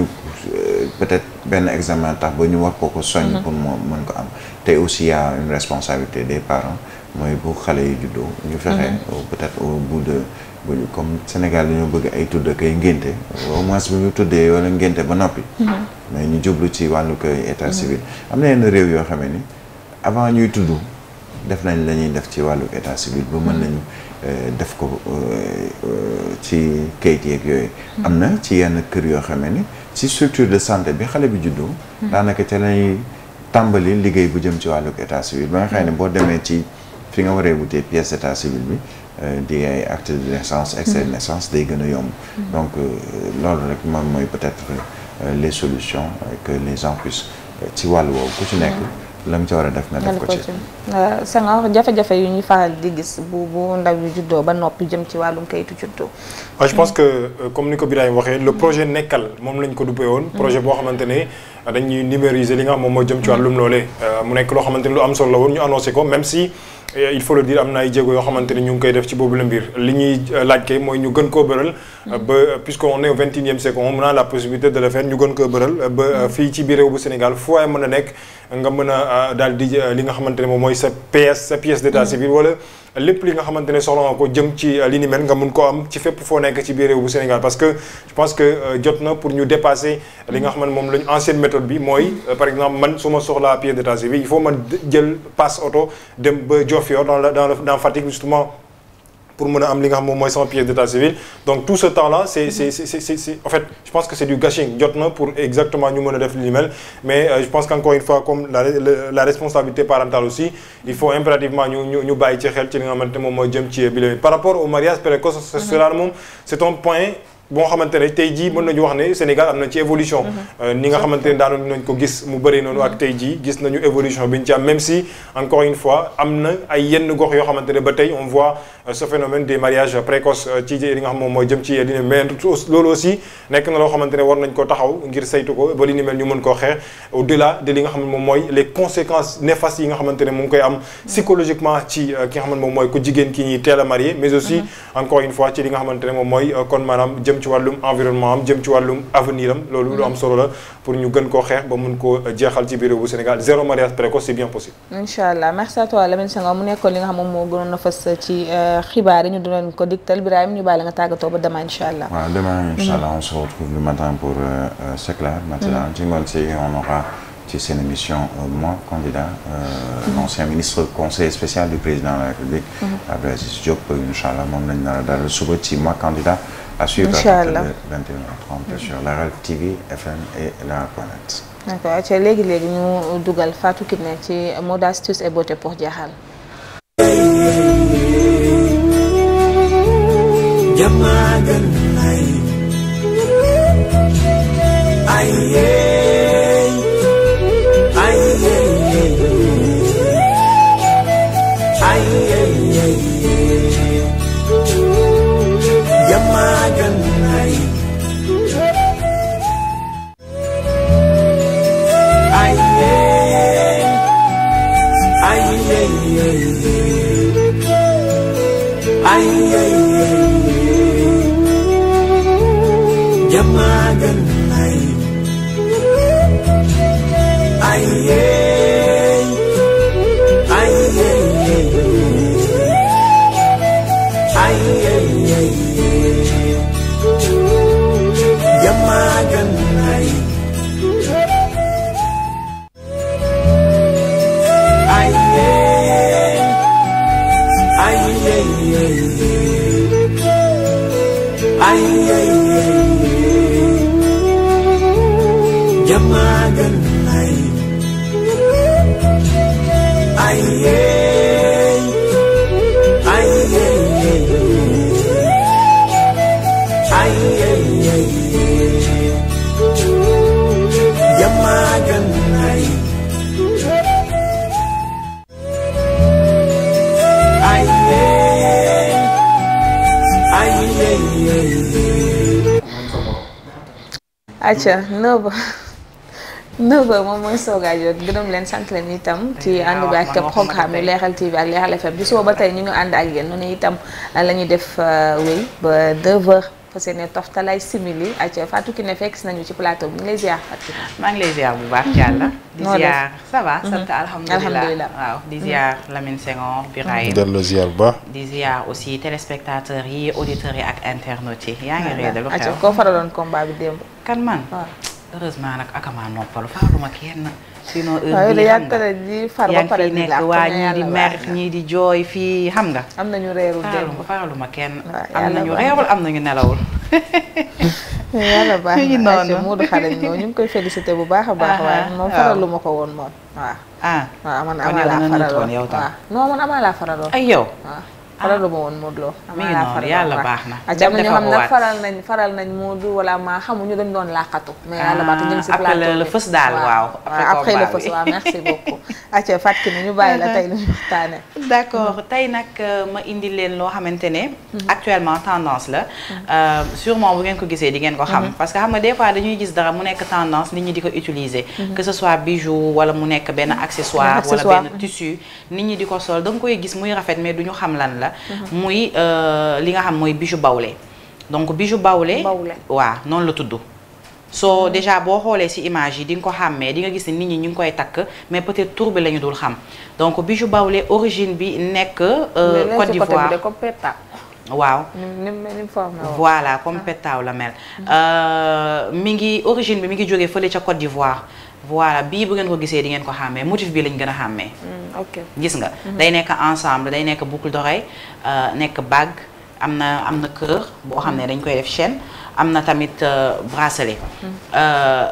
euh, peut-être benn examen tax ba ñu war koo ko soññ mhm. pour moo mën ko am te aussi y une responsabilité des parents mooy bu xale yi juddoo ñu fexe peut-être au bout de buñu comme Sénégal dañoo bëgg ay tudd ak ay ngénte au moins bu ñu tuddee wala ngénte ba noppi mais ñu jublu ci wàllu koy état civil am na yenn réew yoo xamee ni avant ñuy tudd def nañ la def ci wàllu état civil ba mën mm. nañu euh, def ko euh, euh, ci kayit yeeg yooyu. Mm. am na ci yenn kër yoo xamee ni ci structure de santé bi xale bi juddoo. Mm. daanaka ca lañuy tàmbali liggéey bu jëm ci wàllu état civil ba nga ne boo demee ci fi nga waree wutee pièce état civil bi. di ay acte de naissance extrait de naissance day gën a yomb donc loolu rek moom mooy peut-être les solutions que les gens ci wàllu woowu ku ci nekk la nga ci war a def nga def ko ci Senghor jafe-jafe yu ñuy faral di gis bu bu ndaw yu juddoo ba noppi jëm ci wàllum kayitu juddoo waaw je pense que euh, comme ni ko Birahim waxee le projet nekkal moom lañ ko duppee woon mm. projet boo xamante ne dañuy numériser li nga xam moom moo jëm ci wàllum loolee euh, mu nekk loo xamante ne lu am solo la woon ñu annoncé ko même si Eh, il faut le dire am na ay jéego yoo xamante ni ñu ngi koy def ci boobu la mbir li ñuy eh, laaj kay mooy ñu gën koo bëral eh, ba puisque on est au vingt et unième siècle on a la possibilité de le faire ñu gën koo bëral ba fii ci biir réew bu Sénégal fu waay mën a nekk nga mën a daal di li nga xamante ne moom mooy sa PS sa pièce d'état civil wala lépp li nga xamante ne soxla nga ko jëm ci euh, li ni mel nga mun koo am ci fépp foo nekk ci biir réew bu Sénégal parce que je pense que euh, jot na pour ñu dépasser li nga xamante moom lañu ancienne méthode bi mooy euh, par exemple man su ma soxlaa pied détaché bi il man jël passe auto dem ba Diofior dans la dans Fatick justement pour mën am li nga xam moom mooy sama d'état civil donc tout ce temps là c'est en fait je pense que c'est du gâchis jot na pour exactement ñu mën a def li mel mais euh, je pense qu'encore une fois comme la la responsabilité parentale aussi il faut impérativement ñu ñu ñu bàyyi ci xel ci li nga xamante moom par rapport au mariage précoce cela moom c'est un point boo xamante ne tey jii mën nañu wax ne Sénégal am na ci évolution mhm. euh, ni nga xamante ne daanoon nañ ko gis mu bëree noonu ak tey jii gis nañu évolution bi ñu ci am même si encore une fois na ay yenn gox yoo xamante ne ba tey on voit euh, ce phénomène des mariages précoces euh, ci li nga xam moom mooy jëm ci loolu aussi nekk na loo xamante ne war nañ ko taxaw ngir saytu ko ba li ni mel ñu mën koo xeex au de li nga xam ne moom mooy les conséquences néfastes yi nga xamante ne mu ngi koy am mhm. psychologiquement moom mooy ku jigéen ki ñuy teel a marié mais aussi mhm. encore une fois ci li nga xamante moom mooy kon maanaam jëm jëm ci wàllum environnement am jëm ci wàllum avenir am loolu lu am mm-hmm. solo la pour ñu gën koo xeex ba mun koo jeexal ci biir bu Sénégal zéro mariage précoce c'est bien possible incha allah merci à toi Lamine Senghor mu nekkoon li nga xam moom moo gënoon a fës ci euh, xibaar yi ñu doon ko digtal Birahim ñu bàyyi nga tàggatoo ba demain incha allah waaw demain mm-hmm. incha allah on se retrouve le matin pour euh, euh, c'est clair matin ci ngoon si on aura ci seen émission moi candidat mm-hmm. l'ancien ministre conseiller spécial du président de la République Abdoulaye Aziz Diop incha allah moom lañ nar a dalal suba ci moi candidat à suivre à partir de 21h30 sur Leral TV FM et Leral Planète. d'accord acca léegi léegi ñu dugal Fatou Kiné ci mode astuce et beauté pour jeexal. jàmm neuf neuf heures moom mooy soogaa jot gërëm leen sant leen itam ci ànd bi ak programme yu Leral TV ak Leral FM bi suba ba tey ñu ngi ànd ak yéen ñu ne itam euh, la ñuy def euh, wéy ba deux heures fas yéene toftalay simili ak Fatou Kiné fekk si nañu ci plateau bi ñu ngi lay ziar Fatou. maa ngi bu baax Diallo. Mhm. di ziar ça va mhm. sant alhamdulilah waaw di ziar mhm. Lamine Senghor Birahim. dellu ziar bu baax. di ziar yi auditeurs yi ak internautes yi. yaa koo faraloon combat bi démb. kan man heureusement nag akama noppalu faaluma kenn. sinon heure ñii di mer ñii di jooy fii xam nga. am nañu reerul démb faaluma kenn. am nañu reerul am nañu nelawul. yàlla baax na Aïcha xarañ ñoo ñu koy félicité bu baax a baax. waaye moom faraluma ko woon moom waaw. ah waaw man amaa laa faraloon waaw non man yow. faraluma woon Modou Lo. mi ngi noonu yàlla baax na ak jamono ñoo xam nag faral dañ doon làqatu. mais ah, yàlla baax ñu ngi si plateau après le fës daal waaw. après le fës waaw merci beaucoup. acca Fatou Kiné ñu bàyyi tey lu ñu euh, ma indi leen loo xamante ne. Mhm. actuellement tendance la. Mhm. Euh, sûrement bu ngeen ko gisee di ngeen ko xam. Mhm. parce que xam nga des fois dañuy gis dara mu nekk tendance nit ñi di ko utiliser. que ce soit bijou wala mu nekk benn accessoire. wala benn tissu nit ñi di ko sol da koy gis muy rafet mais du ñu xam lan la dara. Uh-huh. muy uh, li nga xam mooy bijou bawle. donc bijou bawle. bawle waaw noonu la tudd. soo uh-huh. déjà boo xoolee ci image yi di nga ko xàmmee di nga gis ni nit ñi ñu ngi koy takk mais peut-être tur bi la ñu dul xam donc bijou bawle origine bi nekk. Euh, Côte d'Ivoire waaw voilà comme ah. pétaaw la mel. Euh, mi ngi origine bi mi ngi jógee fële ca Côte d'Ivoire. voilà bii bu ngeen ko gisee di ngeen ko xàmmee motif bi lañ gën a xàmmee. Mm, gis nga. Mm-hmm. day nekk ensemble day nekk boucle d'oreille euh, nekk bague am na am na cœur boo xam ne mm-hmm. dañ koy def chaîne am na tamit euh, bracelet. Mm-hmm. Euh,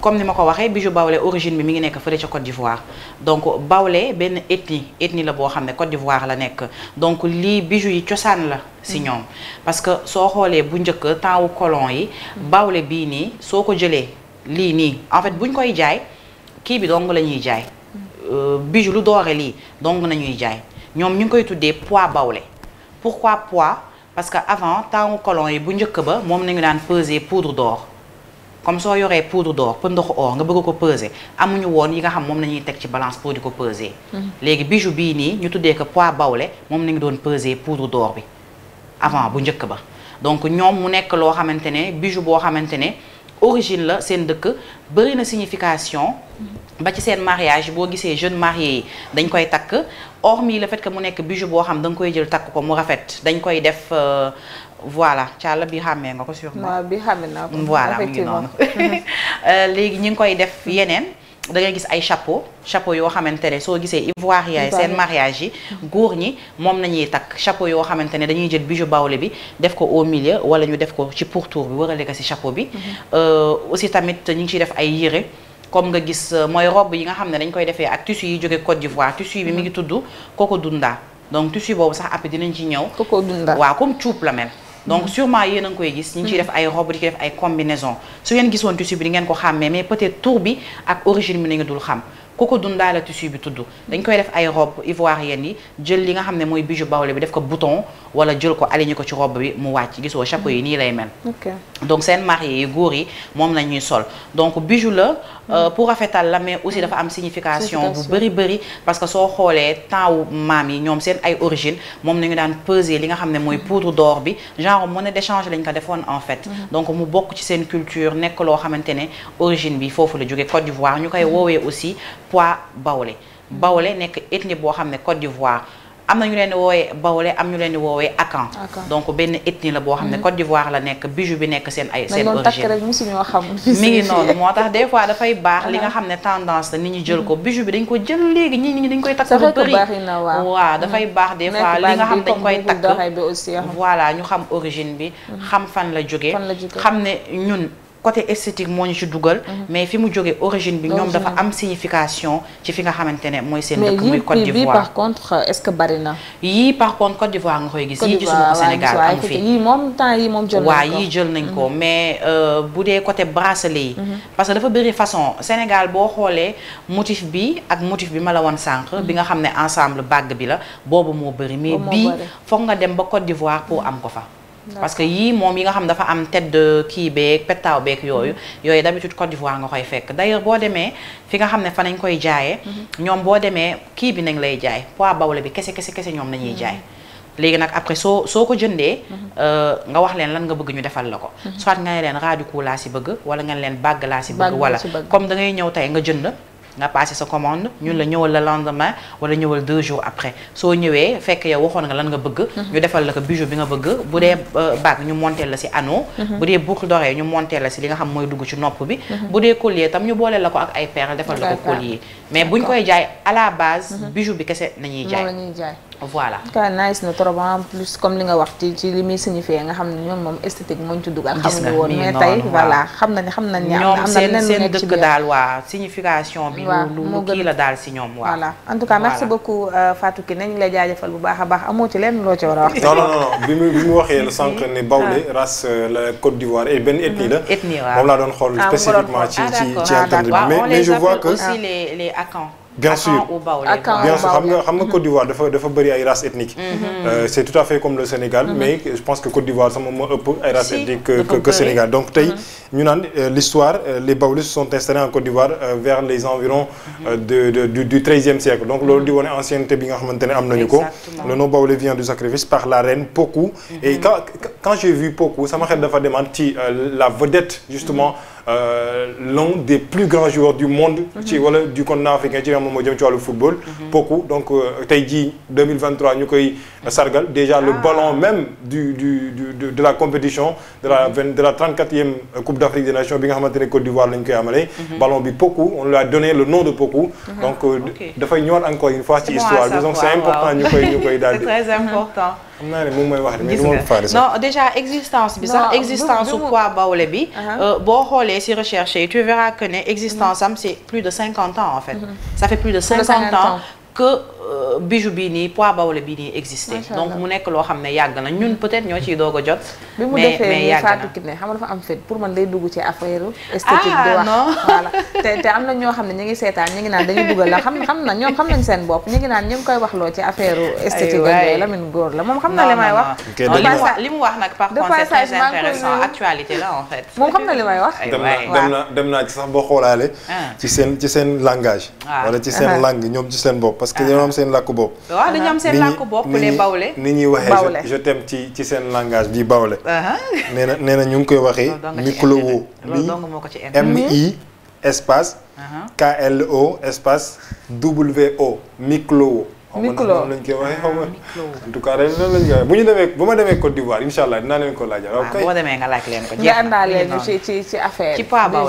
comme ni ma ko waxee bijou bawle origine bi mi ngi nekk fële ca Côte d'Ivoire donc bawlé benn ethnie ethnie la boo xam ne Côte d'Ivoire la nekk donc lii bijou yi cosaan la. si ñoom parce que soo xoolee bu njëkk temps wu colon yi. bawle bii nii soo ko jëlee. lii nii en fait buñ koy jaay kii bi dong la ñuy jaay euh, bijou lu doore lii dong nañuy jaay ñoom ñu ngi koy tuddee poids bawle pourquoi pois parce que avant temps colon yi bu njëkk ba moom nañu daan peser poudre d'or comme soo yoree poudre d'or pour ndoxu or nga bëgg ko peser amuñu woon yi nga xam moom la ñuy teg ci balance pour di ko peser mhm. léegi bijou bii nii ñu tuddee que poids bawle moom nañu doon peser poudre d'or bi avant bu njëkk ba donc ñoom mu nekk loo xamante ne bijou boo xamante ne origine la seen dëkk bëri na signification ba ci seen mariage boo gisee jeune marié yi dañ koy takk hormis le fait que mu nekk bijou boo xam da nga koy jël takk ko mu rafet dañ koy def euh, voilà càlla bi xàmmee nga ko sûrement bi xàmmee naa ko voilà noonu euh, léegi ñu ngi koy def yeneen dangay gis ay chapeau chapeau yoo xamante ne soo gisee ivoirien seen mariage yi góor ñi moom nañuy takk chapeau yoo xamante ne dañuy jël bijou bawle bi def ko au milieu wala ñu def ko ci pourtour bi wërale ko si chapeau bi mhm. euh, aussi tamit ñu ngi ciy def ay yëre comme nga gis euh, mooy robe yi nga xam ne dañ koy defee ak tissu yi jóge Côte d'Ivoire tissu bi mi ngi mhm. tudd koko dunda donc tissu boobu sax après dinañ ci ñëw koko dunda waaw comme cuub la mel donc sûrement yéen a ngi koy gis ñu ngi ciy def ay robe di ci def ay combinaison su ngeen gisoon tissu bi di ngeen ko xàmmee mais peut-être tour bi ak origine bi na nga dul xam ku ko dundaa la tissu bi tudd dañ koy def ay robe ivoirienne yi jël li nga xam ne mooy bijou bawle bi def ko bouton wala jël ko aligné ko ci robe bi mu wàcc gisoo chapeau yi nii lay mel donc seen marié yi góor yi moom la ñuy sol donc bijou la Euh, pour rafetal la mais aussi dafa am signification bu bëri bëri parce que soo xoolee temps wu maam yi ñoom seen ay origine moom nañu daan peser li nga xam ne mooy mm-hmm. pour d'or bi genre monnaie d'échange lañ ko defoon en fait mm-hmm. donc mu bokk ci seen culture nekk loo xamante ne origine bi foofu la jógee Côte d'Ivoire ñu koy mm-hmm. woowee aussi poids bawle bawle nekk ethnie boo xam ne Côte d'Ivoire am na ñu leen di woowee bawle am ñu leen di woowee akan donc benn ethnie la boo xam ne mhm. Côte d'Ivoire la nekk bijou bi nekk seen ay seen origine rek mosuñoo xam mi ngi noonu moo tax des dafay baax li nga xam ne tendance la nit ñi jël ko mhm. bijou bi dañ ko jël léegi ñi ñi dañ koy takk lu bëri waaw dafay mhm. baax des fois li nga xam dañ koy takk voilà ñu xam origine bi xam fan la jógee xam ne ñun côté esthétique moo ñu ci dugal. Mhm. mais fi mu jógee origine bi ñoom dafa am signification ci fi nga xamante ne mooy seen muy Côte d'Ivoire mais yii est-ce que bari na. yii par contre Côte d'Ivoire nga koy gis. yii gisuma ko Sénégal am moom temps yi moom jël nañ ko waaw nañ ko mhm. mais euh, bu dee côté bracelet yi. Mhm. parce que dafa bëri façon Sénégal boo xoolee motif bi ak motif bi ma la woon sànq. bi nga xam ne ensemble bàgg bi la boobu moo bëri. mais bii foog nga dem ba Côte d'Ivoire pour am ko fa. parce que yii moom yi nga xam dafa am tête de kii beeg pettaaw beek yooyu mm-hmm. yooyu d'habitude Côte d'Ivoire nga koy fekk d'ailleurs boo demee fi nga xam ne fa nañ koy jaayee mm-hmm. ñoom boo demee kii bi nañ lay jaay poids bawle bi kese kese kese ñoom nañuy mm-hmm. jaay léegi nag après soo soo ko jëndee euh, nga wax leen lan nga bëgg ñu defal la ko soit nga ne leen raadu ku laa si bëgg wala nga ne leen bàgg laa si bëgg wala comme da ngay ñëw tey nga jënd nga passé sa commande ñun la ñëwal le lendemain wala ñëwal deux jours après soo ñëwee fekk yow waxoon nga lan nga bëgg ñu defal la ko bijou bi nga bëgg bu dee euh, bague ñu monteel la si anneau mhm. bu dee boucle d'oreille ñu monteel la si li nga xam mooy dugg ci nopp bi mhm. bu dee collier tam ñu booleel la ko ak ay perles defal la ko collier mais bu ñu koy jaay à la base mhm. bijou bi kese nañuy jaay voilà. ka nice na trop ah, en plus comme li nga wax ci ci li muy signifié nga xam ne ñoom moom esthétique moo ñu ci dugal. gis nañ woon mais tey voilà xam nañ xam nañ. ñoom seen dëkk daal waa signification bi. lu lu la daal si ñoom. voilà en tout cas merci beaucoup euh, Fatou Kiné ñu ngi lay jaajëfal bu baax a baax amoo ci lenn loo ci war a wax. non non non bi mu bi waxee la sànq ne Baoulé ah. race euh, la Côte d'Ivoire et benn ethnie la. moom laa doon xool ah, spécifiquement ci ci ci internet bi mais bien sûr bien xam nga xam nga Côte d'Ivoire dafa dafa bëri ay races ethniques. Mm-hmm. Euh, c' est tout à fait comme le Sénégal. Mm-hmm. mais je pense que Côte d'Ivoire sama moo ëpp ay races ethniques que Sénégal donc tey mm-hmm. ñu euh, l'histoire euh, les Baoulous sont installés en Côte d'Ivoire vers les environs de du du treizième siècle donc loolu di wane ancienneté bi nga xamante ne am nañu ko. le nom Baoulé vient du sacrifice par la reine Pokou. et quand j'ai vu Pokou sama xel dafa demande ci la Euh, l'un des plus grands joueurs du monde. Mhm. ci wala du continent africain ci nga xam ne moo jëm ci wàllu football. Poku mhm. donc euh, tey jii 2023 ñu koy sargal déjà le ah. ballon même du du du de la compétition de la vingt de la Coupe d'Afrique des Nations bi nga xamante ne Côte d'Ivoire lañ koy amalee. Mhm. ballon bi Poku on lui a donné le nom de Poku. donc euh, dafay ñëwaat encore une fois ci histoire bi donc c'est important ñu koy ñu daal di. très important. xam naa ne moom mooy wax mais non déjà existence bi sax existence su poids bawle bi. Uh-huh. Euh, boo xoolee si recherche yi tu verras que ne existence am c'est plus de cinquante ans en fait. Mm-hmm. ça fait plus de cinquante ans que. Euh, bijou bii nii poids bawle bii nii existé donc mu nekk loo xam ne yàgg na ñun peut-être ñoo ciy doog a jot bi mu defee nii Fatou Kiné xam nga dafa am fit pour man day dugg ci affaire ah, esthétique di wax voilà te am na ñoo xam ne ñu ngi seetaan ñu ngi naan dañuy dugal la xam xam na ñoom xam nañ seen bopp ñu ngi naan ñu ngi koy wax loo ci affaire esthétique ak yooyu la moom xam la moom xam na li may wax dem na dem naa ci sax boo xoolaale ah. ci seen ci seen langage ah. wala seen làkku bopp. waaw dañu am seen làkku bopp ni ñuy waxee je ci ci seen langage bi bawle. Uh-huh. nee na nee na ñu ngi koy waxee. miklowo loolu dong moo ko ci m i mm-hmm. espace. Uh-huh. k l o espace w o miklowo. micro lañ koy waxee xaw ma en tout cas dañ noonu lañ koy waxee bu ñu demee bu ma demee Côte d'Ivoire incha allah leen ko laajal. Ah, boo demee nga laaj leen ko jeex na leen ci ci ci affaire ci jeex na boo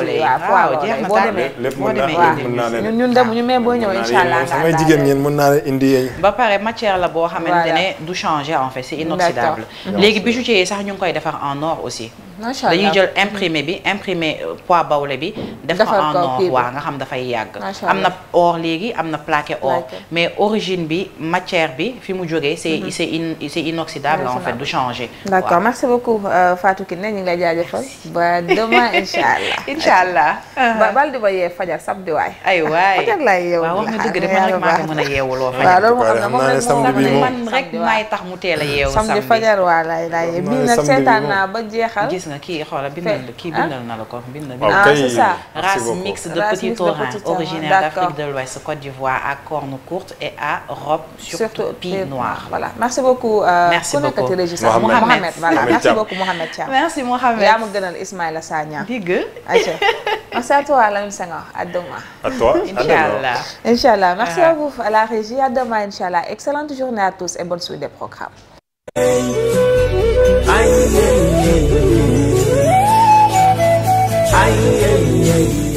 demee lépp mën ñun demuñu mais boo ñëwee samay jigéen ñeen mën naa leen indi ba pare matière la boo xamante ne du changer en fait c'est inoxydable léegi bijoutier yi sax ñu ngi koy defar en or aussi macha allah dañuy jël imprimé bi imprimé euh, poids bawle bi. def ko en or waa nga xam dafay yàgg. am na or léegi am na plaqué or. mais origine bi matière bi fi mu jógee c' est mm-hmm. c' est in c' est en fait du changer. d' accord merci beaucoup euh, Fatou Kiné ñu ngay lay jaajëfal ba demain incha allah. incha allah. ba bal di ba yee fajar samedi waay. ay waay fajar laay yeewul waaw wax nga dëgg de man rek a maay tax mu teel a yeewu samedi. fajar waa laay laay bii nag seetaan naa ba jeexal. gis nga kii xoola bindal kii bindal ah? na la ko bindal ah c'est ça race mixte de petits taurins originaire d'Afrique de l'Ouest Côte d'Ivoire à cornes courtes et à robe sur pied noir voilà merci beaucoup euh, ku nekkati Régis Mohamed voilà merci beaucoup Mohamed Thiam merci Mohamed yaa ma gënal Ismaïla Sagna digg aca merci à toi Lamine Senghor à demain à toi inchallah inchallah ah. merci à vous à la régie à demain inchallah excellente journée à tous et bonne suite des programmes Ay, ay, ay, ay. ay ay ay